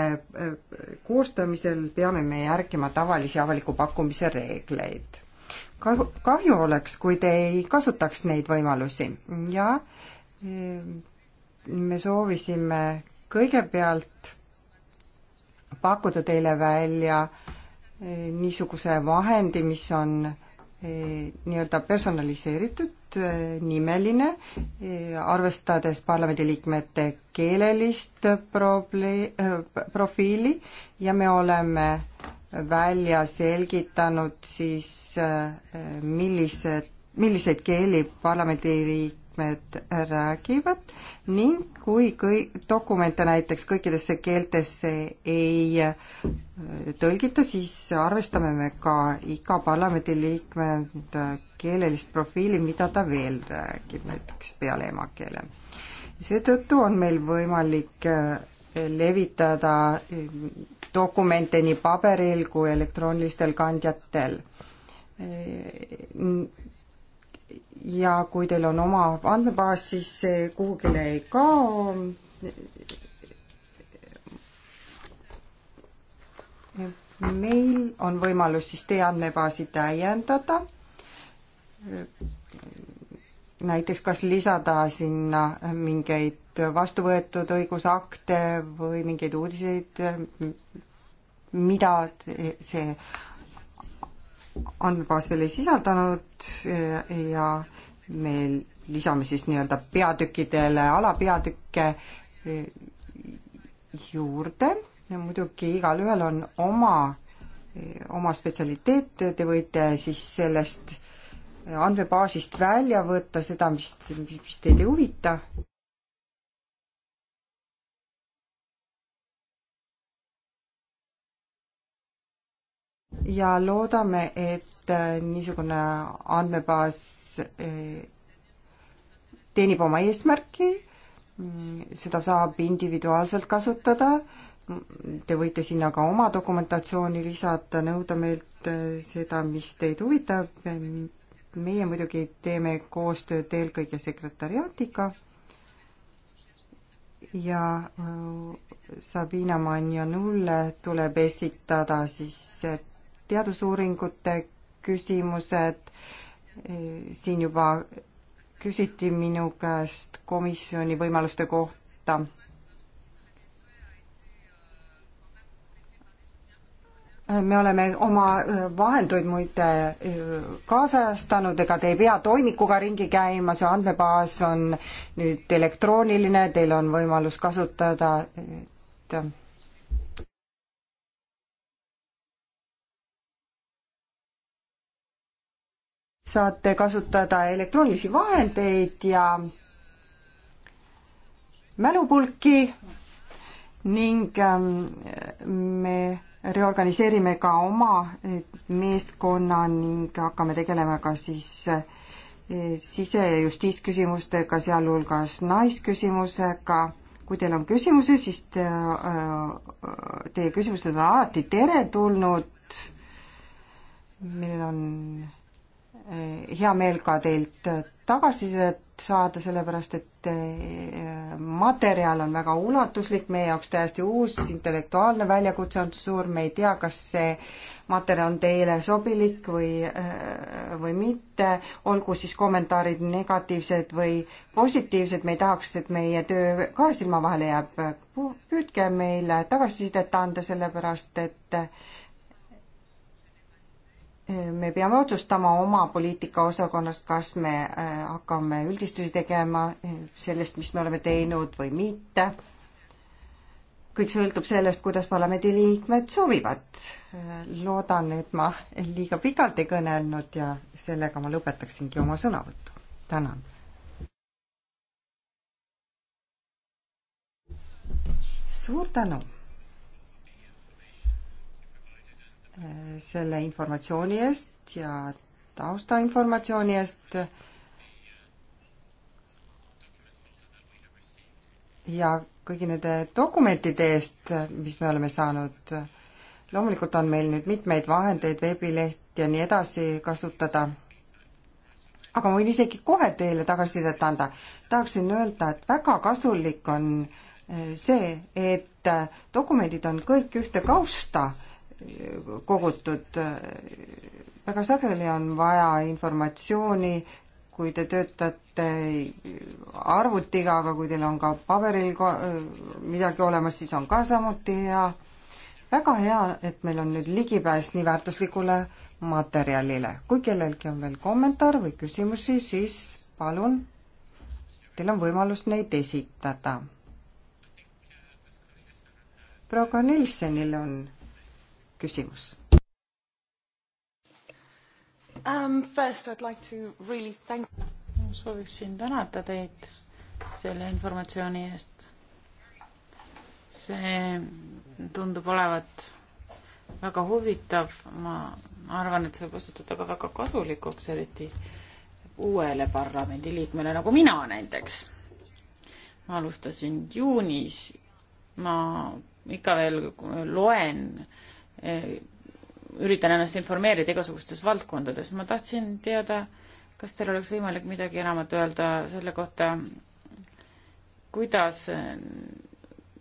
koostamisel peame me järgima tavalisi avaliku pakkumise reegleid kahju, kahju oleks, kui te ei kasutaks neid võimalusi ja e, me soovisime kõigepealt pakkuda teile välja e, niisuguse vahendi, mis on e, nii-öelda personaliseeritud, nimeline, arvestades parlamendiliikmete keelelist proble-, profiili ja me oleme välja selgitanud siis äh, millised, milliseid keeli parlamendiliikmed räägivad ning kui kõi-, dokumente näiteks kõikidesse keeltesse ei äh, tõlgita, siis arvestame me ka iga parlamendiliikme äh, keelelist profiili, mida ta veel räägib näiteks peale emakeele. seetõttu on meil võimalik levitada dokumente nii paberil kui elektroonilistel kandjatel. ja kui teil on oma andmebaas, siis see kuhugile ei kao. meil on võimalus siis teie andmebaasi täiendada näiteks kas lisada sinna mingeid vastu võetud õigusakte või mingeid uudiseid, mida see andmebaas veel ei sisaldanud ja me lisame siis nii-öelda peatükkidele alapeatükke juurde ja muidugi igalühel on oma, oma spetsialiteet, te võite siis sellest andmebaasist välja võtta seda, mis, mis teid ei huvita ja loodame, et äh, niisugune andmebaas äh, teenib oma eesmärki, mm, seda saab individuaalselt kasutada, te võite sinna ka oma dokumentatsiooni lisada, nõuda meilt äh, seda, mis teid huvitab, meie muidugi teeme koostööd eelkõige sekretariaatiga ja Sabina Manjanulle tuleb esitada siis teadusuuringute küsimused, siin juba küsiti minu käest komisjoni võimaluste kohta. me oleme oma vahendeid muide kaasajastanud, ega te ei pea toimikuga ringi käima, see andmebaas on nüüd elektrooniline, teil on võimalus kasutada et saate kasutada elektroonilisi vahendeid ja mälupulki ning ähm, me reorganiseerime ka oma äh, meeskonna ning hakkame tegelema ka siis äh, sise- ja justiitsküsimustega, sealhulgas naisküsimusega. kui teil on küsimusi, siis te, äh, teie küsimused on alati teretulnud. meil on Eh, hea meel ka teilt tagasisidet saada, sellepärast et eh, materjal on väga ulatuslik, meie jaoks täiesti uus intellektuaalne väljakutse on suur, me ei tea, kas see materjal on teile sobilik või, eh, või mitte, olgu siis kommentaarid negatiivsed või positiivsed, me ei tahaks, et meie töö kahe silma vahele jääb. püüdke meile tagasisidet anda, sellepärast et äh, me peame otsustama oma poliitikaosakonnast, kas me äh, hakkame üldistusi tegema äh, sellest, mis me oleme teinud või mitte. kõik sõltub sellest, kuidas parlamendiliikmed soovivad. Äh, loodan, et ma liiga pikalt ei kõnelnud ja sellega ma lõpetaksingi oma sõnavõttu. tänan. suur tänu selle informatsiooni eest ja taustainformatsiooni eest. ja kõigi nende dokumentide eest, mis me oleme saanud. loomulikult on meil nüüd mitmeid vahendeid, veebilehti ja nii edasi kasutada. aga ma võin isegi kohe teile tagasisidet anda. tahaksin öelda, et väga kasulik on eh, see, et eh, dokumendid on kõik ühte kausta kogutud. väga sageli on vaja informatsiooni, kui te töötate arvutiga, aga kui teil on ka paberil midagi olemas, siis on ka samuti hea. väga hea, et meil on nüüd ligipääs nii väärtuslikule materjalile. kui kellelgi on veel kommentaar või küsimusi, siis palun, teil on võimalus neid esitada. proua Nilsenil on küsimus um,? First I'd like to really thank ma sooviksin tänada teid selle informatsiooni eest. see tundub olevat väga huvitav, ma arvan, et see võib osutuda ka väga kasulikuks, eriti uuele parlamendiliikmele nagu mina näiteks. ma alustasin juunis, ma ikka veel loen äh, Eh, üritan ennast informeerida igasugustes valdkondades. ma tahtsin teada, kas teil oleks võimalik midagi enamat öelda selle kohta, kuidas eh,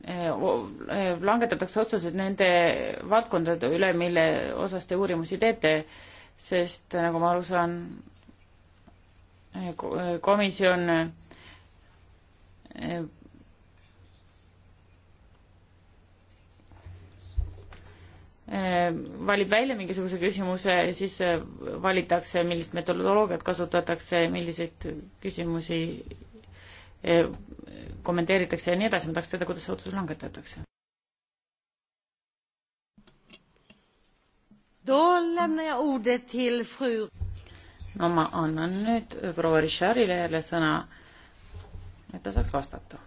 eh, langetatakse otsused nende valdkondade üle, mille osas te uurimusi teete, sest nagu ma aru saan, komisjon Äh, valib välja mingisuguse küsimuse, siis äh, valitakse, millist metodoloogiat kasutatakse, milliseid küsimusi äh, kommenteeritakse ja nii edasi, ma tahaks teada, kuidas see otsus langetatakse. no ma annan nüüd proua Richarile jälle sõna, et ta saaks vastata.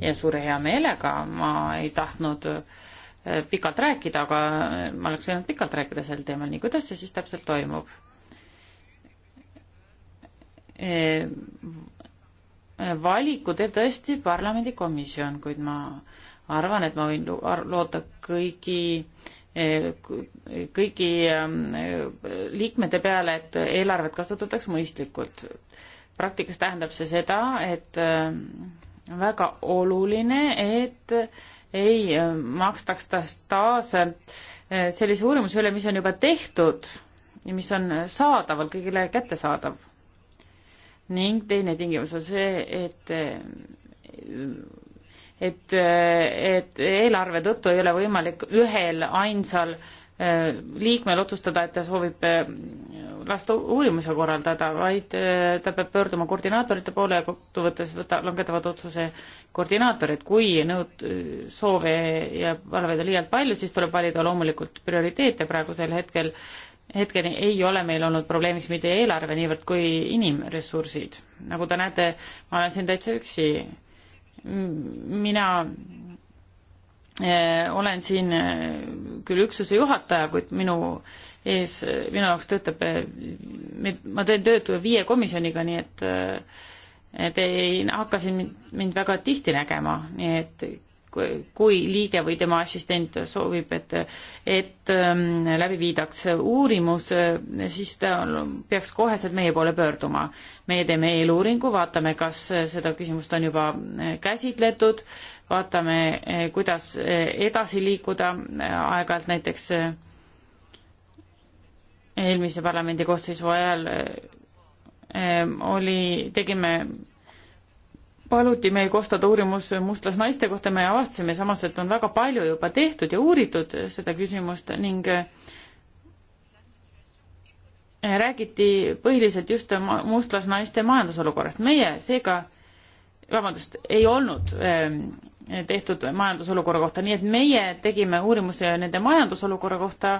ja suure hea meelega, ma ei tahtnud äh, Äh, pikalt rääkida, aga ma oleks võinud pikalt rääkida sel teemal, nii kuidas see siis täpselt toimub? E, valiku teeb tõesti parlamendikomisjon, kuid ma arvan, et ma võin loota kõigi, e, kõigi ähm, e, liikmete peale, et eelarvet kasutatakse mõistlikult. praktikas tähendab see seda, et ähm, väga oluline, et ei äh, makstaks taas äh, sellise uurimuse üle, mis on juba tehtud ja mis on saadaval, kõigile kättesaadav. ning teine tingimus on see, et äh, et, et eelarve tõttu ei ole võimalik ühel ainsal liikmel otsustada, et ta soovib lasta uurimuse korraldada, vaid äh, ta peab pöörduma koordinaatorite poole ja kokkuvõttes võta, langetavad otsuse koordinaatorid. kui nõud, soove ja palveid on liialt palju, siis tuleb valida loomulikult prioriteete, praegusel hetkel, hetkeni ei ole meil olnud probleemiks mitte eelarve niivõrd kui inimressursid. nagu te näete, ma olen siin täitsa üksi. mina äh, olen siin äh, küll üksuse juhataja, kuid minu äh, ees, minu jaoks töötab, ma teen tööd viie komisjoniga, nii et et ei hakka siin mind, mind väga tihti nägema, nii et kui liige või tema assistent soovib, et, et ähm, läbi viidaks uurimus, siis ta peaks koheselt meie poole pöörduma. meie teeme eeluuringu, vaatame, kas seda küsimust on juba käsitletud, vaatame, kuidas edasi liikuda, aeg-ajalt näiteks äh, eelmise parlamendi koosseisu ajal ehm, oli, tegime, paluti meil koostada uurimus mustlasnaiste kohta, me avastasime samas, et on väga palju juba tehtud ja uuritud seda küsimust ning eh, räägiti põhiliselt just mustlasnaiste majandusolukorrast. meie seega, vabandust, ei olnud ehm, tehtud majandusolukorra kohta, nii et meie tegime uurimuse nende majandusolukorra kohta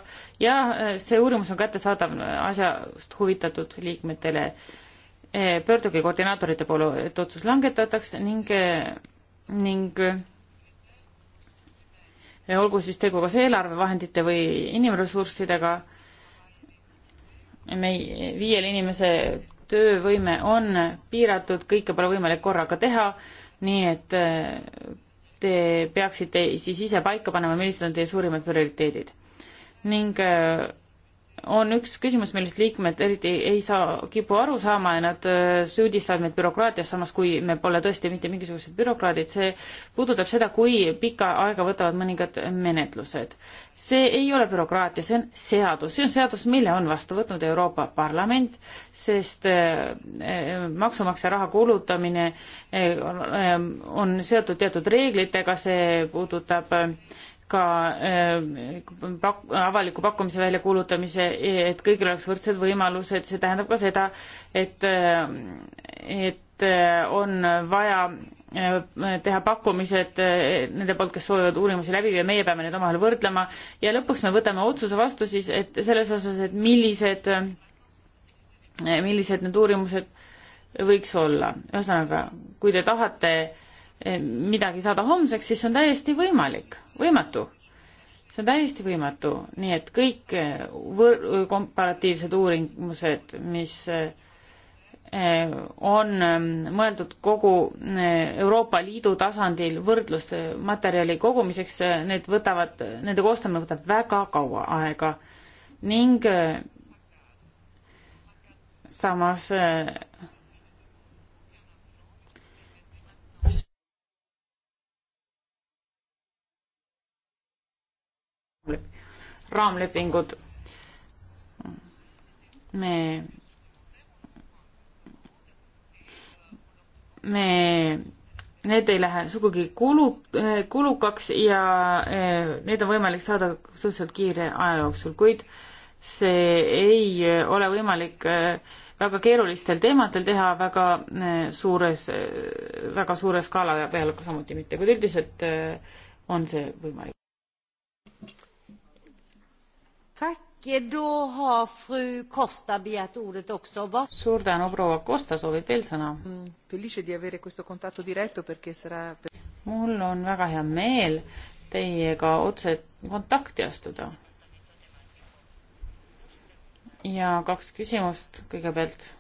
ja äh, see uurimus on kättesaadav asjast huvitatud liikmetele. Äh, pöörduge koordinaatorite poole, et otsus langetataks ning, äh, ning olgu siis tegu kas eelarvevahendite või inimressurssidega, meie viiel inimese töövõime on piiratud, kõike pole võimalik korraga teha, nii et te peaksite siis ise paika panema, millised on teie suurimad prioriteedid. ning äh, on üks küsimus, millest liikmed eriti ei saa, kipu aru saama ja nad äh, süüdistavad meid bürokraatias, samas kui me pole tõesti mitte mingisugused bürokraadid, see puudutab seda, kui pikka aega võtavad mõningad menetlused. see ei ole bürokraatia, see on seadus, see on seadus, mille on vastu võtnud Euroopa Parlament, sest äh, äh, maksumaksja raha kulutamine on seotud teatud reeglitega, see puudutab äh, ka eh, pak-, avaliku pakkumise väljakuulutamise, et kõigil oleks võrdsed võimalused, see tähendab ka seda, et, eh, et eh, on vaja teha pakkumised nende poolt, kes soovivad uurimusi läbi viia, meie peame need omavahel võrdlema ja lõpuks me võtame otsuse vastu siis, et selles osas, et millised, millised need uurimused võiks olla. ühesõnaga, kui te tahate äh, Eh, midagi saada homseks, siis see on täiesti võimalik, võimatu. see on täiesti võimatu, nii et kõik eh, võr-, komparatiivsed uurimused, mis eh, on mõeldud kogu Euroopa Liidu tasandil võrdlusmaterjali kogumiseks, need võtavad, nende koostamine võtab väga kaua aega ning samas raamlepingud. me, me, need ei lähe sugugi kulu, eh, kulukaks ja eh, need on võimalik saada suhteliselt kiire aja jooksul, kuid see ei eh, ole võimalik väga keerulistel teemadel teha väga suures, väga suure skaala peal samuti mitte, kuid üldiselt on see võimalik. Då har fru Costa begärt ordet också. Va? Suur tänu, proua Costa soovib veel sõna mm,. Felice di avere questo contatto diretto perché sarà mul on väga hea meel teiega otse kontakti astuda. ja kaks küsimust kõigepealt.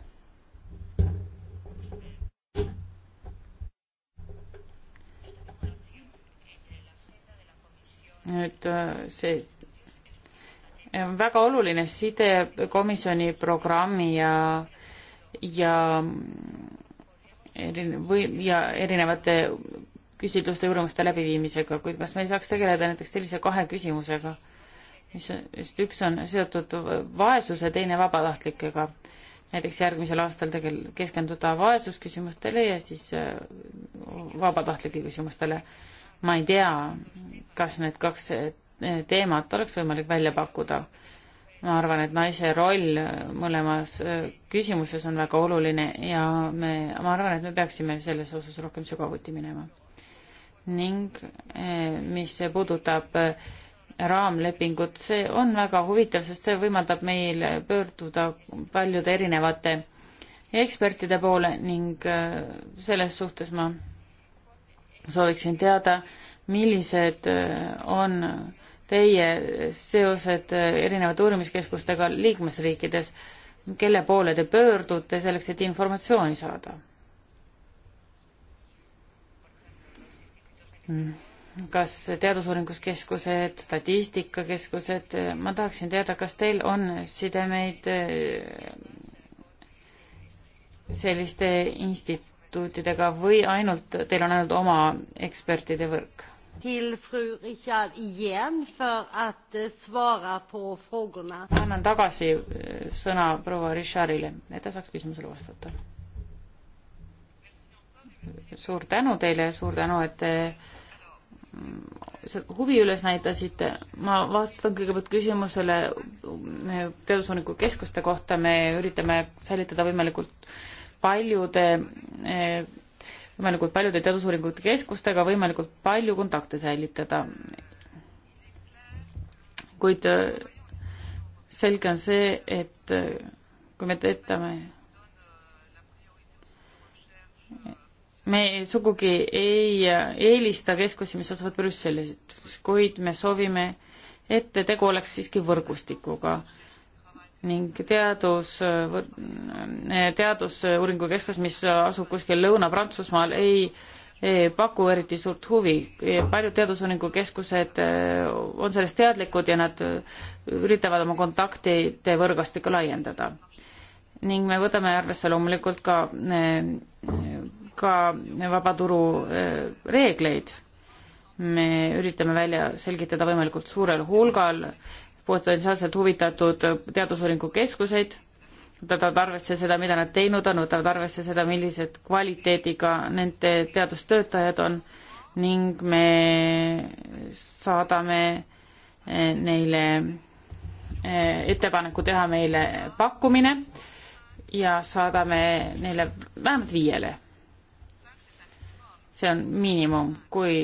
nüüd äh, see väga oluline side komisjoni programmi ja, ja erine- või, ja erinevate küsitluste uurimuste läbiviimisega, kuid kas me ei saaks tegeleda näiteks sellise kahe küsimusega, mis on, just üks on seotud vaesuse, teine vabatahtlikega. näiteks järgmisel aastal tegel-, keskenduda vaesusküsimustele ja siis äh, vabatahtlike küsimustele. ma ei tea, kas need kaks teemat oleks võimalik välja pakkuda. ma arvan, et naise roll mõlemas äh, küsimuses on väga oluline ja me, ma arvan, et me peaksime selles osas rohkem sügavuti minema. ning äh, mis puudutab äh, raamlepingut, see on väga huvitav, sest see võimaldab meil pöörduda paljude erinevate ekspertide poole ning selles suhtes ma sooviksin teada, millised on teie seosed äh, erinevate uurimiskeskustega liikmesriikides, kelle poole te pöördute selleks, et informatsiooni saada? Mm. kas teadusuuringuskeskused, statistikakeskused, äh, ma tahaksin teada, kas teil on sidemeid äh, selliste instituutidega või ainult, teil on ainult oma ekspertide võrk? till fru Richard igen för att eh, svara på frågorna. ma annan tagasi eh, sõna proua Richardile, et ta saaks küsimusele vastata. suur tänu teile ja suur tänu, et te eh, mm, huvi üles näitasite. ma vastan kõigepealt küsimusele teadusuuringu keskuste kohta, me üritame säilitada võimalikult paljude võimalikult paljude teadusuuringute keskustega võimalikult palju kontakte säilitada. kuid äh, selge on see, et äh, kui me töötame, me sugugi ei äh, eelista keskusi, mis asuvad Brüsselis, kuid me soovime, et tegu oleks siiski võrgustikuga ning teadus, teadusuuringukeskus, mis asub kuskil Lõuna-Prantsusmaal, ei, ei paku eriti suurt huvi. paljud teadusuuringukeskused eh, on sellest teadlikud ja nad üritavad oma kontaktide võrgastikku laiendada. ning me võtame arvesse loomulikult ka, eh, ka vabaturu eh, reegleid me üritame välja selgitada võimalikult suurel hulgal potentsiaalselt huvitatud teadusuuringu keskuseid, võtavad arvesse seda, mida nad teinud on, võtavad arvesse seda, millised kvaliteediga nende teadustöötajad on ning me saadame eh, neile eh, ettepaneku teha meile pakkumine ja saadame neile vähemalt viiele. see on miinimum, kui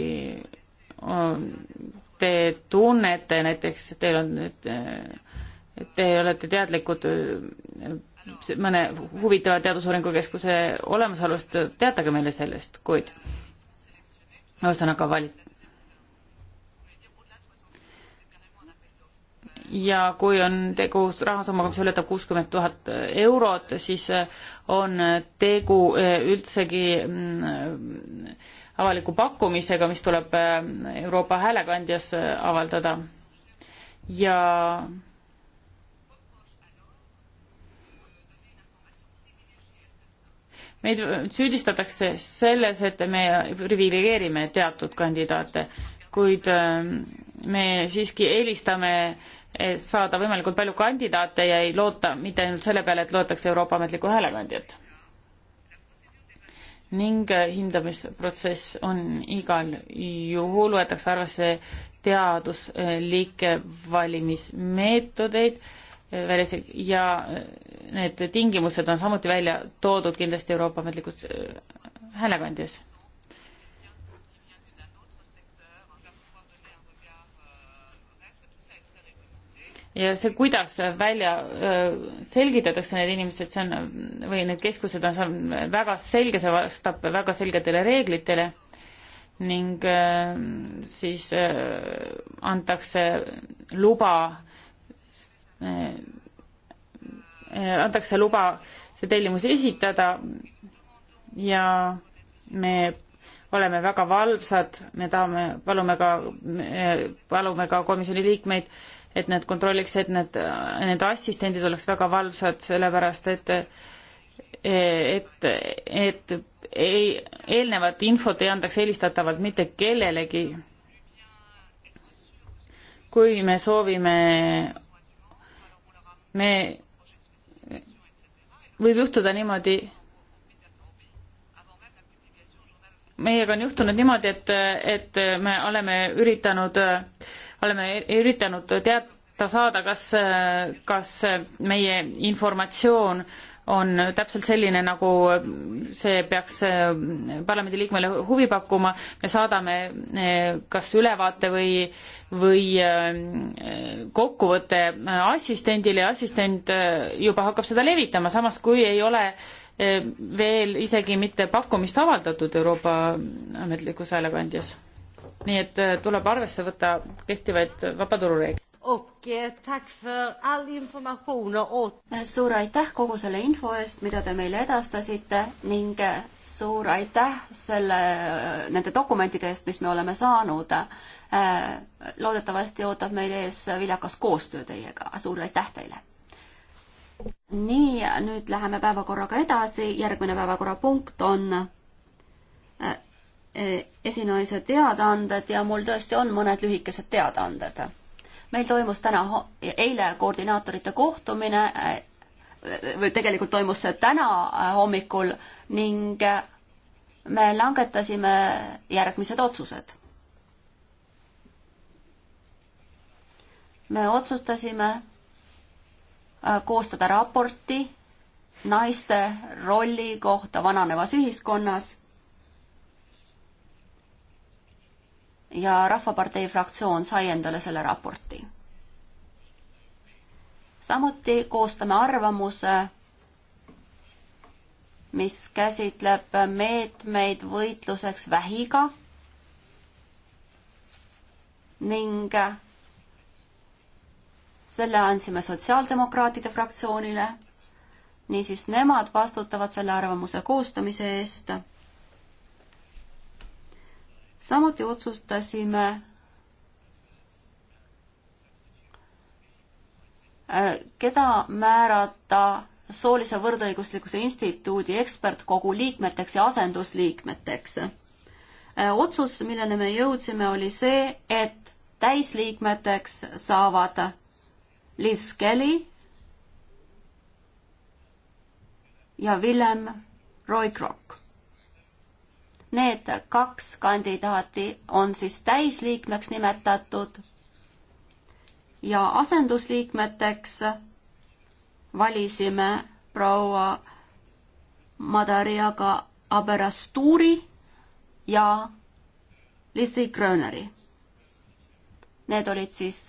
te tunnete näiteks, teil on nüüd, te olete teadlikud äh, mõne huvitava teadusuuringu keskuse olemasolust, teatage meile sellest, kuid ühesõnaga valik. ja kui on tegu rahasummaga, mis ületab kuuskümmend tuhat eurot, siis on tegu äh, üldsegi mm, avaliku pakkumisega, mis tuleb äh, Euroopa häälekandjas äh, avaldada. ja meid süüdistatakse selles, et me priviligeerime teatud kandidaate, kuid äh, me siiski eelistame saada võimalikult palju kandidaate ja ei loota mitte ainult selle peale, et loetakse Euroopa ametlikku häälekandjat ning hindamisprotsess on igal juhul, võetakse arvesse teadusliike valimismeetodeid välis- ja need tingimused on samuti välja toodud kindlasti Euroopa Ametlikus äh, häälekandjas ja see, kuidas välja äh, selgitatakse need inimesed, see on, või need keskused on, see on väga selge, see vastab väga selgetele reeglitele ning äh, siis äh, antakse luba, antakse luba see tellimus esitada ja me oleme väga valvsad, me tahame, palume ka, palume ka komisjoni liikmeid äh, et nad kontrolliks, et need, need assistendid oleks väga valvsad, sellepärast et et, et ei, eelnevat infot ei andaks helistatavalt mitte kellelegi. kui me soovime, me, võib juhtuda niimoodi, meiega on juhtunud niimoodi, et, et me oleme üritanud äh, oleme e- üritanud teada saada, kas, kas meie informatsioon on täpselt selline, nagu see peaks parlamendiliikmele huvi pakkuma, me saadame e, kas ülevaate või, või e, kokkuvõtte assistendile ja assistent juba hakkab seda levitama, samas kui ei ole veel isegi mitte pakkumist avaldatud Euroopa ametlikus häälekandjas nii et äh, tuleb arvesse võtta kehtivaid vabaturureegleid. Äh, suur aitäh kogu selle info eest, mida te meile edastasite ning äh, suur aitäh selle, nende dokumentide eest, mis me oleme saanud. loodetavasti ootab meil ees viljakas koostöö teiega, suur aitäh teile! nii, nüüd läheme päevakorraga edasi, järgmine päevakorrapunkt on Eh, esinaise teadaanded ja mul tõesti on mõned lühikesed teadaanded. meil toimus täna, eile koordinaatorite kohtumine, eh, või tegelikult toimus see täna eh, hommikul ning me langetasime järgmised otsused. me otsustasime koostada raporti naiste rolli kohta vananevas ühiskonnas ja Rahvapartei fraktsioon sai endale selle raporti. samuti koostame arvamuse, mis käsitleb meetmeid võitluseks vähiga ning selle andsime Sotsiaaldemokraatide fraktsioonile, niisiis nemad vastutavad selle arvamuse koostamise eest samuti otsustasime äh, keda määrata soolise võrdõiguslikkuse instituudi ekspertkogu liikmeteks ja asendusliikmeteks. Äh, otsus, milleni me jõudsime, oli see, et täisliikmeteks saavad Liz Kelly ja Willem Roikrok. Need kaks kandidaati on siis täisliikmeks nimetatud ja asendusliikmeteks valisime proua Madariaga Aberastuuri ja Lizzie Gröneri. Need olid siis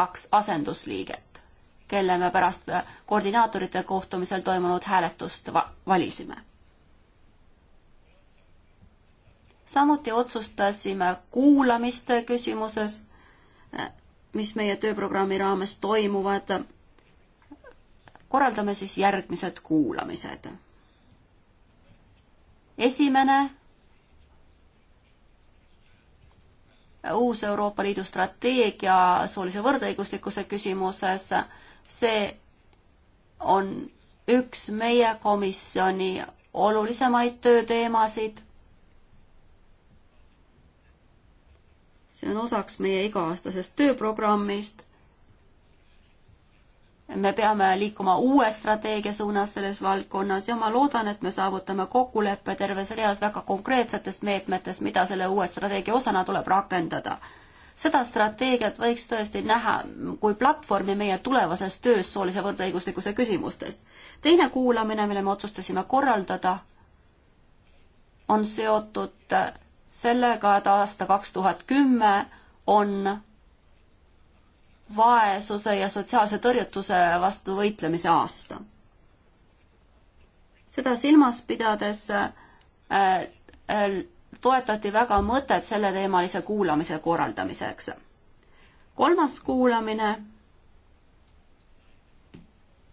kaks asendusliiget, kelle me pärast koordinaatorite kohtumisel toimunud hääletust va valisime. samuti otsustasime kuulamiste küsimuses, mis meie tööprogrammi raames toimuvad. korraldame siis järgmised kuulamised. esimene uus Euroopa Liidu strateegia soolise võrdõiguslikkuse küsimuses, see on üks meie komisjoni olulisemaid tööteemasid see on osaks meie iga-aastasest tööprogrammist. me peame liikuma uue strateegia suunas selles valdkonnas ja ma loodan, et me saavutame kokkuleppe terves reas väga konkreetsetest meetmetest, mida selle uue strateegia osana tuleb rakendada seda strateegiat võiks tõesti näha kui platvormi meie tulevases töös soolise võrdõiguslikkuse küsimustes. teine kuulamine, mille me otsustasime korraldada, on seotud sellega, et aasta kaks tuhat kümme on vaesuse ja sotsiaalse tõrjutuse vastu võitlemise aasta. seda silmas pidades äh, äh, toetati väga mõtet selleteemalise kuulamise korraldamiseks. kolmas kuulamine,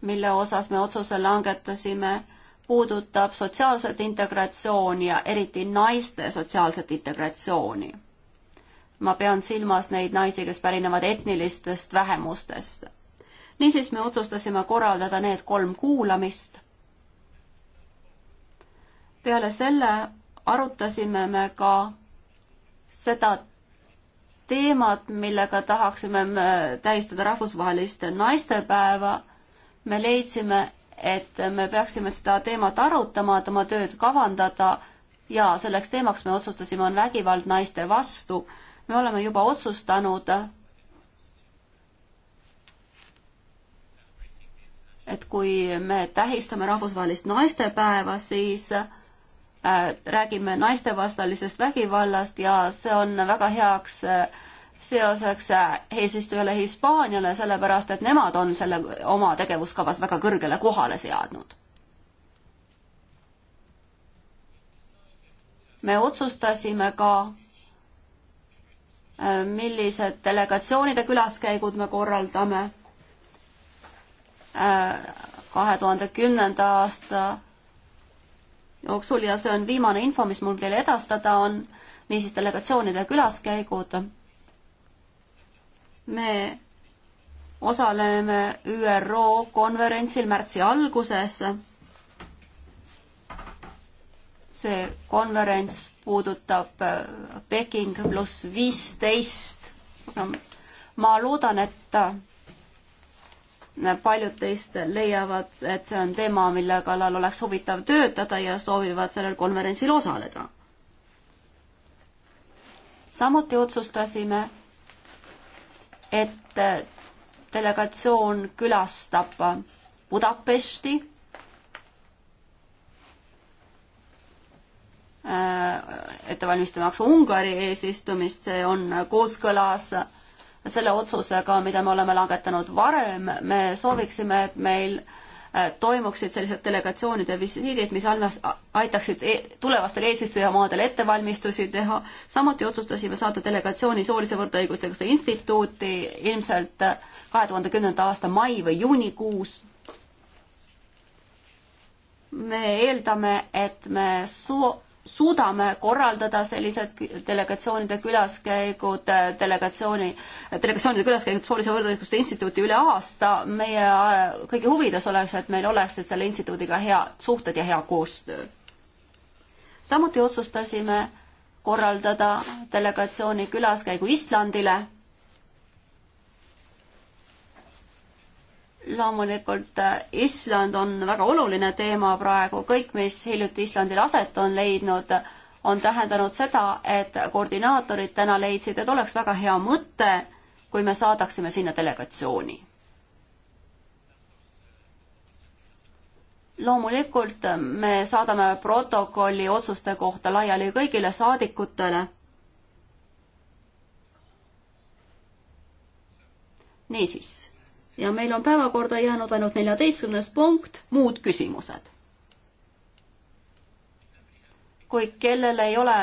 mille osas me otsuse langetasime äh,, puudutab sotsiaalset integratsiooni ja eriti naiste sotsiaalset integratsiooni. ma pean silmas neid naisi, kes pärinevad etnilistest vähemustest. niisiis me otsustasime korraldada need kolm kuulamist. peale selle arutasime me ka seda teemat, millega tahaksime me tähistada rahvusvahelist naistepäeva. me leidsime, et me peaksime seda teemat arutama, et oma tööd kavandada ja selleks teemaks me otsustasime, on vägivald naiste vastu. me oleme juba otsustanud, et kui me tähistame rahvusvahelist naistepäeva, siis äh, räägime naistevastalisest vägivallast ja see on väga heaks äh, seoses äh, eesistujale Hispaaniale, sellepärast et nemad on selle oma tegevuskavas väga kõrgele kohale seadnud. me otsustasime ka, äh, millised delegatsioonide külaskäigud me korraldame äh, kahe tuhande kümnenda aasta jooksul ja see on viimane info, mis mul teile edastada on, niisiis delegatsioonide külaskäigud me osaleme ÜRO konverentsil märtsi alguses. see konverents puudutab äh, Peking pluss viisteist. ma loodan, et äh, paljud teist leiavad, et see on teema, mille kallal oleks huvitav töötada ja soovivad sellel konverentsil osaleda. samuti otsustasime et äh, delegatsioon külastab äh, Budapesti äh, ettevalmistamaks Ungari eesistumist, see on kooskõlas selle otsusega, mida me oleme langetanud varem, me sooviksime, et meil äh, Äh, toimuksid sellised delegatsioonide visiidid, mis annas, aitaksid e tulevastel eesistujamaadel ettevalmistusi teha. samuti otsustasime saata delegatsiooni soolise võrdõiguslikkuse instituuti ilmselt äh, kahe tuhande kümnenda aasta mai või juunikuus. me eeldame, et me soo-, suudame korraldada sellised delegatsioonide külaskäigud, äh, delegatsiooni, delegatsioonide külaskäigud Soolise Võrdõiguste Instituuti üle aasta, meie äh, kõigi huvides oleks, et meil oleksid selle instituudiga head suhted ja hea koostöö. samuti otsustasime korraldada delegatsiooni külaskäigu Islandile loomulikult äh, Island on väga oluline teema praegu, kõik, mis hiljuti Islandil aset on leidnud, on tähendanud seda, et koordinaatorid täna leidsid, et oleks väga hea mõte, kui me saadaksime sinna delegatsiooni. loomulikult äh, me saadame protokolli otsuste kohta laiali kõigile saadikutele niisiis ja meil on päevakorda jäänud ainult neljateistkümnes punkt, muud küsimused. kui kellel ei ole,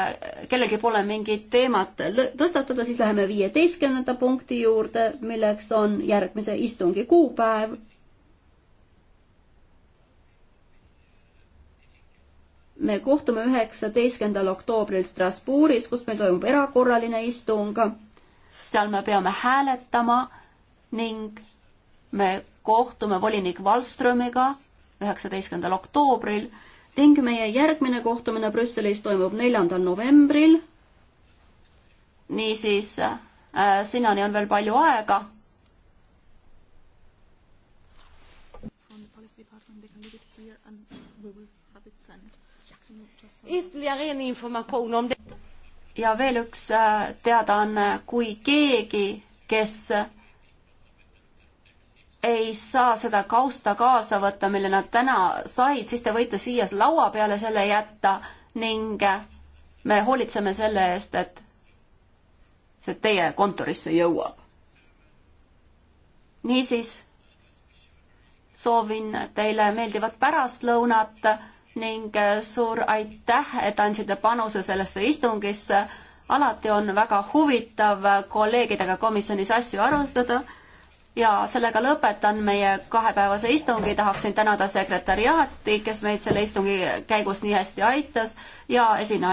kellelgi pole mingit teemat tõstatada, siis läheme viieteistkümnenda punkti juurde, milleks on järgmise istungi kuupäev me kohtume üheksateistkümnendal oktoobril Strasbourgis, kus meil toimub erakorraline istung. seal me peame hääletama ning me kohtume volinik Wallströmiga üheksateistkümnendal oktoobril ning meie järgmine kohtumine Brüsselis toimub neljandal novembril. niisiis äh,, sinnani on veel palju aega. ja veel üks äh, teadaanne, kui keegi, kes ei saa seda kausta kaasa võtta, mille nad täna said, siis te võite siia laua peale selle jätta ning me hoolitseme selle eest, et see teie kontorisse jõuab. niisiis soovin teile meeldivat pärastlõunat ning suur aitäh, et andsite panuse sellesse istungisse. alati on väga huvitav kolleegidega komisjonis asju arutada ja sellega lõpetan meie kahepäevase istungi, tahaksin tänada sekretäriaati, kes meid selle istungi käigus nii hästi aitas ja esine